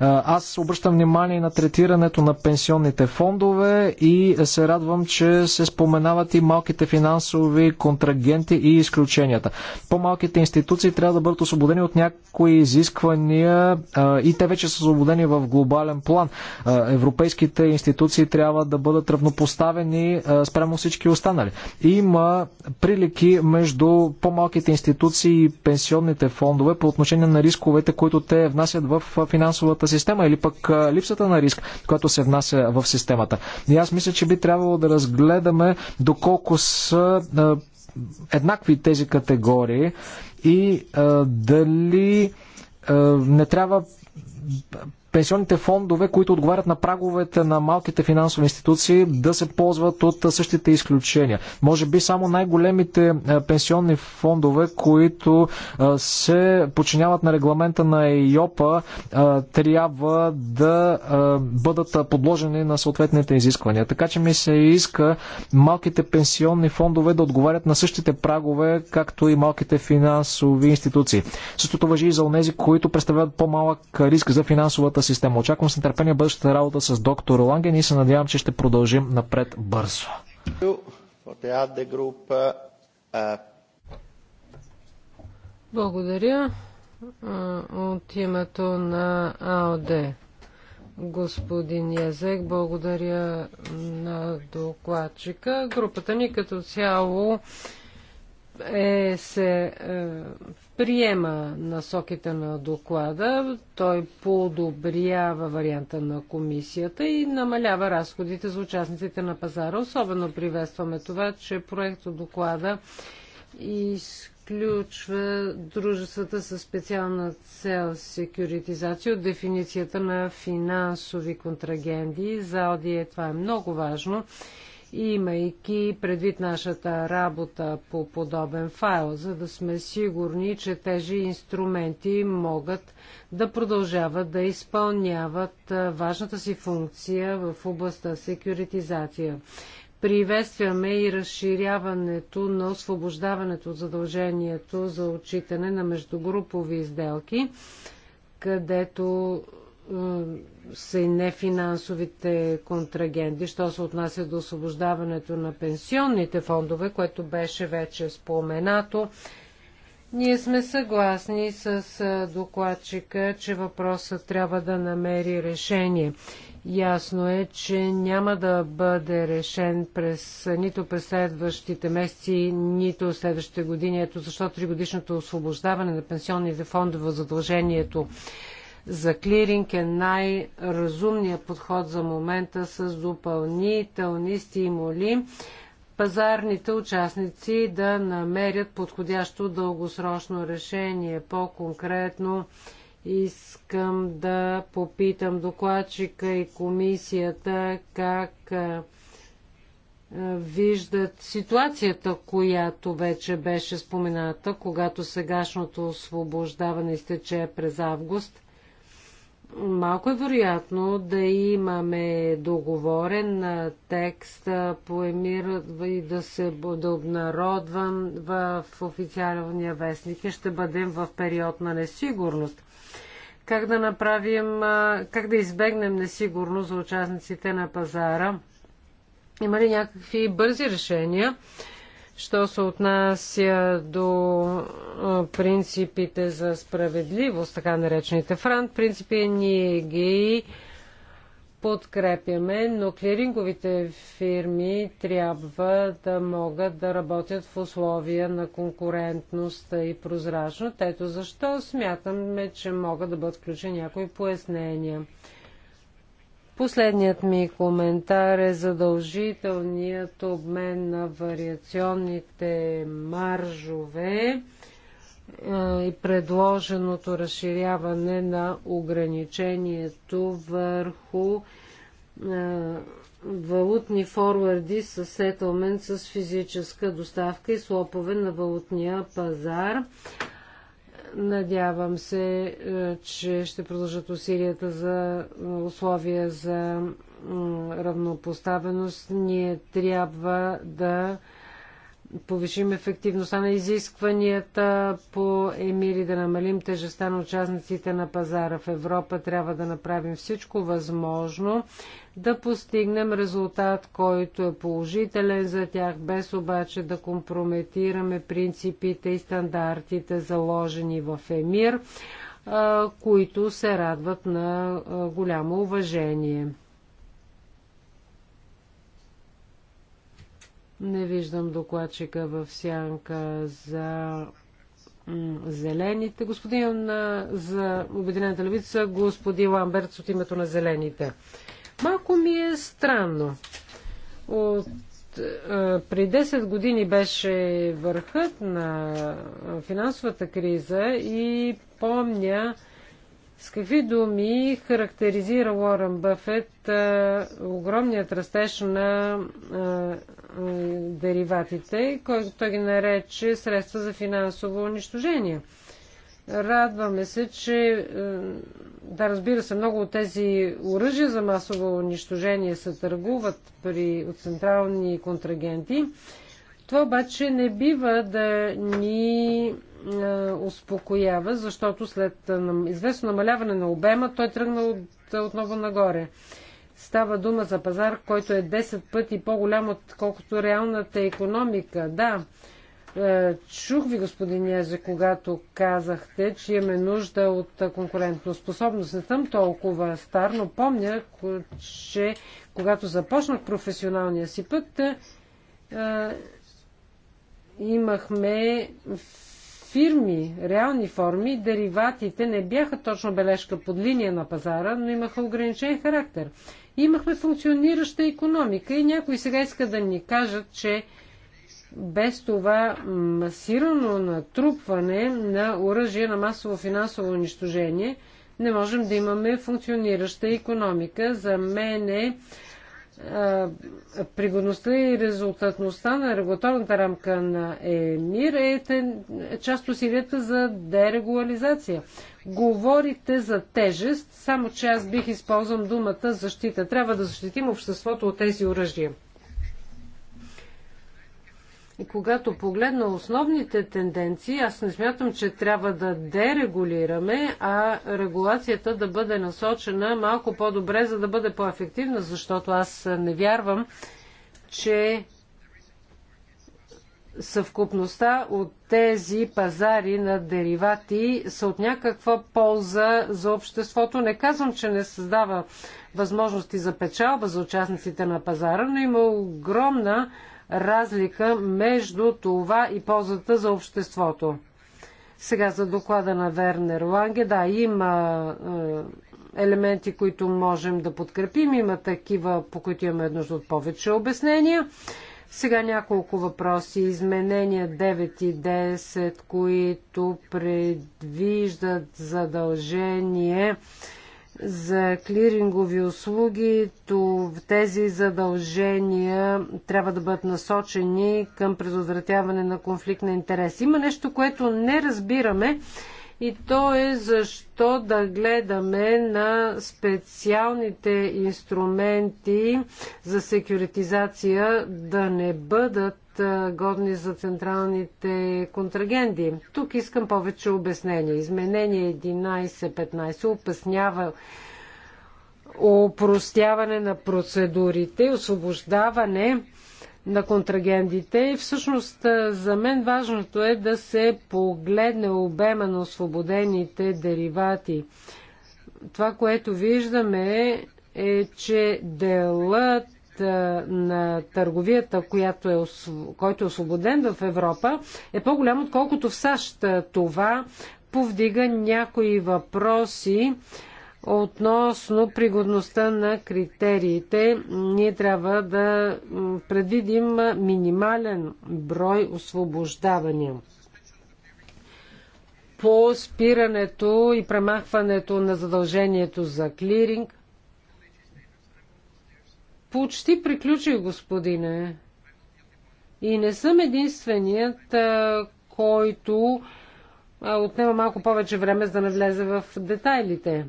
Speaker 3: Аз обръщам внимание на третирането на пенсионните фондове и се радвам, че се споменават и малките финансови контрагенти и изключенията. По-малките институции трябва да бъдат освободени от някои изисквания и те вече са освободени в глобален план. Европейските институции трябва да бъдат равнопоставени спрямо всички останали. Има прилики между по-малките институции и пенсионните фондове по отношение на рисковете, които те внасят внасят в финансовата система или пък липсата на риск, която се внася в системата. И аз мисля, че би трябвало да разгледаме доколко са еднакви тези категории и дали не трябва пенсионните фондове, които отговарят на праговете на малките финансови институции, да се ползват от същите изключения. Може би само най-големите е, пенсионни фондове, които е, се подчиняват на регламента на ЕИОПА, е, трябва да бъдат подложени на съответните изисквания. Така че ми се иска малките пенсионни фондове да отговарят на същите прагове, както и малките финансови институции. Същото въжи и за онези, които представляват по-малък риск за финансовата система. Очаквам с нетърпение бъдещата работа с доктор Ланген и се надявам, че ще продължим напред бързо.
Speaker 2: Благодаря от името на АОД. Господин Язек, благодаря на докладчика. Групата ни като цяло е, се е, приема насоките на доклада, той подобрява варианта на комисията и намалява разходите за участниците на пазара. Особено приветстваме това, че проект от доклада изключва дружествата със специална цел секюритизация от дефиницията на финансови контрагенди. За ОДИ е това е много важно имайки предвид нашата работа по подобен файл, за да сме сигурни, че тези инструменти могат да продължават да изпълняват важната си функция в областта секюритизация. Приветстваме и разширяването на освобождаването от задължението за отчитане на междугрупови изделки, където са и нефинансовите контрагенти, що се отнася до освобождаването на пенсионните фондове, което беше вече споменато. Ние сме съгласни с докладчика, че въпросът трябва да намери решение. Ясно е, че няма да бъде решен през, нито през следващите месеци, нито следващите години. Ето защо тригодишното освобождаване на пенсионните фондове задължението за клиринг е най-разумният подход за момента с допълнителни стимули пазарните участници да намерят подходящо дългосрочно решение. По-конкретно искам да попитам докладчика и комисията как виждат ситуацията, която вече беше спомената, когато сегашното освобождаване изтече през август Малко е вероятно да имаме договорен текст по Емир и да се да обнародван в официалния вестник и ще бъдем в период на несигурност. Как да направим, как да избегнем несигурност за участниците на пазара? Има ли някакви бързи решения? Що се отнася до принципите за справедливост, така наречените франт принципи, ние ги подкрепяме, но клиринговите фирми трябва да могат да работят в условия на конкурентност и прозрачност. Ето защо смятаме, че могат да бъдат включени някои пояснения. Последният ми коментар е задължителният обмен на вариационните маржове е, и предложеното разширяване на ограничението върху е, валутни форварди с сетълмент с физическа доставка и слопове на валутния пазар. Надявам се, е, че ще продължат усилията за е, условия за равнопоставеност. Ние трябва да повишим ефективността на изискванията по емири, да намалим тежестта на участниците на пазара в Европа. Трябва да направим всичко възможно да постигнем резултат, който е положителен за тях, без обаче да компрометираме принципите и стандартите заложени в емир, които се радват на голямо уважение. Не виждам докладчика в сянка за зелените. Господин за Обединената левица, господин Ламберт от името на зелените. Малко ми е странно. От, а, при 10 години беше върхът на финансовата криза и помня с какви думи характеризира Уорън Бъфет а, огромният растеж на а, дериватите, който той ги нарече средства за финансово унищожение. Радваме се, че да разбира се, много от тези оръжия за масово унищожение се търгуват при, от централни контрагенти. Това обаче не бива да ни успокоява, защото след известно намаляване на обема той тръгна от, отново нагоре. Става дума за пазар, който е 10 пъти по-голям, отколкото реалната економика. Да, е, чух ви, господин Язе, когато казахте, че имаме нужда от конкурентно способност. Не съм толкова стар, но помня, че когато започнах професионалния си път, е, имахме фирми, реални форми, дериватите не бяха точно бележка под линия на пазара, но имаха ограничен характер. Имахме функционираща економика и някои сега иска да ни кажат, че без това масирано натрупване на оръжие на масово финансово унищожение не можем да имаме функционираща економика. За мен е пригодността и резултатността на регулаторната рамка на ЕМИР е, част от усилията за дерегулализация. Говорите за тежест, само че аз бих използвам думата защита. Трябва да защитим обществото от тези оръжия. И когато погледна основните тенденции, аз не смятам, че трябва да дерегулираме, а регулацията да бъде насочена малко по-добре, за да бъде по-ефективна, защото аз не вярвам, че съвкупността от тези пазари на деривати са от някаква полза за обществото. Не казвам, че не създава възможности за печалба за участниците на пазара, но има огромна разлика между това и ползата за обществото. Сега за доклада на Вернер Ланге. Да, има е, елементи, които можем да подкрепим. Има такива, по които имаме нужда от повече обяснения. Сега няколко въпроси. Изменения 9 и 10, които предвиждат задължение за клирингови услуги, то тези задължения трябва да бъдат насочени към предотвратяване на конфликт на интерес. Има нещо, което не разбираме и то е защо да гледаме на специалните инструменти за секюритизация да не бъдат годни за централните контрагенди. Тук искам повече обяснение. Изменение 11-15 обяснява опростяване на процедурите, освобождаване на контрагендите. Всъщност, за мен важното е да се погледне обема на освободените деривати. Това, което виждаме е, че делът на търговията, която е, който е освободен в Европа, е по-голям, отколкото в САЩ. Това повдига някои въпроси Относно пригодността на критериите, ние трябва да предвидим минимален брой освобождавания. По спирането и премахването на задължението за клиринг, почти приключих, господине. И не съм единственият, който отнема малко повече време, за да не влезе в детайлите.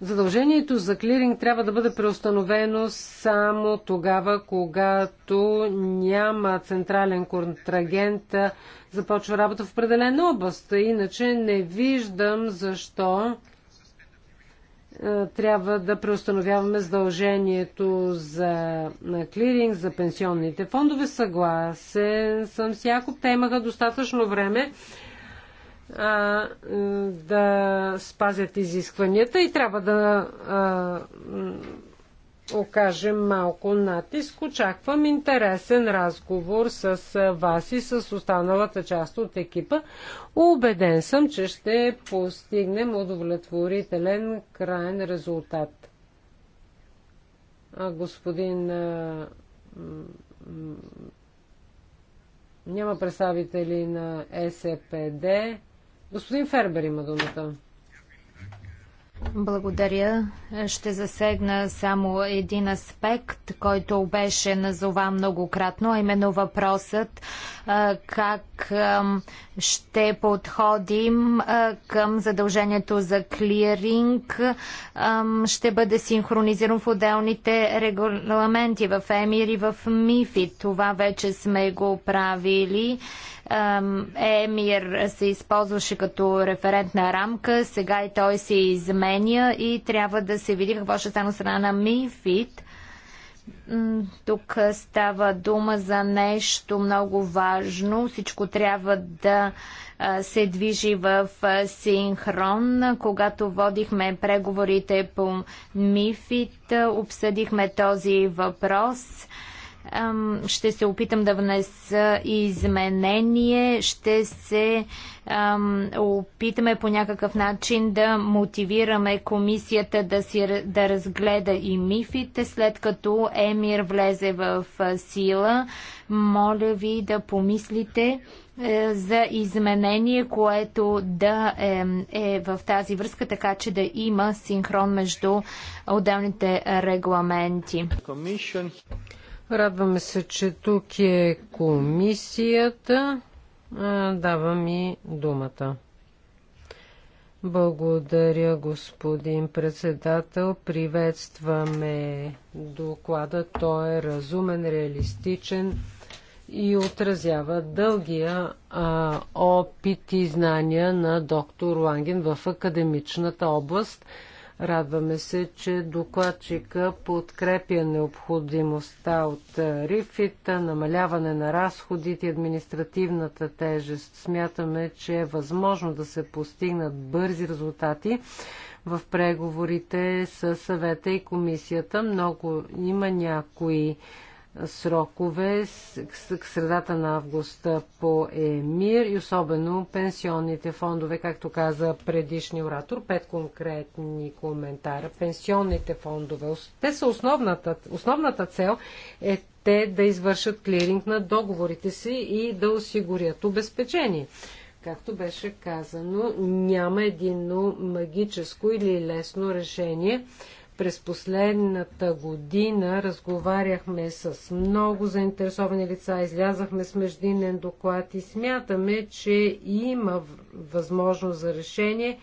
Speaker 2: Задължението за клиринг трябва да бъде преустановено само тогава, когато няма централен контрагент, започва работа в определена област. Иначе не виждам защо трябва да преустановяваме задължението за клиринг, за пенсионните фондове. Съгласен съм с Якоб. Те имаха достатъчно време а, да спазят изискванията и трябва да а, окажем малко натиск. Очаквам интересен разговор с вас и с останалата част от екипа. Убеден съм, че ще постигнем удовлетворителен крайен резултат. А, господин няма представители на СПД. Господин Фербер има думата.
Speaker 4: Благодаря. Ще засегна само един аспект, който беше назова многократно, а именно въпросът как ще подходим към задължението за клиринг. Ще бъде синхронизиран в отделните регламенти в ЕМИР и в МИФИ. Това вече сме го правили Емир се използваше като референтна рамка, сега и той се изменя и трябва да се види какво ще стане страна на МИФИД. Тук става дума за нещо много важно. Всичко трябва да се движи в синхрон. Когато водихме преговорите по МИФИД, обсъдихме този въпрос ще се опитам да внеса изменение, ще се опитаме по някакъв начин да мотивираме комисията да, си, да разгледа и мифите, след като Емир влезе в сила. Моля ви да помислите е, за изменение, което да е, е в тази връзка, така че да има синхрон между отделните регламенти.
Speaker 2: Радваме се, че тук е комисията. Давам ми думата. Благодаря, господин председател. Приветстваме доклада. Той е разумен, реалистичен и отразява дългия а, опит и знания на доктор Ланген в академичната област – Радваме се, че докладчика подкрепя необходимостта от рифита, намаляване на разходите и административната тежест. Смятаме, че е възможно да се постигнат бързи резултати в преговорите с съвета и комисията. Много има някои срокове средата на август по ЕМИР и особено пенсионните фондове, както каза предишния оратор. Пет конкретни коментара. Пенсионните фондове, те са основната, основната цел е те да извършат клиринг на договорите си и да осигурят обезпечение. Както беше казано, няма едино магическо или лесно решение – през последната година разговаряхме с много заинтересовани лица, излязахме с междинен доклад и смятаме, че има възможност за решение.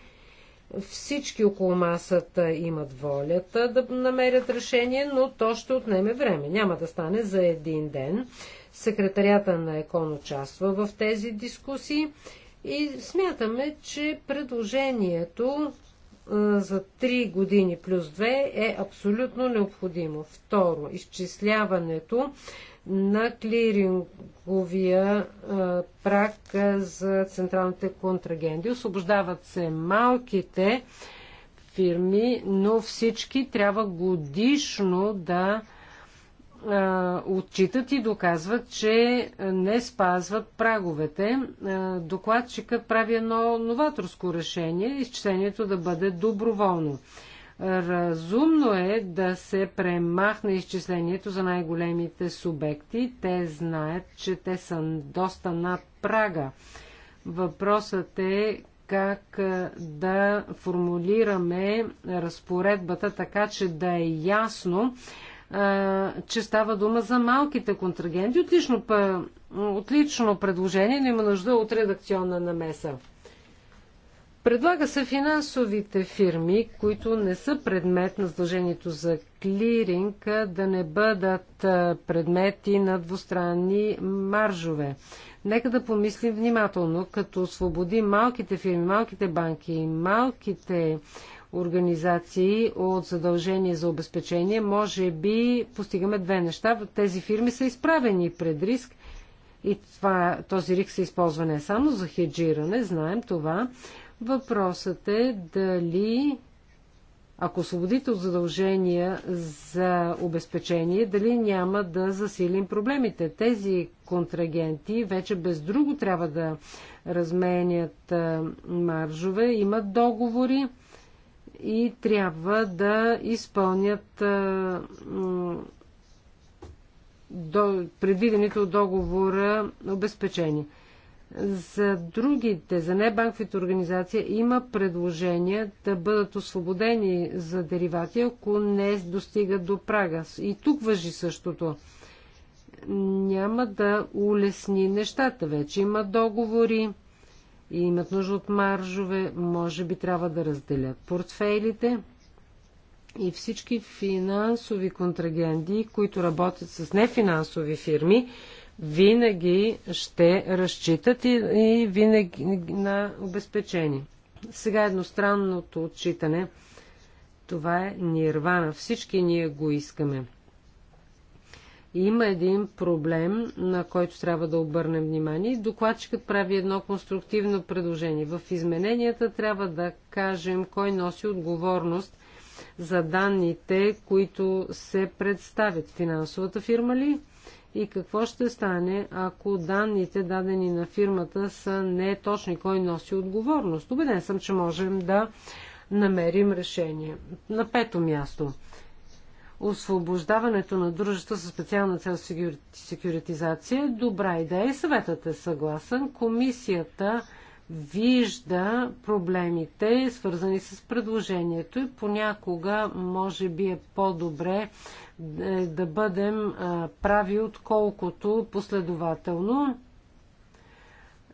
Speaker 2: Всички около масата имат волята да намерят решение, но то ще отнеме време. Няма да стане за един ден. Секретарята на ЕКОН участва в тези дискусии и смятаме, че предложението е, за 3 години плюс 2 е абсолютно необходимо. Второ, изчисляването на клиринговия е, прак за централните контрагенди. Освобождават се малките фирми, но всички трябва годишно да отчитат и доказват, че не спазват праговете. Докладчика прави едно новаторско решение, изчислението да бъде доброволно. Разумно е да се премахне изчислението за най-големите субекти. Те знаят, че те са доста над прага. Въпросът е как да формулираме разпоредбата така, че да е ясно, че става дума за малките контрагенти. Отлично, отлично предложение, но има нужда от редакционна намеса. Предлага се финансовите фирми, които не са предмет на задължението за клиринг, да не бъдат предмети на двустранни маржове. Нека да помислим внимателно, като освободим малките фирми, малките банки, малките организации от задължение за обезпечение, може би постигаме две неща. Тези фирми са изправени пред риск и това, този риск се използва не само за хеджиране, знаем това. Въпросът е дали, ако освободите от задължения за обезпечение, дали няма да засилим проблемите. Тези контрагенти вече без друго трябва да разменят маржове, имат договори и трябва да изпълнят предвидените от договора обезпечения. За другите, за небанковите организации, има предложения да бъдат освободени за деривати, ако не достигат до прага. И тук въжи същото. Няма да улесни нещата. Вече има договори и имат нужда от маржове, може би трябва да разделят портфейлите и всички финансови контрагенти, които работят с нефинансови фирми, винаги ще разчитат и, и винаги на обезпечени. Сега едностранното отчитане, това е нирвана. Всички ние го искаме. Има един проблем, на който трябва да обърнем внимание. Докладчикът прави едно конструктивно предложение. В измененията трябва да кажем кой носи отговорност за данните, които се представят. Финансовата фирма ли? И какво ще стане, ако данните дадени на фирмата са неточни? Кой носи отговорност? Убеден съм, че можем да намерим решение. На пето място освобождаването на дружество със специална цел секюритизация е добра идея. Съветът е съгласен. Комисията вижда проблемите, свързани с предложението и понякога може би е по-добре е, да бъдем прави, отколкото последователно.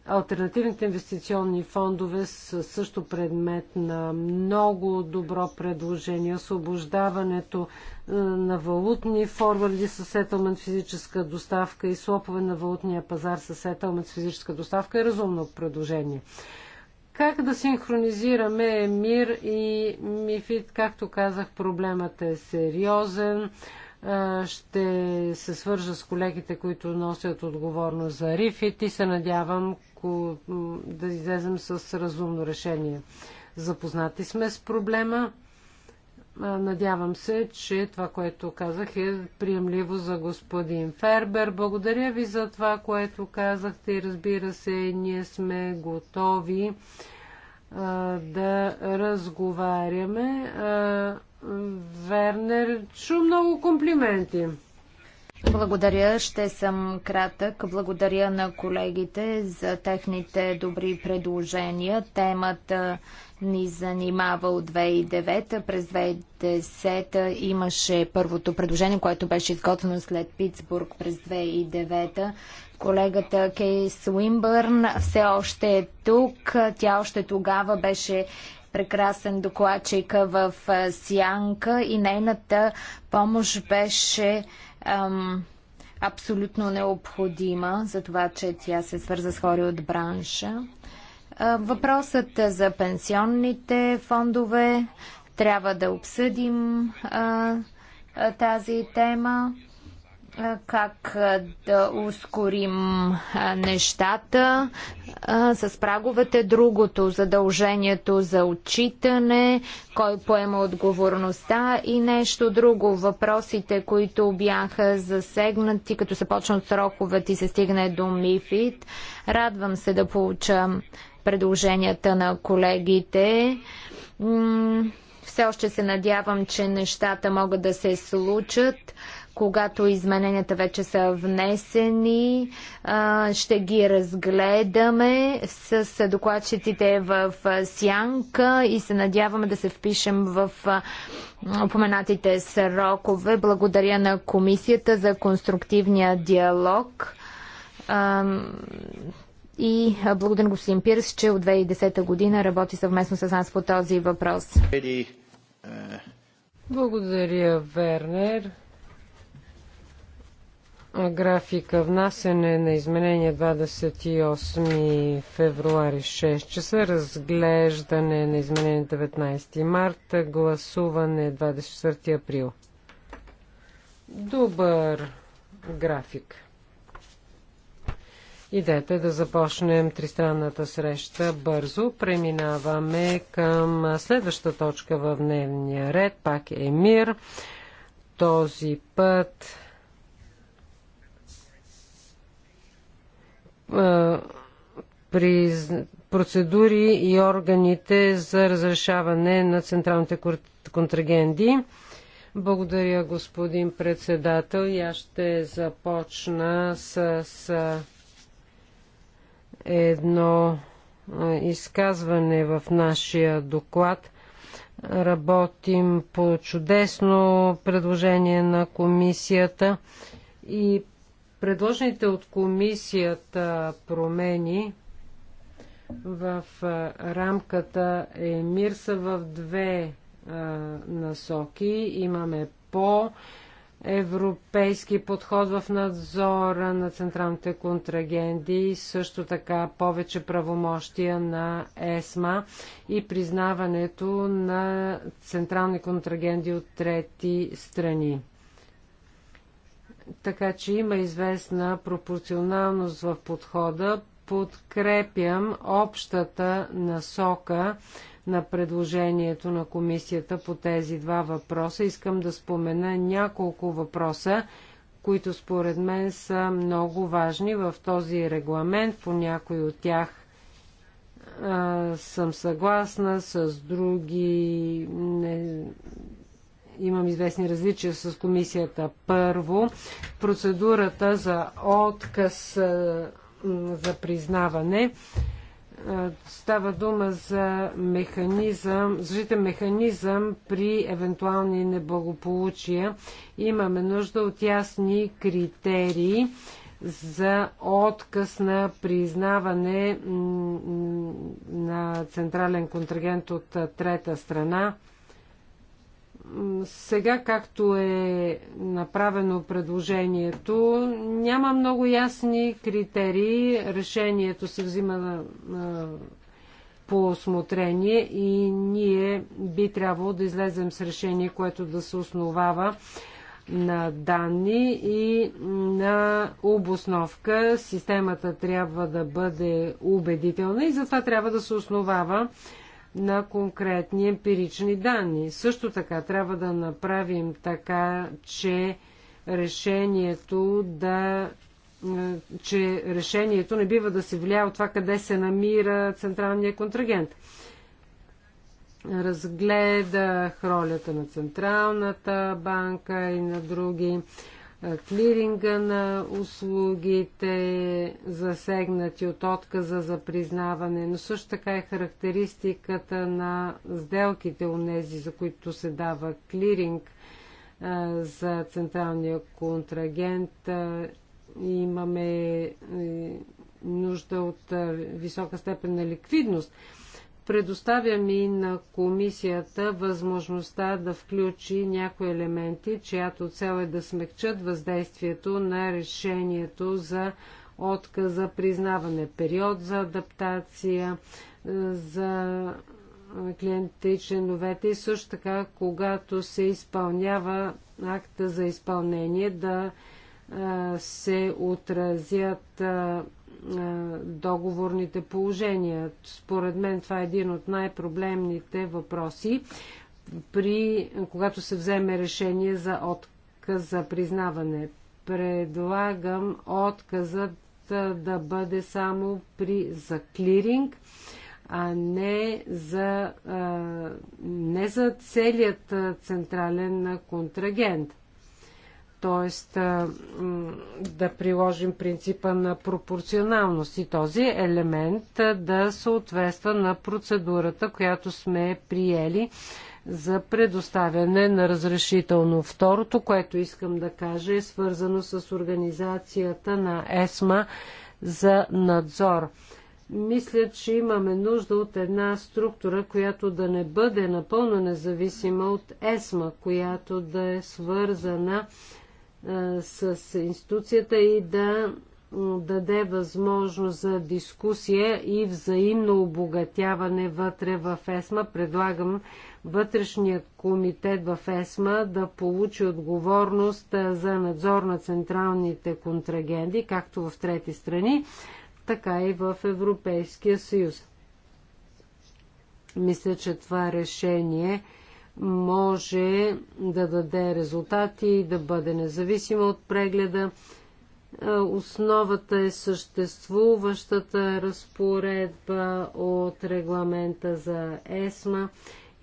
Speaker 2: Альтернативните инвестиционни фондове са също предмет на много добро предложение. Освобождаването е, на валутни форварди с сетълмент физическа доставка и слопове на валутния пазар с сетълмент физическа доставка е разумно предложение. Как да синхронизираме МИР и МИФИД? Както казах, проблемът е сериозен. Е, ще се свържа с колегите, които носят отговорност за РИФИТ и се надявам ако да излезем с разумно решение. Запознати сме с проблема. Надявам се, че това, което казах е приемливо за господин Фербер. Благодаря ви за това, което казахте и разбира се, ние сме готови а, да разговаряме. А, Вернер,
Speaker 4: чу много комплименти. Благодаря, ще съм кратък. Благодаря на колегите за техните добри предложения. Темата ни занимава от 2009. През 2010 имаше първото предложение, което беше изготвено след Питсбург през 2009. Колегата Кей Уимбърн все още е тук. Тя още тогава беше прекрасен докладчик в Сянка и нейната помощ беше ам, абсолютно необходима за това, че тя се свърза с хора от бранша. Въпросът за пенсионните фондове трябва да обсъдим а, тази тема как да ускорим нещата с праговете. Другото задължението за отчитане, кой поема отговорността и нещо друго. Въпросите, които бяха засегнати, като се почнат сроковете и се стигне до МИФИД. Радвам се да получа предложенията на колегите. Все още се надявам, че нещата могат да се случат когато измененията вече са внесени, ще ги разгледаме с докладчиците в сянка и се надяваме да се впишем в упоменатите срокове. Благодаря на комисията за конструктивния диалог. И благодаря господин Пирс, че от 2010 година работи съвместно с нас по този въпрос.
Speaker 2: Е, благодаря, Вернер. Графика внасене на изменение 28 февруари 6 часа, разглеждане на изменение 19 марта, гласуване 24 април. Добър график. Идете да започнем тристранната среща бързо. Преминаваме към следващата точка в дневния ред. Пак е мир. Този път Е, при процедури и органите за разрешаване на централните контрагенди. Благодаря, господин председател. И аз ще започна с, с едно е, изказване в нашия доклад. Работим по чудесно предложение на комисията и Предложените от комисията промени в рамката ЕМИР са в две а, насоки. Имаме по европейски подход в надзора на централните контрагенди, също така повече правомощия на ЕСМА и признаването на централни контрагенди от трети страни. Така че има известна пропорционалност в подхода. Подкрепям общата насока на предложението на комисията по тези два въпроса. Искам да спомена няколко въпроса, които според мен са много важни в този регламент. По някой от тях а, съм съгласна, с други не, имам известни различия с комисията. Първо, процедурата за отказ за признаване. Става дума за механизъм, защитен механизъм при евентуални неблагополучия. Имаме нужда от ясни критерии за отказ на признаване на централен контрагент от трета страна сега, както е направено предложението, няма много ясни критерии. Решението се взима а, по осмотрение и ние би трябвало да излезем с решение, което да се основава на данни и на обосновка. Системата трябва да бъде убедителна и затова трябва да се основава на конкретни емпирични данни. Също така трябва да направим така, че решението да е, че решението не бива да се влияе от това къде се намира централния контрагент. Разгледах ролята на Централната банка и на други е, клиринга на услугите, засегнати от отказа за признаване, но също така е характеристиката на сделките, у нези, за които се дава клиринг е, за централния контрагент. Е, имаме нужда от висока степен на ликвидност Предоставям и на комисията възможността да включи някои елементи, чиято цел е да смекчат въздействието на решението за отказ за признаване, период за адаптация, е, за клиентите и членовете и също така, когато се изпълнява акта за изпълнение, да е, се отразят е, е, договорните положения. Според мен това е един от най-проблемните въпроси, при, когато се вземе решение за отказ за признаване. Предлагам отказът е, да бъде само при за клиринг, а не за, е, не за целият централен контрагент т.е. да приложим принципа на пропорционалност и този елемент да съответства на процедурата, която сме приели за предоставяне на разрешително. Второто, което искам да кажа, е свързано с организацията на ЕСМА за надзор. Мисля, че имаме нужда от една структура, която да не бъде напълно независима от ЕСМА, която да е свързана с с институцията и да даде възможност за дискусия и взаимно обогатяване вътре в ЕСМА. Предлагам вътрешния комитет в ЕСМА да получи отговорност за надзор на централните контрагенти, както в трети страни, така и в Европейския съюз. Мисля, че това решение е може да даде резултати, да бъде независима от прегледа. Основата е съществуващата разпоредба от регламента за ЕСМА.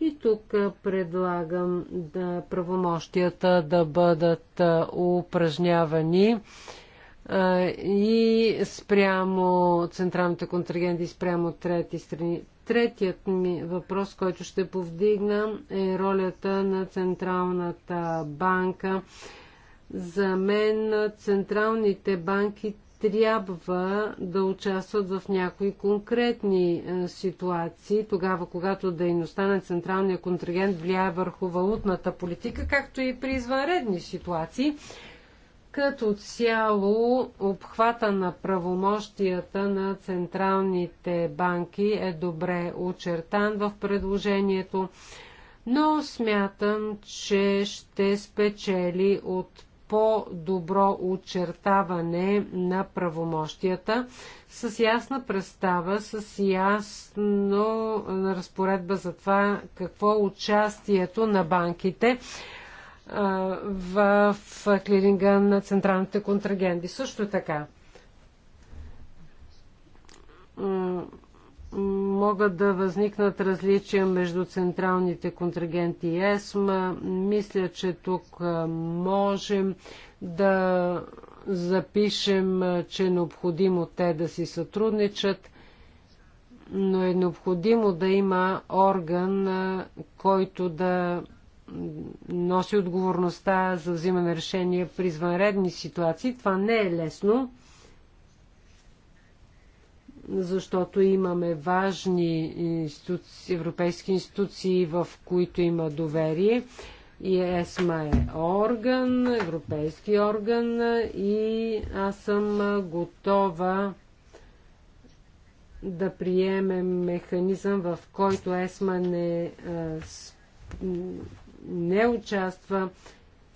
Speaker 2: И тук предлагам да правомощията да бъдат упражнявани и спрямо централните контрагенти, спрямо трети страни, Третият ми въпрос, който ще повдигна, е ролята на Централната банка. За мен централните банки трябва да участват в някои конкретни е, ситуации, тогава когато дейността на централния контрагент влияе върху валутната политика, както и при извънредни ситуации. Като цяло, обхвата на правомощията на централните банки е добре очертан в предложението, но смятам, че ще спечели от по-добро очертаване на правомощията, с ясна представа, с ясно разпоредба за това какво е участието на банките в клиринга на централните контрагенти. Също така могат да възникнат различия между централните контрагенти и ЕСМА. Мисля, че тук можем да запишем, че е необходимо те да си сътрудничат, но е необходимо да има орган, който да носи отговорността за взимане решения при извънредни ситуации. Това не е лесно, защото имаме важни институции, европейски институции, в които има доверие. И ЕСМА е орган, европейски орган и аз съм готова да приемем механизъм, в който ЕСМА не не участва.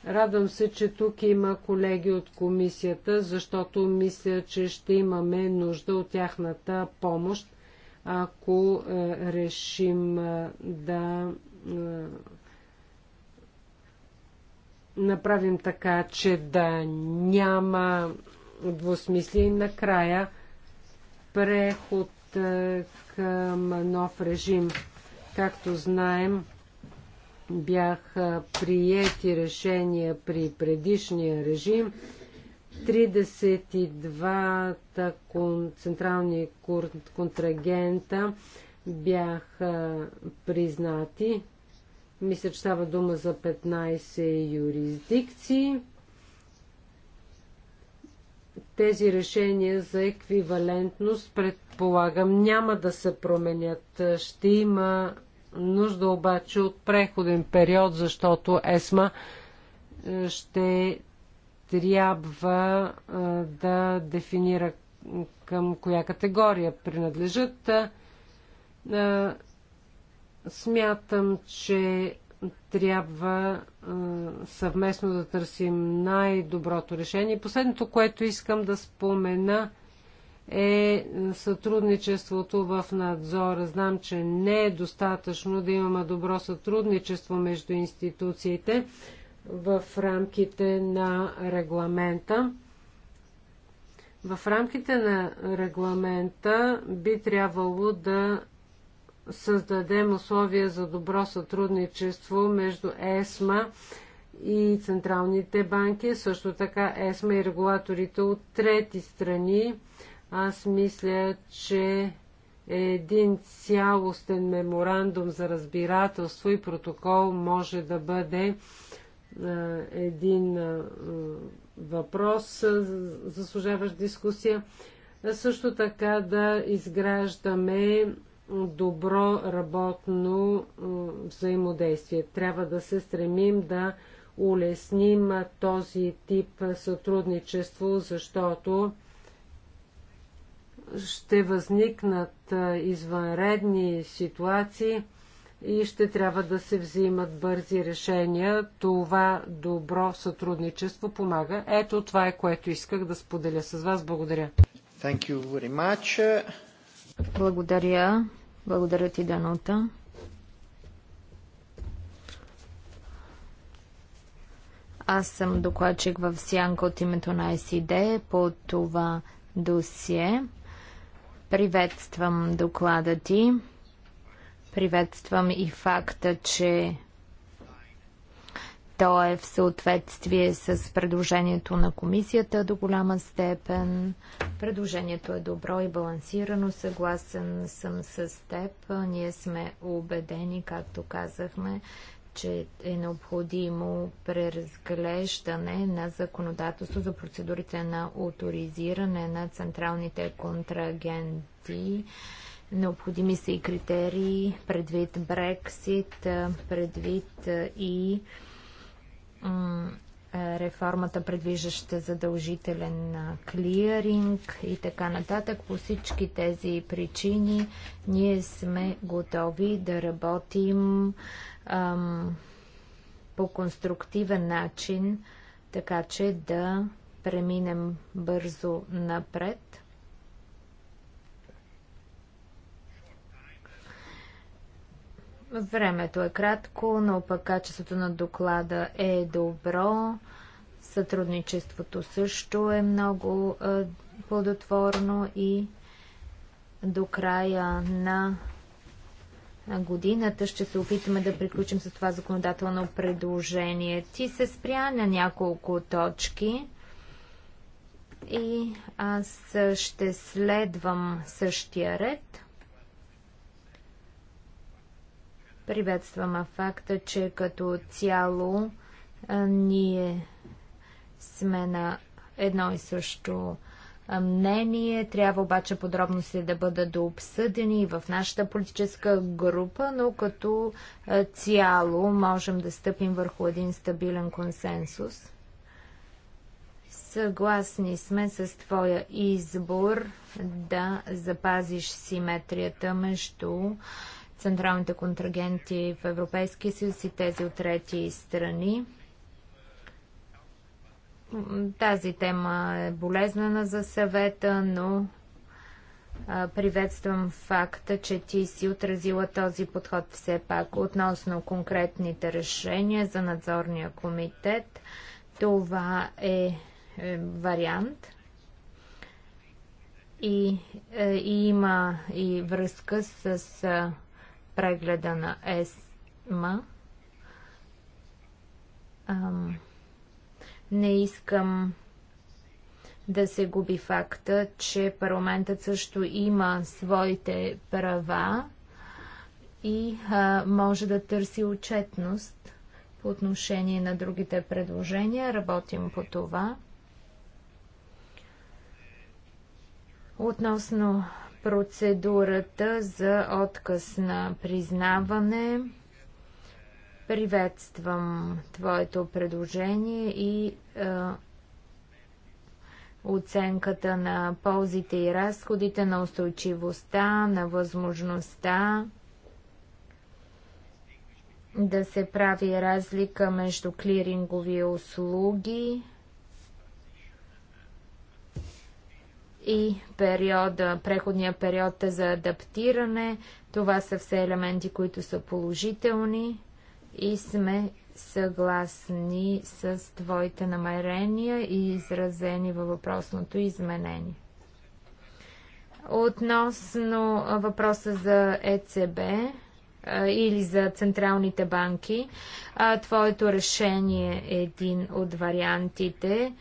Speaker 2: Радвам се, че тук има колеги от комисията, защото мисля, че ще имаме нужда от тяхната помощ, ако е, решим е, да е, направим така, че да няма двусмисли. Накрая преход към нов режим. Както знаем, бяха приети решения при предишния режим. 32-та централни контрагента бяха признати. Мисля, че става дума за 15 юрисдикции. Тези решения за еквивалентност, предполагам, няма да се променят. Ще има нужда обаче от преходен период, защото ЕСМА е, ще трябва е, да дефинира към коя категория принадлежат. Е, смятам, че трябва съвместно да търсим най-доброто решение. Последното, което искам да спомена – е сътрудничеството в надзора. Знам, че не е достатъчно да имаме добро сътрудничество между институциите в рамките на регламента. В рамките на регламента би трябвало да създадем условия за добро сътрудничество между ЕСМА и централните банки, също така ЕСМА и регулаторите от трети страни аз мисля, че един цялостен меморандум за разбирателство и протокол може да бъде е, един е, въпрос, е, заслужаващ дискусия. Също така да изграждаме добро работно взаимодействие. Трябва да се стремим да улесним този тип сътрудничество, защото ще възникнат извънредни ситуации и ще трябва да се взимат бързи решения. Това добро сътрудничество помага. Ето това е което исках да споделя с вас. Благодаря. Thank you
Speaker 1: very
Speaker 4: much. Благодаря. Благодаря ти, Данута. Аз съм докладчик в Сянка от името на ICD по това досие. Приветствам доклада ти. Приветствам и факта, че то е в съответствие с предложението на комисията до голяма степен. Предложението е добро и балансирано. Съгласен съм с теб. Ние сме убедени, както казахме, че е необходимо преразглеждане на законодателство за процедурите на авторизиране на централните контрагенти. Необходими са и критерии предвид Брексит, предвид и е, реформата предвиждаща задължителен клиринг и така нататък. По всички тези причини ние сме готови да работим ам, по конструктивен начин, така че да преминем бързо напред. Времето е кратко, но пък качеството на доклада е добро. Сътрудничеството също е много е, плодотворно и до края на годината ще се опитаме да приключим с това законодателно предложение. Ти се спря на няколко точки и аз ще следвам същия ред. Приветстваме факта, че като цяло ние сме на едно и също мнение. Трябва обаче подробности да бъдат дообсъдени в нашата политическа група, но като цяло можем да стъпим върху един стабилен консенсус. Съгласни сме с твоя избор да запазиш симетрията между централните контрагенти в Европейския съюз и тези от трети страни. Тази тема е болезнена за съвета, но приветствам факта, че ти си отразила този подход все пак относно конкретните решения за надзорния комитет. Това е, е вариант. И, е, и има и връзка с прегледа на ЕСМА. Ам, не искам да се губи факта, че парламентът също има своите права и а, може да търси отчетност по отношение на другите предложения. Работим по това. Относно Процедурата за отказ на признаване. Приветствам твоето предложение и е, оценката на ползите и разходите, на устойчивостта, на възможността да се прави разлика между клирингови услуги и периода, преходния период е за адаптиране. Това са все елементи, които са положителни и сме съгласни с твоите намерения и изразени във въпросното изменение. Относно въпроса за ЕЦБ, или за централните банки. Твоето решение е един от вариантите,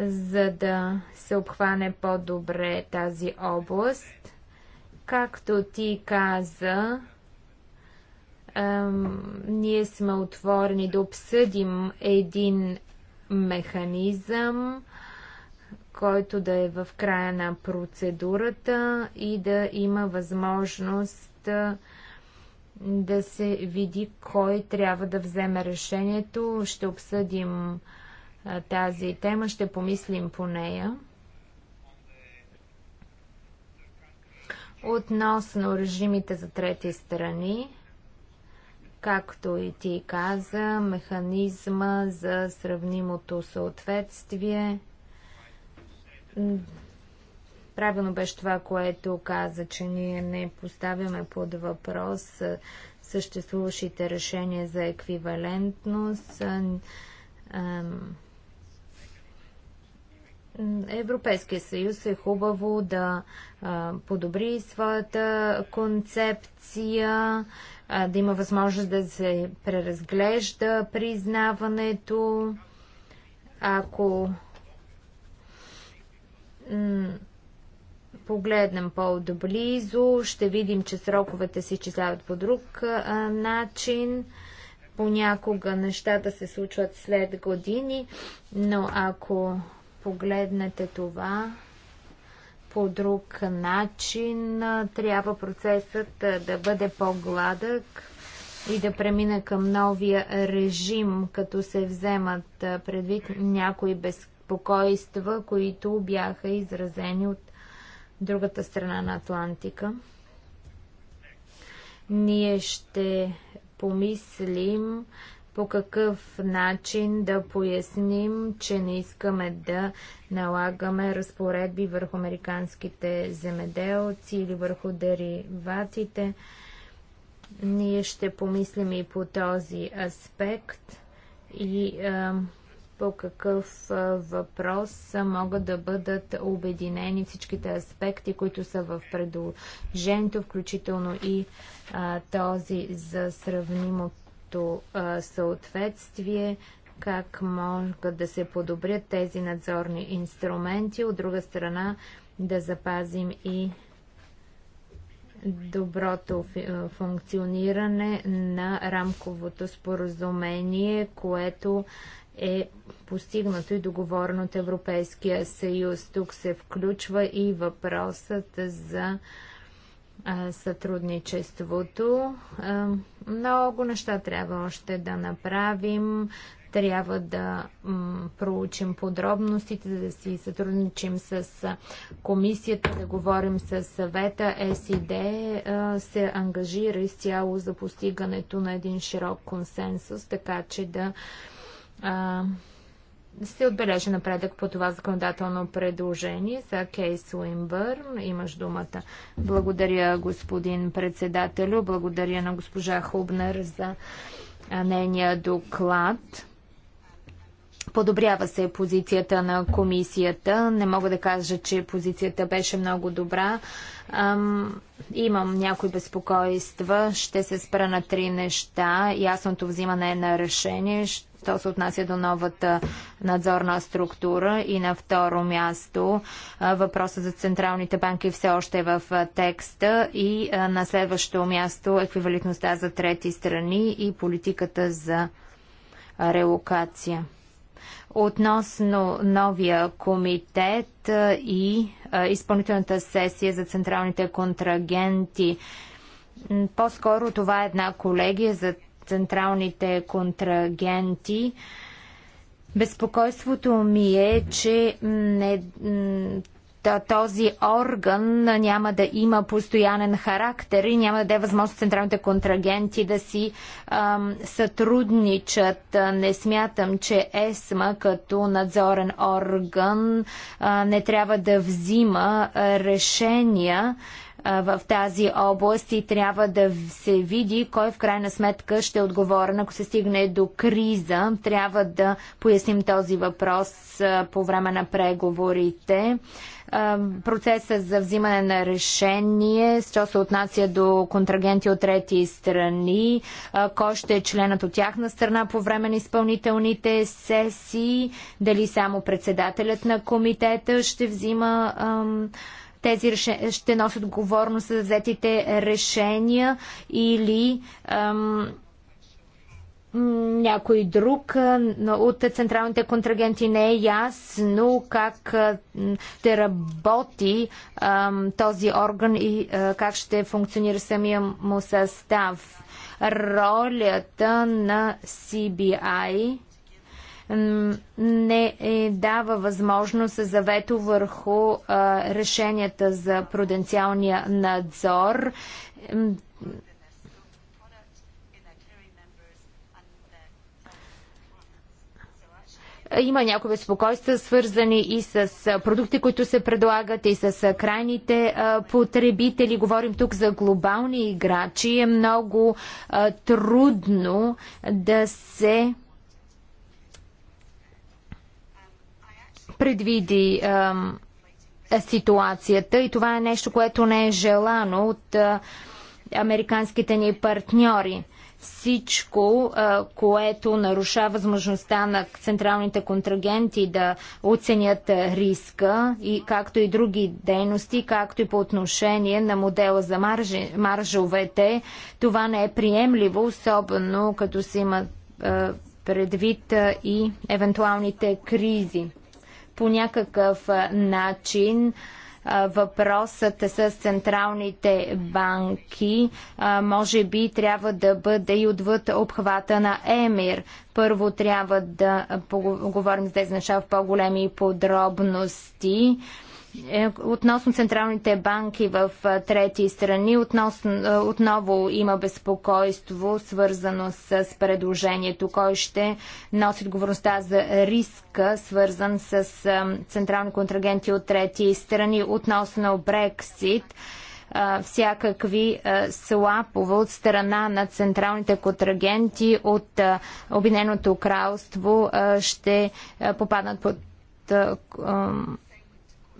Speaker 4: за да се обхване по-добре тази област. Както ти каза, ние сме отворени да обсъдим един механизъм, който да е в края на процедурата и да има възможност да се види кой трябва да вземе решението. Ще обсъдим тази тема, ще помислим по нея. Относно режимите за трети страни, както и ти каза, механизма за сравнимото съответствие Правилно беше това, което каза, че ние не поставяме под въпрос съществуващите решения за еквивалентност. Европейския съюз е хубаво да подобри своята концепция, да има възможност да се преразглежда признаването. Ако погледнем по-доблизо, ще видим, че сроковете се изчисляват по друг начин. Понякога нещата се случват след години, но ако погледнете това по друг начин, трябва процесът да бъде по-гладък и да премина към новия режим, като се вземат предвид някои безпокойства, които бяха изразени от другата страна на Атлантика. Ние ще помислим по какъв начин да поясним, че не искаме да налагаме разпоредби върху американските земеделци или върху дериватите. Ние ще помислим и по този аспект и а, по какъв въпрос могат да бъдат обединени всичките аспекти, които са в предложението, включително и а, този за сравнимото а, съответствие, как могат да се подобрят тези надзорни инструменти, от друга страна да запазим и доброто функциониране на рамковото споразумение, което е постигнато и договорено от Европейския съюз. Тук се включва и въпросът за сътрудничеството. много неща трябва още да направим. Трябва да м, проучим подробностите, да си сътрудничим с комисията, да говорим с съвета. СИД се ангажира изцяло за постигането на един широк консенсус, така че да се отбележи напредък по това законодателно предложение за Кейс Уинбърн. Имаш думата. Благодаря, господин председателю. Благодаря на госпожа Хубнер за нейния доклад. Подобрява се позицията на комисията. Не мога да кажа, че позицията беше много добра. Ам, имам някои безпокойства. Ще се спра на три неща. Ясното взимане на решение. Ще то се отнася до новата надзорна структура и на второ място въпросът за централните банки все още е в текста и на следващо място еквивалентността за трети страни и политиката за релокация. Относно новия комитет и изпълнителната сесия за централните контрагенти, по-скоро това е една колегия за централните контрагенти. Безпокойството ми е, че не, този орган няма да има постоянен характер и няма да даде възможност централните контрагенти да си ам, сътрудничат. Не смятам, че ЕСМА като надзорен орган а, не трябва да взима решения в тази област и трябва да се види кой в крайна сметка ще е отговорен, ако се стигне до криза. Трябва да поясним този въпрос по време на преговорите. процесът за взимане на решение, що се отнася до контрагенти от трети страни, кой ще е членът от тяхна страна по време на изпълнителните сесии, дали само председателят на комитета ще взима тези решения, ще носят отговорност за взетите решения или ам, някой друг от централните контрагенти не е ясно как ще работи ам, този орган и а, как ще функционира самия му състав. Ролята на CBI не е, дава възможност за вето върху а, решенията за пруденциалния надзор. Има някои безпокойства, свързани и с продукти, които се предлагат, и с крайните потребители. Говорим тук за глобални играчи. Е много трудно да се предвиди ситуацията и това е нещо, което не е желано от американските ни партньори. Всичко, което нарушава възможността на централните контрагенти да оценят риска, и както и други дейности, както и по отношение на модела за маржи, маржовете, това не е приемливо, особено като се има предвид и евентуалните кризи по някакъв начин въпросът е с централните банки може би трябва да бъде и отвъд обхвата на Емир. Първо трябва да поговорим за тези неща в по-големи подробности. Е, относно централните банки в трети страни, относно, отново има безпокойство, свързано с предложението, кой ще носи отговорността за риска, свързан с централни контрагенти от трети страни, относно Брексит всякакви слапове от страна на централните контрагенти от Обединеното кралство ще попаднат под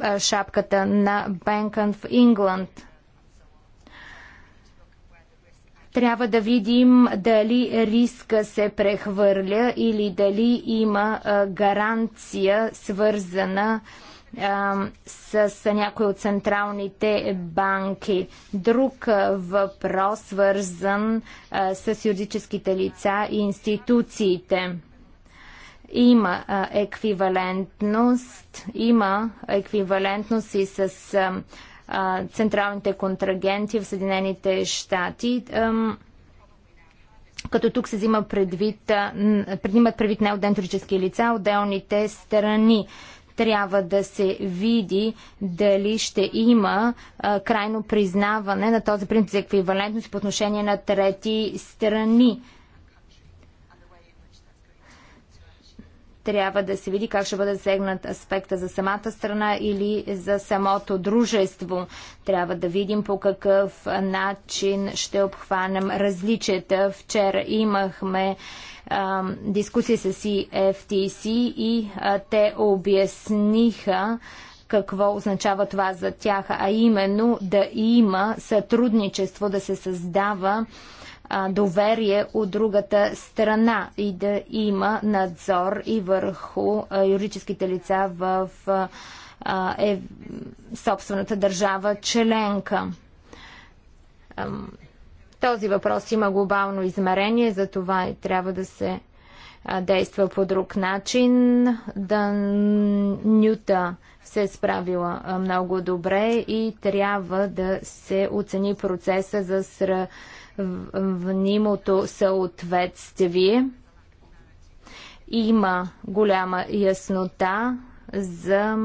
Speaker 4: е, шапката на Bank of England. Трябва да видим дали риска се прехвърля или дали има е, гаранция свързана е, с някои от централните банки. Друг въпрос свързан с юридическите лица и институциите има еквивалентност, има еквивалентност и с централните контрагенти в Съединените щати. Като тук се взима предвид, предимат предвид не лица, отделните страни. Трябва да се види дали ще има а, крайно признаване на този принцип за еквивалентност по отношение на трети страни трябва да се види как ще бъде сегнат аспекта за самата страна или за самото дружество. Трябва да видим по какъв начин ще обхванем различията. Вчера имахме дискусии дискусия с EFTC и а, те обясниха какво означава това за тях, а именно да има сътрудничество, да се създава доверие от другата страна и да има надзор и върху юридическите лица в е, собствената държава членка. Този въпрос има глобално измерение, за това и трябва да се действа по друг начин. Да Нюта се е справила много добре и трябва да се оцени процеса за сръ внимото съответствие. Има голяма яснота за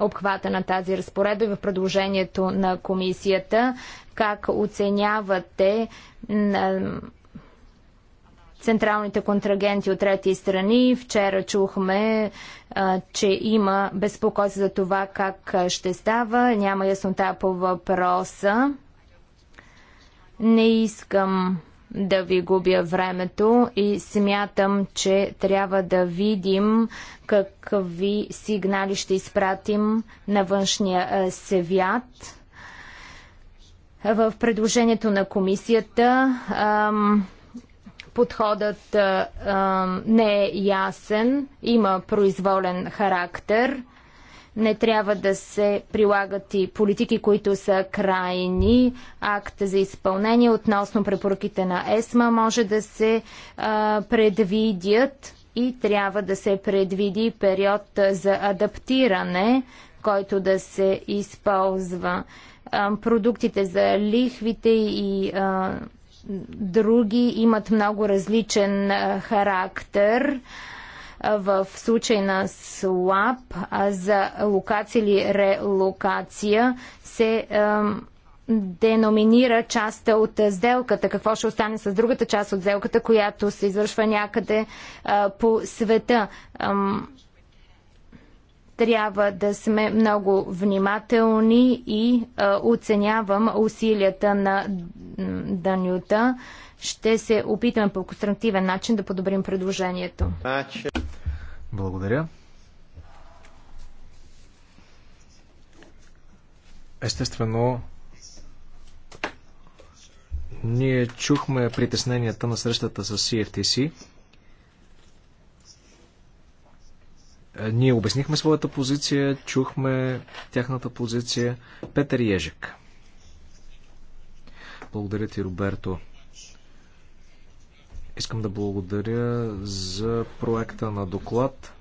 Speaker 4: обхвата на тази разпоредба и в продължението на комисията. Как оценявате централните контрагенти от трети страни. Вчера чухме, че има безпокойство за това как ще става. Няма яснота по въпроса. Не искам да ви губя времето и смятам, че трябва да видим какви сигнали ще изпратим на външния е, свят. В предложението на комисията ам, подходът е, ам, не е ясен, има произволен характер. Не трябва да се прилагат и политики, които са крайни. Акт за изпълнение относно препоръките на ЕСМА може да се а, предвидят и трябва да се предвиди период за адаптиране, който да се използва. А, продуктите за лихвите и а, други имат много различен характер в случай на слаб за локация или релокация се деноминира част от сделката, какво ще остане с другата част от сделката, която се извършва някъде по света. Трябва да сме много внимателни и а, оценявам усилията на Данюта. Ще се опитаме по конструктивен начин да подобрим предложението.
Speaker 3: Благодаря. Естествено, ние чухме притесненията на срещата с CFTC. Е, ние обяснихме своята позиция, чухме тяхната позиция. Петър Ежик. Благодаря ти, Роберто. Искам да благодаря за проекта на доклад.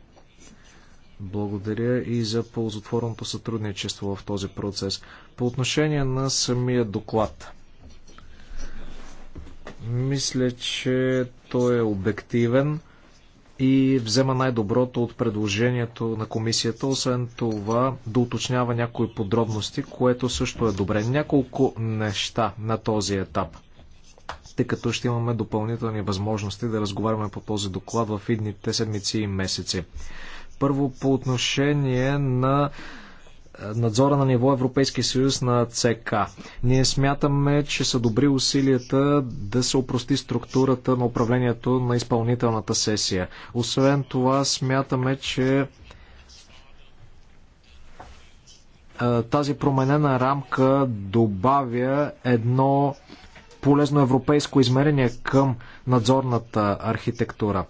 Speaker 3: Благодаря и за ползотворното сътрудничество в този процес. По отношение на самия доклад, мисля, че той е обективен – и взема най-доброто от предложението на комисията, освен това да уточнява някои подробности, което също е добре. Няколко неща на този етап, тъй като ще имаме допълнителни възможности да разговаряме по този доклад в идните седмици и месеци. Първо по отношение на надзора на ниво Европейски съюз на ЦК. Ние смятаме, че са добри усилията да се опрости структурата на управлението на изпълнителната сесия. Освен това, смятаме, че тази променена рамка добавя едно полезно европейско измерение към надзорната архитектура.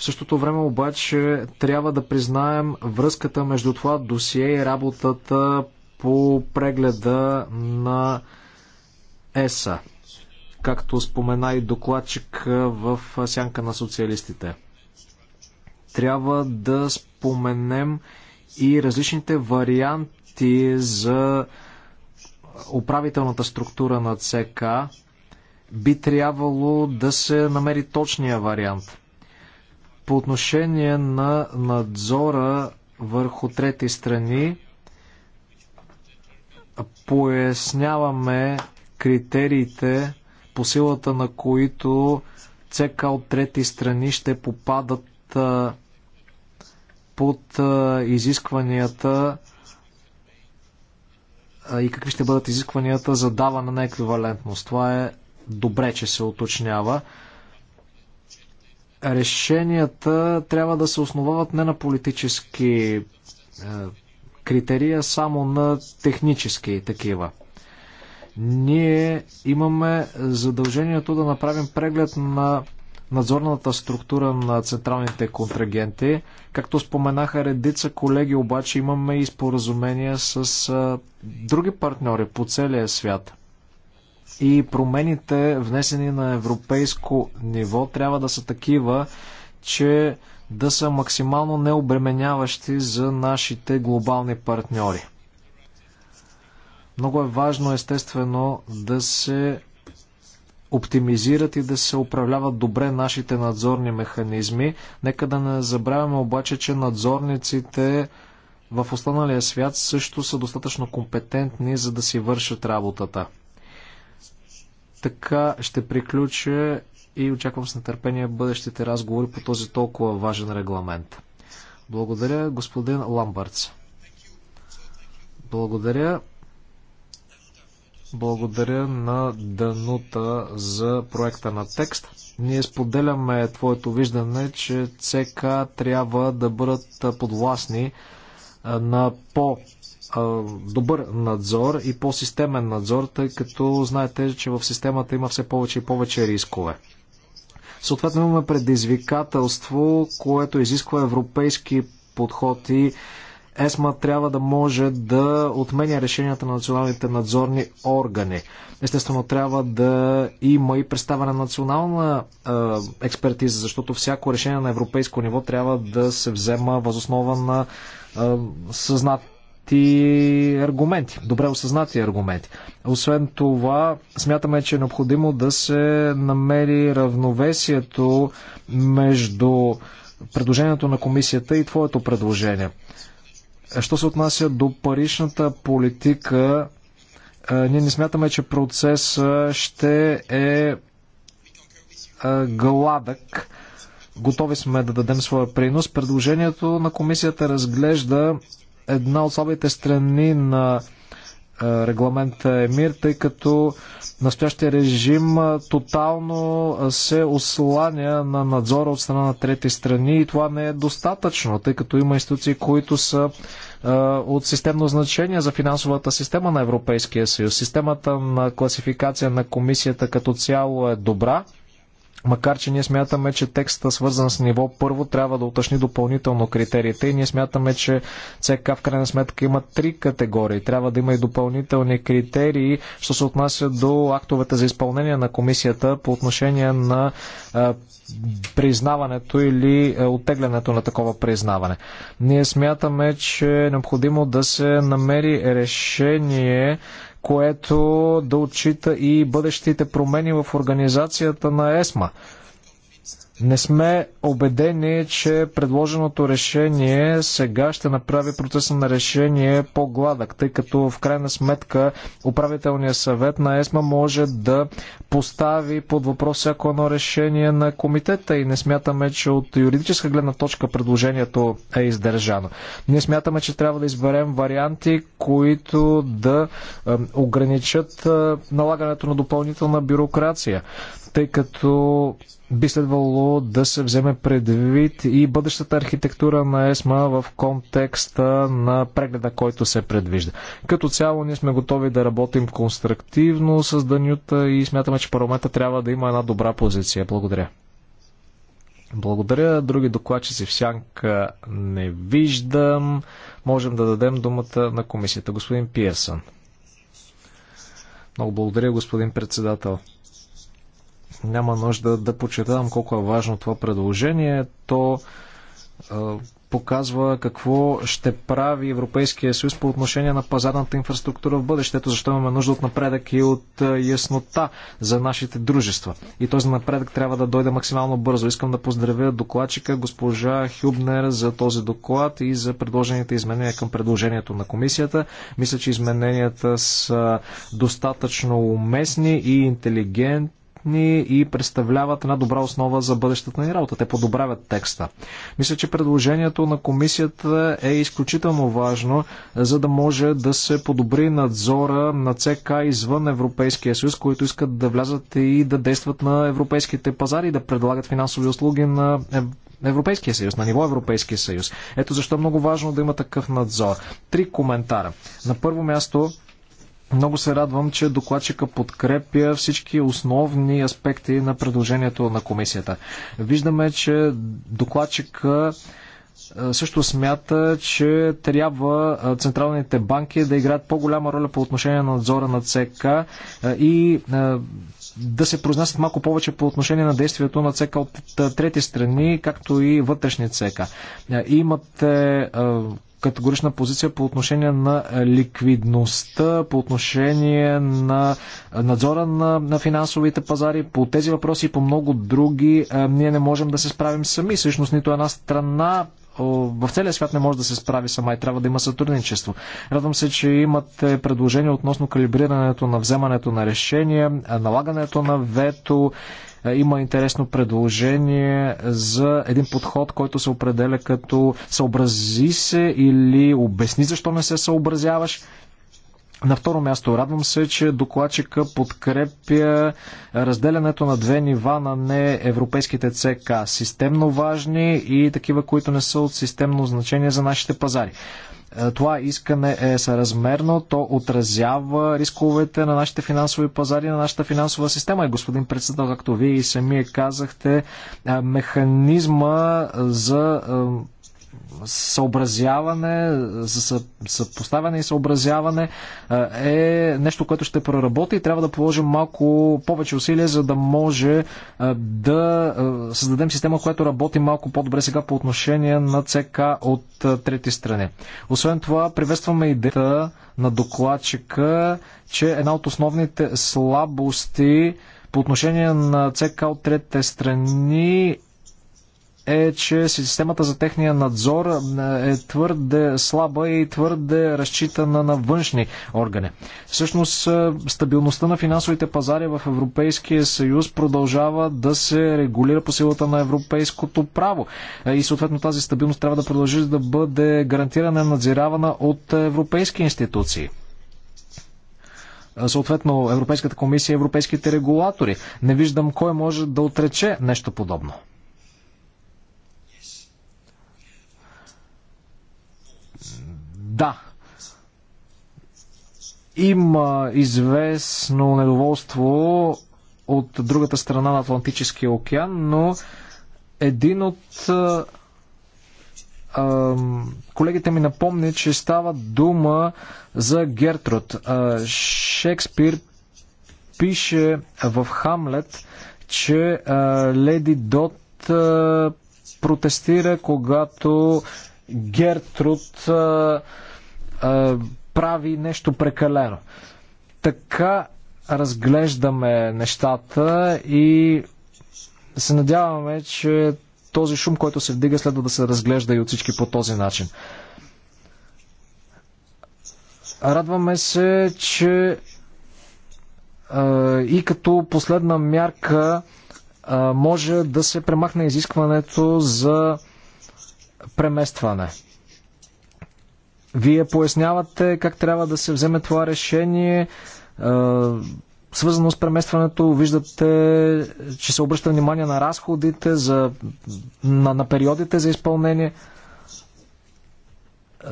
Speaker 3: В същото време обаче трябва да признаем връзката между това досие и работата по прегледа на ЕСА, както спомена и докладчик в сянка на социалистите. Трябва да споменем и различните варианти за управителната структура на ЦК. Би трябвало да се намери точния вариант – по отношение на надзора върху трети страни, поясняваме критериите, по силата на които ЦК от трети страни ще попадат под изискванията и какви ще бъдат изискванията за даване на еквивалентност. Това е добре, че се уточнява решенията трябва да се основават не на политически е, критерия, само на технически такива. Ние имаме задължението да направим преглед на надзорната структура на централните контрагенти. Както споменаха редица колеги, обаче имаме и споразумения с е, други партньори по целия свят и промените, внесени на европейско ниво, трябва да са такива, че да са максимално необременяващи за нашите глобални партньори. Много е важно, естествено, да се оптимизират и да се управляват добре нашите надзорни механизми. Нека да не забравяме обаче, че надзорниците в останалия свят също са достатъчно компетентни, за да си вършат работата. Така ще приключа и очаквам с нетърпение бъдещите разговори по този толкова важен регламент. Благодаря, господин Ламбърц. Благодаря. Благодаря на Данута за проекта на текст. Ние споделяме твоето виждане, че ЦК трябва да бъдат подвластни на по добър надзор и по-системен надзор, тъй като знаете, че в системата има все повече и повече рискове. Съответно имаме предизвикателство, което изисква европейски подход и ЕСМА трябва да може да отменя решенията на националните надзорни органи. Естествено, трябва да има и представена национална е, експертиза, защото всяко решение на европейско ниво трябва да се взема възоснова на е, съзнат развити аргументи, добре осъзнати аргументи. Освен това, смятаме, че е необходимо да се намери равновесието между предложението на комисията и твоето предложение. Що се отнася до паричната политика, ние не смятаме, че процес ще е гладък. Готови сме да дадем своя принос. Предложението на комисията разглежда една от слабите страни на е, регламента ЕМИР, тъй като настоящия режим е, тотално е, се осланя на надзора от страна на трети страни и това не е достатъчно, тъй като има институции, които са от системно значение за финансовата система на Европейския съюз. Системата на класификация на комисията като цяло е добра Макар, че ние смятаме, че текста свързан с ниво първо трябва да уточни допълнително критериите и ние смятаме, че ЦК в крайна сметка има три категории. Трябва да има и допълнителни критерии, що се отнася до актовете за изпълнение на комисията по отношение на а, признаването или а, оттеглянето на такова признаване. Ние смятаме, че е необходимо да се намери решение което да отчита и бъдещите промени в организацията на ЕСМА. Не сме убедени, че предложеното решение сега ще направи процеса на решение по-гладък, тъй като в крайна сметка управителният съвет на ЕСМА може да постави под въпрос всяко едно решение на комитета и не смятаме, че от юридическа гледна точка предложението е издържано. Ние смятаме, че трябва да изберем варианти, които да ограничат налагането на допълнителна бюрокрация, тъй като би следвало да се вземе предвид и бъдещата архитектура на ЕСМА в контекста на прегледа, който се предвижда. Като цяло ние сме готови да работим конструктивно с Данюта и смятаме, че парламента трябва да има една добра позиция. Благодаря. Благодаря. Други докладчици в сянка не виждам. Можем да дадем думата на комисията. Господин Пиерсън. Много благодаря, господин председател. Няма нужда да подчертавам колко е важно това предложение. То показва какво ще прави Европейския съюз по отношение на пазарната инфраструктура в бъдещето, защо имаме нужда от напредък и от яснота за нашите дружества. И този напредък трябва да дойде максимално бързо. Искам да поздравя докладчика госпожа Хюбнер за този доклад и за предложените изменения към предложението на комисията. Мисля, че измененията са достатъчно уместни и интелигентни адекватни и представляват една добра основа за бъдещата ни работа. Те подобравят текста. Мисля, че предложението на комисията е изключително важно, за да може да се подобри надзора на ЦК извън Европейския съюз, които искат да влязат и да действат на европейските пазари и да предлагат финансови услуги на Европейския съюз, на ниво Европейския съюз. Ето защо е много важно да има такъв надзор. Три коментара. На първо място, много се радвам, че докладчика подкрепя всички основни аспекти на предложението на комисията. Виждаме, че докладчика е, също смята, че трябва е, централните банки да играят по-голяма роля по отношение на надзора на ЦК е, и да се произнасят малко повече по отношение на действието на ЦК от трети страни, както и вътрешни ЦК. Имате категорична позиция по отношение на ликвидността, по отношение на надзора на, на финансовите пазари. По тези въпроси и по много други ние не можем да се справим сами. Всъщност нито една страна в целия свят не може да се справи сама и трябва да има сътрудничество. Радвам се, че имате предложение относно калибрирането на вземането на решения, налагането на вето е, има интересно предложение за един подход, който се определя като съобрази се или обясни защо не се съобразяваш. На второ място, радвам се, че докладчика подкрепя разделянето на две нива на неевропейските ЦК. Системно важни и такива, които не са от системно значение за нашите пазари. Е, това искане е съразмерно, то отразява рисковете на нашите финансови пазари, на нашата финансова система. И господин председател, както вие и самия казахте, е, механизма за е, съобразяване, за съпоставяне и съобразяване е нещо, което ще проработи и трябва да положим малко повече усилия, за да може да създадем система, която работи малко по-добре сега по отношение на ЦК от трети страни. Освен това, приветстваме идеята на докладчика, че една от основните слабости по отношение на ЦК от трети страни е, че системата за техния надзор е, е твърде слаба и твърде разчитана на външни органи. Всъщност, е, стабилността на финансовите пазари в Европейския съюз продължава да се регулира по силата на европейското право. Е, и съответно тази стабилност трябва да продължи да бъде гарантирана и надзиравана от европейски институции съответно Европейската комисия и европейските регулатори. Не виждам кой може да отрече нещо подобно. Да, има известно недоволство от другата страна на Атлантическия океан, но един от а, а, колегите ми напомни, че става дума за Гертруд. А, Шекспир пише в Хамлет, че а, Леди Дот а, протестира, когато Гертруд а, прави нещо прекалено. Така разглеждаме нещата и се надяваме, че този шум, който се вдига, следва да се разглежда и от всички по този начин. Радваме се, че и като последна мярка може да се премахне изискването за преместване. Вие пояснявате как трябва да се вземе това решение, е, свързано с преместването. Виждате, че се обръща внимание на разходите, за, на, на периодите за изпълнение. Е,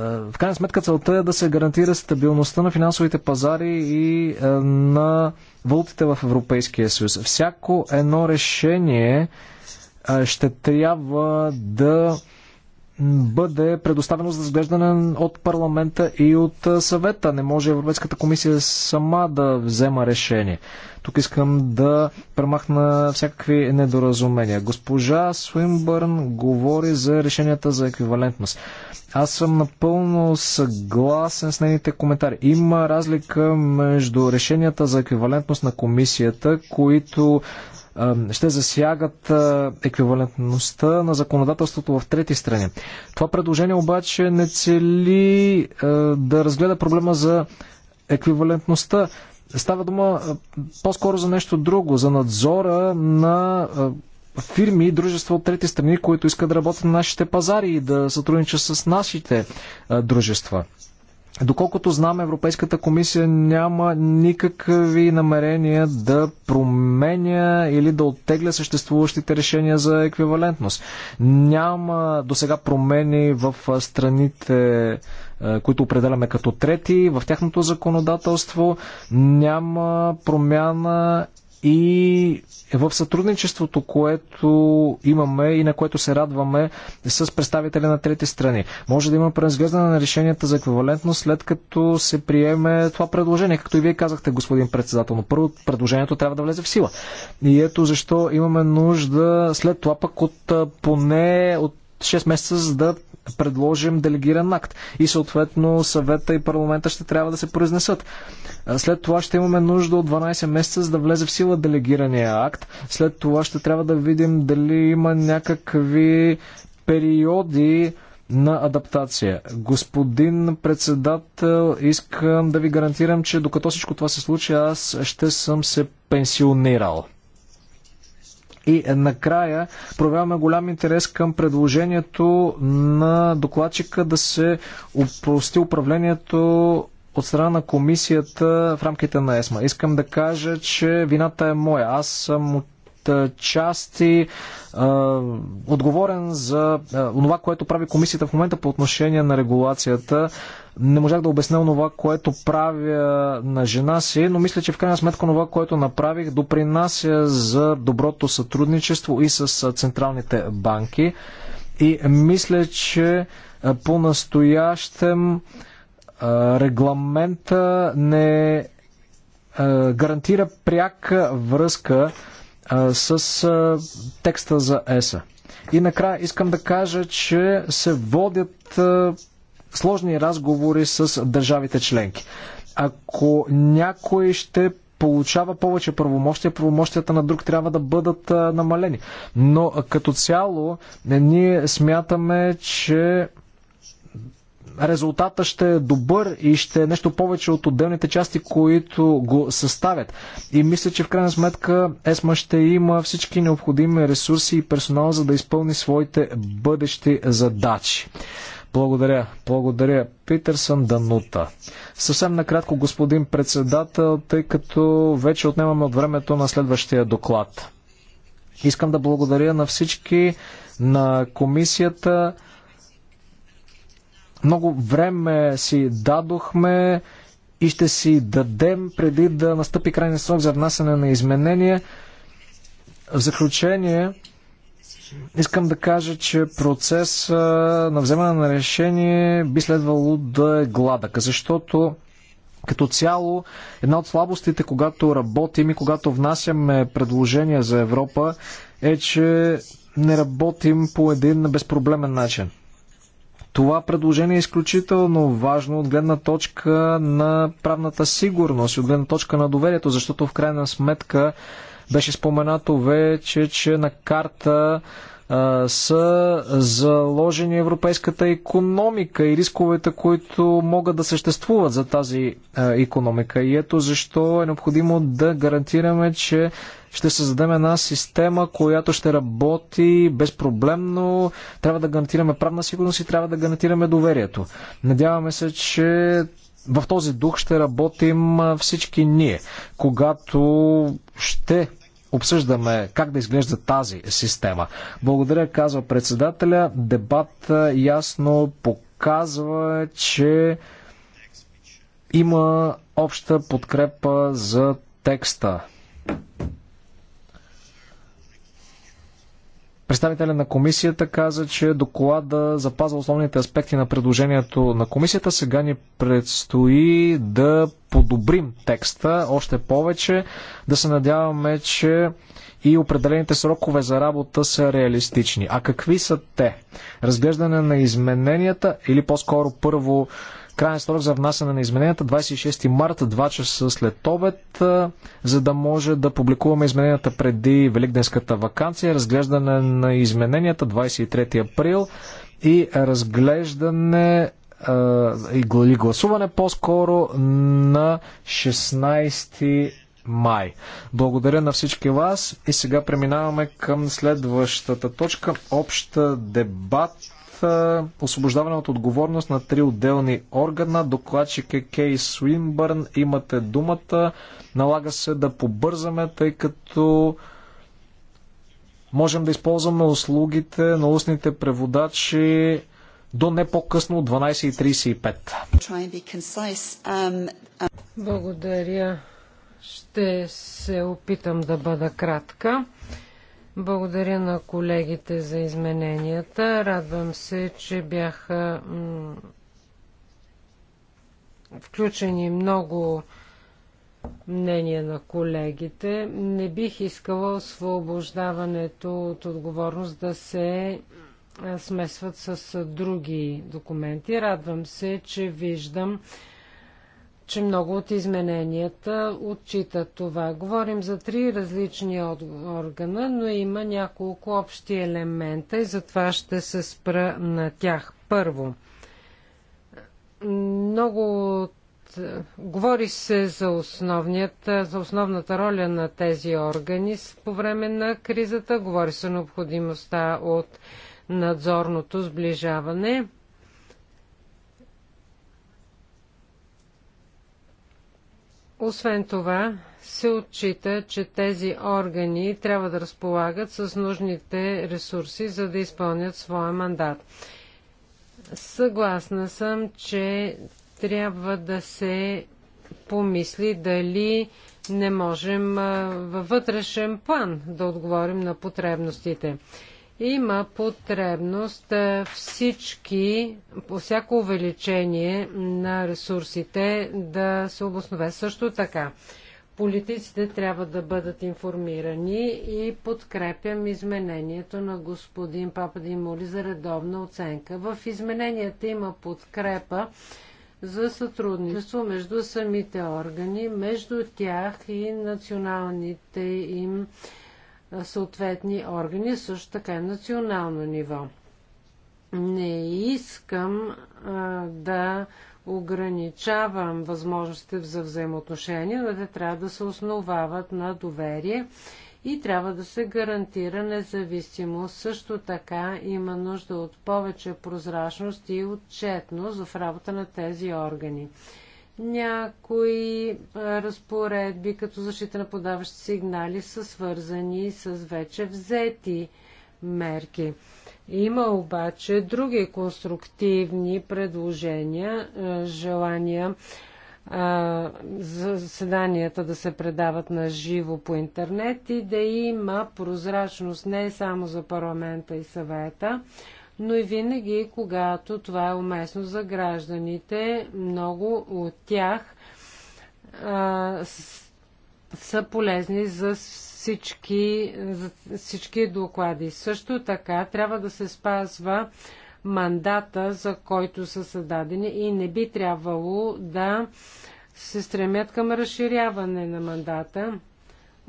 Speaker 3: в крайна сметка целта е да се гарантира стабилността на финансовите пазари и е, на валутите в Европейския съюз. Всяко едно решение ще трябва да бъде предоставено за разглеждане от парламента и от съвета. Не може Европейската комисия сама да взема решение. Тук искам да премахна всякакви недоразумения. Госпожа Суинбърн говори за решенията за еквивалентност. Аз съм напълно съгласен с нейните коментари. Има разлика между решенията за еквивалентност на комисията, които ще засягат еквивалентността на законодателството в трети страни. Това предложение обаче не цели да разгледа проблема за еквивалентността. Става дума по-скоро за нещо друго, за надзора на фирми и дружества от трети страни, които искат да работят на нашите пазари и да сътрудничат с нашите дружества. Доколкото знам, Европейската комисия няма никакви намерения да променя или да оттегля съществуващите решения за еквивалентност. Няма до сега промени в страните, е, които определяме като трети, в тяхното законодателство. Няма промяна и е в сътрудничеството, което имаме и на което се радваме с представители на трети страни. Може да има преразглеждане на решенията за еквивалентност след като се приеме това предложение, както и вие казахте, господин председател. Но първо предложението трябва да влезе в сила. И ето защо имаме нужда след това пък от поне от 6 месеца, за да предложим делегиран акт. И съответно съвета и парламента ще трябва да се произнесат. След това ще имаме нужда от 12 месеца, за да влезе в сила делегирания акт. След това ще трябва да видим дали има някакви периоди, на адаптация. Господин председател, искам да ви гарантирам, че докато всичко това се случи, аз ще съм се пенсионирал. И накрая проявяваме голям интерес към предложението на докладчика да се упрости управлението от страна на комисията в рамките на ЕСМА. Искам да кажа, че вината е моя. Аз съм от части е, отговорен за е, това, което прави комисията в момента по отношение на регулацията не можах да обясня това, което правя на жена си, но мисля, че в крайна сметка това, което направих, допринася за доброто сътрудничество и с централните банки. И мисля, че по-настоящем регламента не гарантира пряка връзка с текста за ЕСА. И накрая искам да кажа, че се водят сложни разговори с държавите членки. Ако някой ще получава повече правомощия, правомощията на друг трябва да бъдат намалени. Но като цяло е, ние смятаме, че резултата ще е добър и ще е нещо повече от отделните части, които го съставят. И мисля, че в крайна сметка ЕСМА ще има всички необходими ресурси и персонал, за да изпълни своите бъдещи задачи. Благодаря. Благодаря. Питерсън Данута. Съвсем накратко, господин председател, тъй като вече отнемаме от времето на следващия доклад. Искам да благодаря на всички, на комисията. Много време си дадохме и ще си дадем преди да настъпи крайния срок за внасяне на изменения. В заключение, Искам да кажа, че процес на вземане на решение би следвало да е гладък, защото като цяло, една от слабостите, когато работим и когато внасяме предложения за Европа, е, че не работим по един безпроблемен начин. Това предложение е изключително важно от гледна точка на правната сигурност и от гледна точка на доверието, защото в крайна сметка беше споменато вече, че на карта а, са заложени европейската економика и рисковете, които могат да съществуват за тази а, економика. И ето защо е необходимо да гарантираме, че ще създадем една система, която ще работи безпроблемно. Трябва да гарантираме правна сигурност и трябва да гарантираме доверието. Надяваме се, че в този дух ще работим всички ние, когато ще обсъждаме как да изглежда тази система. Благодаря, казва председателя. Дебат ясно показва, че има обща подкрепа за текста Представителя на комисията каза, че доклада запазва основните аспекти на предложението на комисията. Сега ни предстои да подобрим текста още повече, да се надяваме, че и определените срокове за работа са реалистични. А какви са те? Разглеждане на измененията или по-скоро първо Крайен срок за внасяне на измененията 26 марта, 2 часа след обед, за да може да публикуваме измененията преди Великденската вакансия, разглеждане на измененията 23 април и разглеждане или гласуване по-скоро на 16 май. Благодаря на всички вас и сега преминаваме към следващата точка. Общ дебат е, освобождаване от отговорност на три отделни органа. Докладчик е Кей Свинбърн. Имате думата. Налага се да побързаме, тъй като можем да използваме услугите на устните преводачи до не по-късно от 12.35.
Speaker 2: Um, um, Благодаря. Ще се опитам да бъда кратка. Благодаря на колегите за измененията. Радвам се, че бяха включени много мнения на колегите. Не бих искала освобождаването от отговорност да се смесват с други документи. Радвам се, че виждам че много от измененията отчита това. Говорим за три различни органа, но има няколко общи елемента и затова ще се спра на тях. Първо, много от... говори се за, основният, за основната роля на тези органи по време на кризата, говори се необходимостта от надзорното сближаване Освен това, се отчита, че тези органи трябва да разполагат с нужните ресурси, за да изпълнят своя мандат. Съгласна съм, че трябва да се помисли дали не можем във вътрешен план да отговорим на потребностите. Има потребност е, всички, по всяко увеличение на ресурсите да се обоснове. Също така, политиците трябва да бъдат информирани и подкрепям изменението на господин Моли за редовна оценка. В измененията има подкрепа за сътрудничество между самите органи, между тях и националните им съответни органи, също така и национално ниво. Не искам а, да ограничавам възможностите за взаимоотношения, но те трябва да се основават на доверие и трябва да се гарантира независимост. Също така има нужда от повече прозрачност и отчетност в работа на тези органи. Някои разпоредби, като защита на подаващи сигнали, са свързани с вече взети мерки. Има обаче други конструктивни предложения, желания заседанията да се предават на живо по интернет и да има прозрачност не само за парламента и съвета, но и винаги, когато това е уместно за гражданите, много от тях а, с, са полезни за всички, за всички доклади. Също така трябва да се спазва мандата, за който са създадени и не би трябвало да се стремят към разширяване на мандата.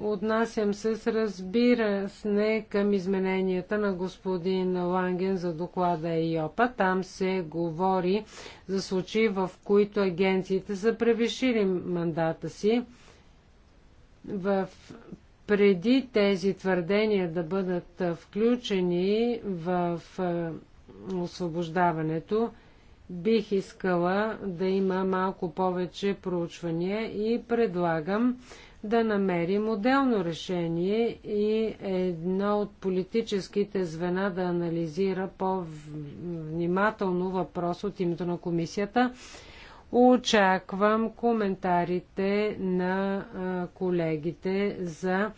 Speaker 2: Отнасям се с разбиране към измененията на господин Ланген за доклада ЕИОПА. Там се говори за случаи, в които агенциите са превишили мандата си. В преди тези твърдения да бъдат включени в освобождаването, бих искала да има малко повече проучвания и предлагам да намери моделно решение и едно от политическите звена да анализира по-внимателно въпрос от името на комисията. Очаквам коментарите на колегите за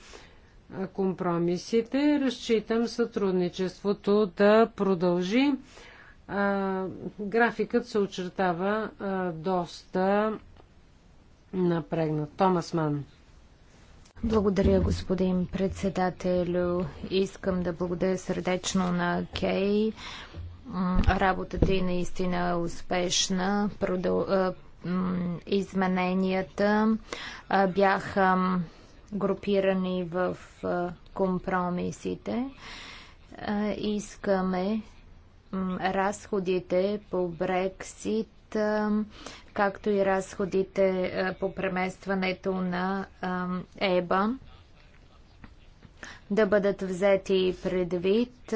Speaker 2: компромисите. Разчитам сътрудничеството да продължи. графикът се очертава доста напрегнат. Томас Ман.
Speaker 4: Благодаря, господин председателю. Искам да благодаря сърдечно на Кей. Работата е наистина успешна. Продъл... Измененията бяха групирани в компромисите. Искаме разходите по Брексит както и разходите по преместването на ЕБА да бъдат взети предвид.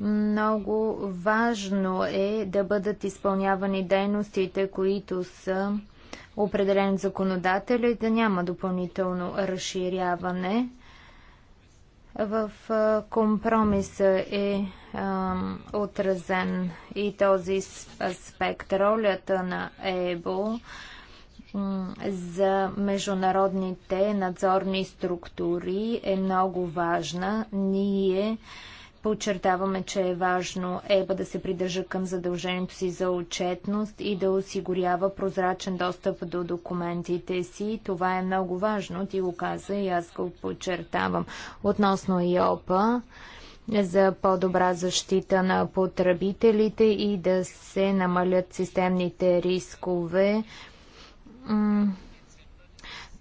Speaker 4: Много важно е да бъдат изпълнявани дейностите, които са определен законодатели, и да няма допълнително разширяване. В компромиса е отразен и този аспект. Ролята на ЕБО за международните надзорни структури е много важна. Ние Подчертаваме, че е важно ЕБА да се придържа към задължението си за отчетност и да осигурява прозрачен достъп до документите си. Това е много важно, ти го каза и аз го подчертавам. Относно ИОПА, за по-добра защита на потребителите и да се намалят системните рискове.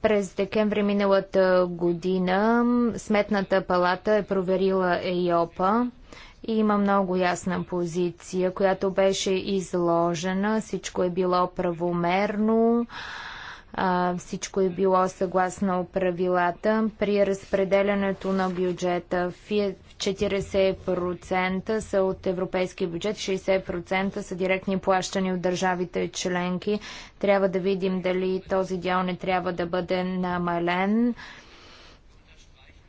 Speaker 4: През декември миналата година Сметната палата е проверила ЕЙОПА и има много ясна позиция, която беше изложена. Всичко е било правомерно, всичко е било съгласно правилата. При разпределянето на бюджета в 40% са от европейския бюджет, 60% са директни плащани от държавите членки. Трябва да видим дали този дял не трябва да бъде намален.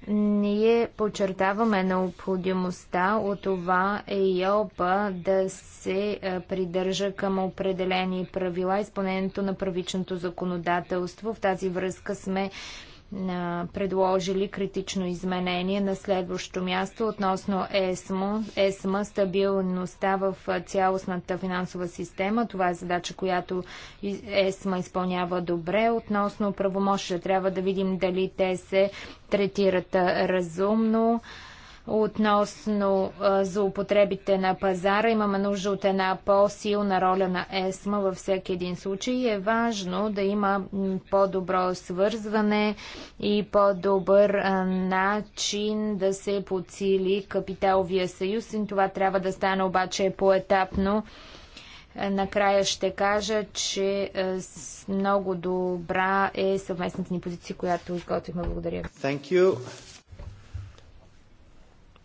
Speaker 4: Ние подчертаваме необходимостта от това ЕОПа да се придържа към определени правила изпълнението на правичното законодателство. В тази връзка сме предложили критично изменение на следващо място относно ЕСМО. ЕСМА стабилността в цялостната финансова система. Това е задача, която ЕСМА изпълнява добре. Относно правомощия трябва да видим дали те се третират разумно. Относно заупотребите на пазара, имаме нужда от една по-силна роля на ЕСМА във всеки един случай. Е важно да има по-добро свързване и по-добър начин да се подсили капиталовия съюз. И това трябва да стане обаче по-етапно. Е, накрая ще кажа, че е, много добра е съвместната ни позиция, която изготвихме. Благодаря.
Speaker 2: Thank you.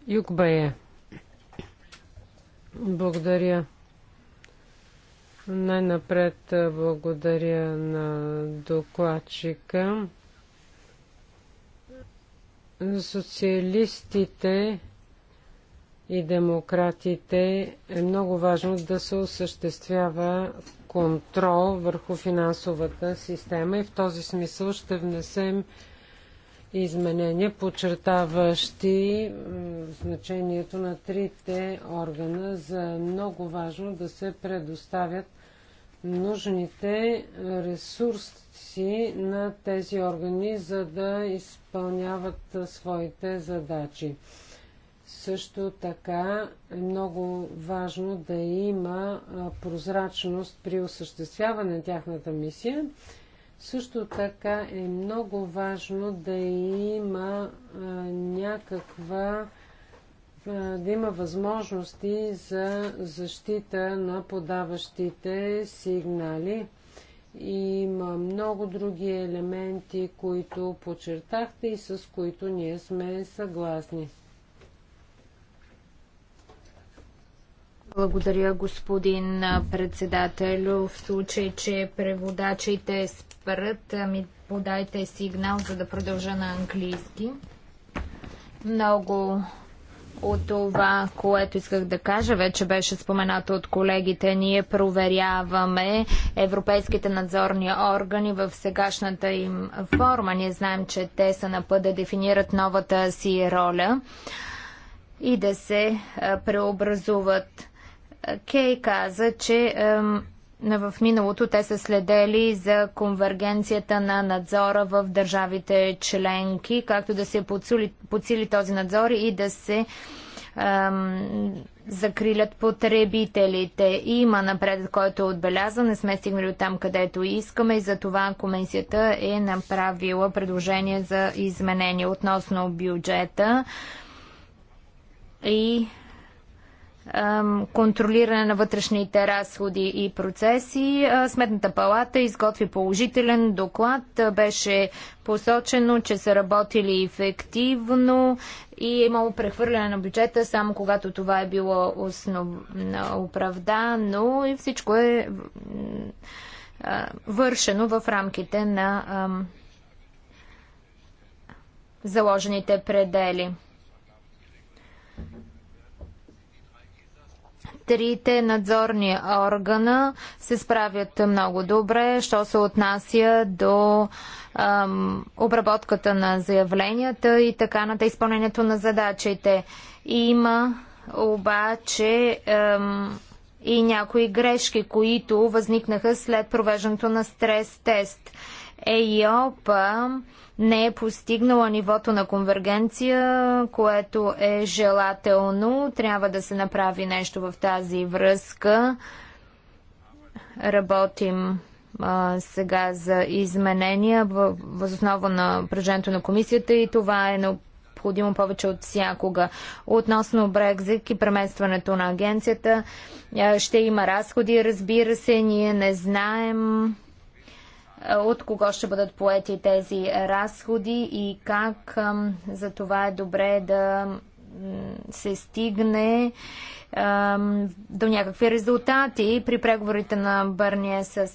Speaker 2: Юкбая. Благодаря. Най-напред благодаря на докладчика. Социалистите и демократите е много важно да се осъществява контрол върху финансовата система и в този смисъл ще внесем изменения, подчертаващи значението на трите органа за много важно да се предоставят нужните ресурси на тези органи, за да изпълняват своите задачи. Също така е много важно да има прозрачност при осъществяване на тяхната мисия също така е много важно да има а, някаква а, да има възможности за защита на подаващите сигнали. Има много други елементи, които подчертахте и с които ние сме съгласни.
Speaker 4: Благодаря, господин председател. В случай, че преводачите спрат, ми подайте сигнал, за да продължа на английски. Много от това, което исках да кажа, вече беше споменато от колегите. Ние проверяваме европейските надзорни органи в сегашната им форма. Ние знаем, че те са на път да дефинират новата си роля и да се преобразуват. Кей каза, че в миналото те са следели за конвергенцията на надзора в държавите членки, както да се подсили, подсили този надзор и да се закрилят потребителите. Има напред, който е отбелязан. Не сме стигнали от там, където искаме и за това комисията е направила предложение за изменение относно бюджета и контролиране на вътрешните разходи и процеси. Сметната палата изготви положителен доклад. Беше посочено, че са работили ефективно и е имало прехвърляне на бюджета само когато това е било основно оправдано и всичко е вършено в рамките на заложените предели. трите надзорни органа се справят много добре, що се отнася до ам, обработката на заявленията и така на изпълнението на задачите. Има обаче ам, и някои грешки, които възникнаха след провеждането на стрес-тест. ЕИОПА не е постигнала нивото на конвергенция, което е желателно. Трябва да се направи нещо в тази връзка. Работим а, сега за изменения възоснова на прежението на комисията и това е необходимо повече от всякога. Относно Брекзит и преместването на агенцията, ще има разходи, разбира се, ние не знаем от кого ще бъдат поети тези разходи и как за това е добре да се стигне до някакви резултати при преговорите на Бърния с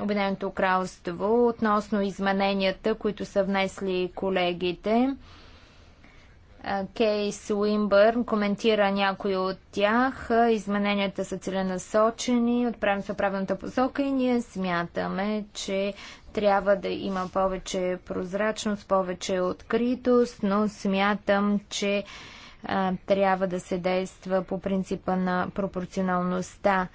Speaker 4: Обединеното кралство относно измененията, които са внесли колегите. Кейс Уимбърн коментира някои от тях. Измененията са целенасочени, отправим се в правилната посока и ние смятаме, че трябва да има повече прозрачност, повече откритост, но смятам, че а, трябва да се действа по принципа на пропорционалността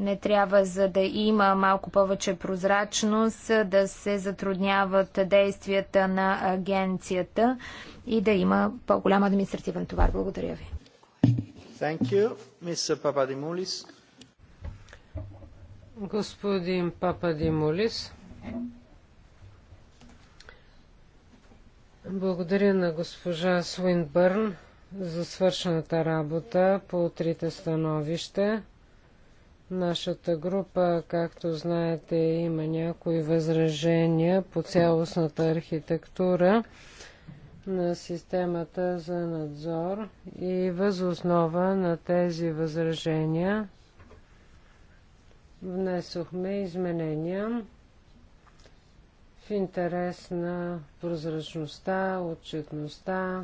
Speaker 4: не трябва, за да има малко повече прозрачност, да се затрудняват действията на агенцията и да има по-голям административен товар. Благодаря ви.
Speaker 2: Thank Господин Пападимулис. Благодаря на госпожа Суинбърн за свършената работа по трите становища. Нашата група, както знаете, има някои възражения по цялостната архитектура на системата за надзор и възоснова на тези възражения внесохме изменения в интерес на прозрачността, отчетността,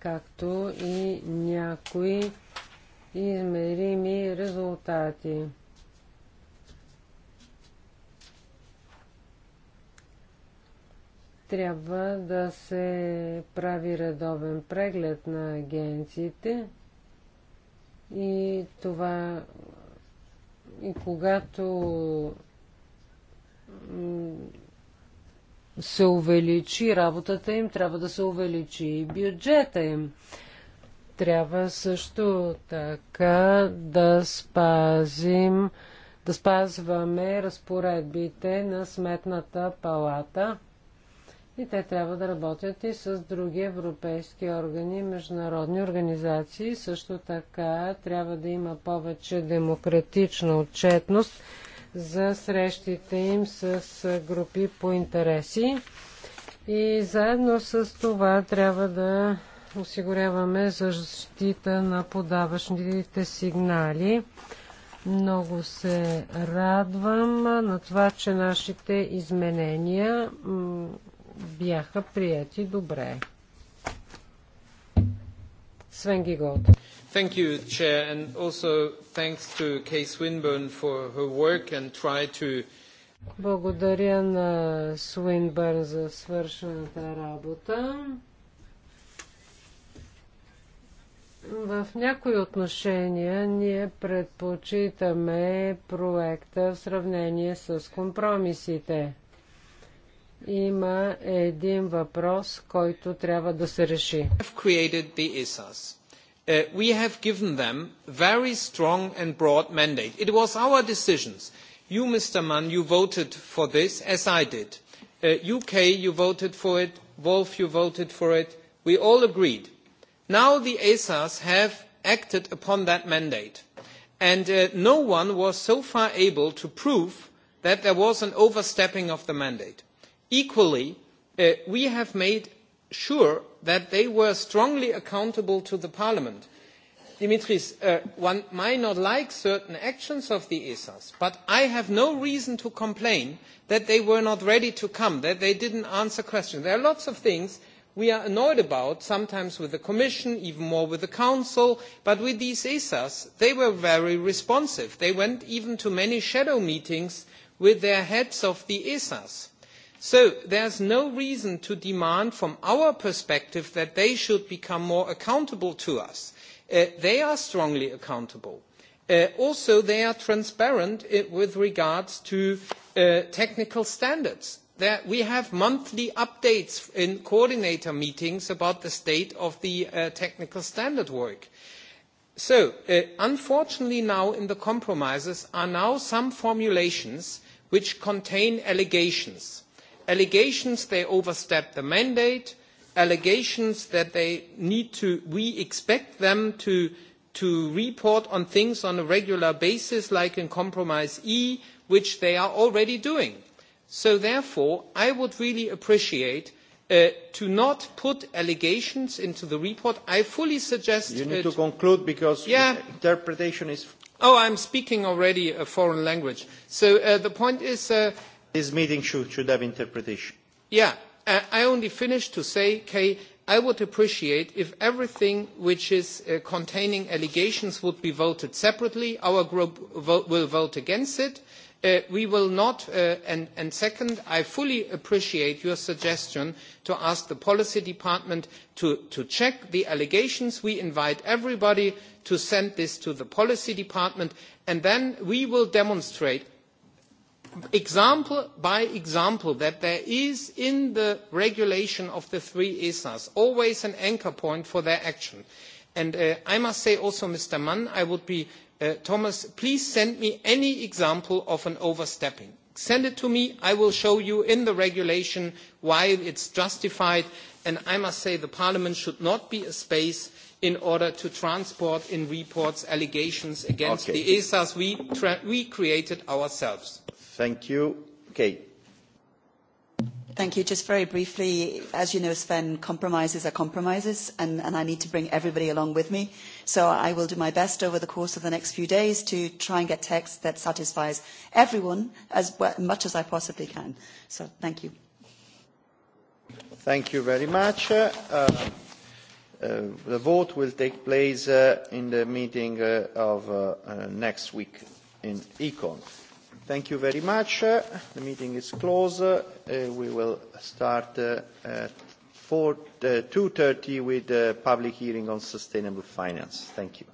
Speaker 2: както и някои измерими резултати. Трябва да се прави редовен преглед на агенциите и това и когато се увеличи работата им, трябва да се увеличи и бюджета им. Трябва също така да спазим, да спазваме разпоредбите на Сметната палата и те трябва да работят и с други европейски органи, международни организации. Също така трябва да има повече демократична отчетност за срещите им с групи по интереси. И заедно с това трябва да осигуряваме защита на подаващите сигнали. Много се радвам на това, че нашите изменения бяха прияти добре. Свен Гиголт.
Speaker 1: Thank you, Chair, and also thanks to Kay Swinburne for her work and try to
Speaker 2: благодаря на Суинбърн за свършената работа. В някои отношения ние предпочитаме проекта в сравнение с компромисите. Има един въпрос, който трябва да се реши.
Speaker 1: Uh, we have given them very strong and broad mandate. It was our decisions. You, Mr. Mann, you voted for this, as I did. Uh, UK, you voted for it. Wolf, you voted for it. We all agreed. Now the ESAs have acted upon that mandate, and no one was so far able to prove that there was an overstepping of the mandate. Equally, we have made sure that they were strongly accountable to the parliament. Dimitris, one might not like certain actions of the ESAs, but I have no reason to complain that they were not ready to come, that they did not answer questions. There are lots of things we are annoyed about, sometimes with the Commission, even more with the Council, but with these ESAs, they were very responsive. They went even to many shadow meetings with their heads of the ESAs. So there is no reason to demand from our perspective that they should become more accountable to us. they are strongly accountable. also, they are transparent with regard to technical standards that we have monthly updates in coordinator meetings about the state of the technical standard work. So, unfortunately now in the compromises are now some formulations which contain allegations. Allegations they overstep the mandate, allegations that they need to, we expect them to, to report on things on a regular basis like in compromise E, which they are already doing So therefore, I would really appreciate to not put allegations into the report. I fully suggest... You need to conclude because yeah. interpretation is... Oh, I'm speaking already a foreign language. So the point is... this meeting should, should have interpretation. Yeah. I only finished to say, Kay, I would appreciate if everything which is containing allegations would be voted separately. Our group will vote against it we will not and second i fully appreciate your suggestion to ask the policy department to check the allegations we invite everybody to send this to the policy department and then we will demonstrate example by example that there is in the regulation of the three esas always an anchor point for their action. i must say also mr mann i would be Thomas, please send me any example of an overstepping. Send it to me. I will show you in the regulation why it's justified. And I must say the Parliament should not be a space in order to transport in reports allegations against the ESAs we, tra- we created ourselves. Thank
Speaker 2: you. Okay.
Speaker 3: Thank you. Just very briefly, as you know, Sven, compromises are compromises, and, and I need to bring everybody along with me So I will do my
Speaker 1: best over the course of the next few days to try and get text that satisfies everyone as much as I possibly can. So thank you. Thank you very much. Uh, uh, the vote will take place uh, in the meeting uh, of uh, uh, next week in Econ. Thank you very much. Uh, the meeting is closed. Uh, we will start uh, at two thirty with a public hearing on sustainable finance. Thank you.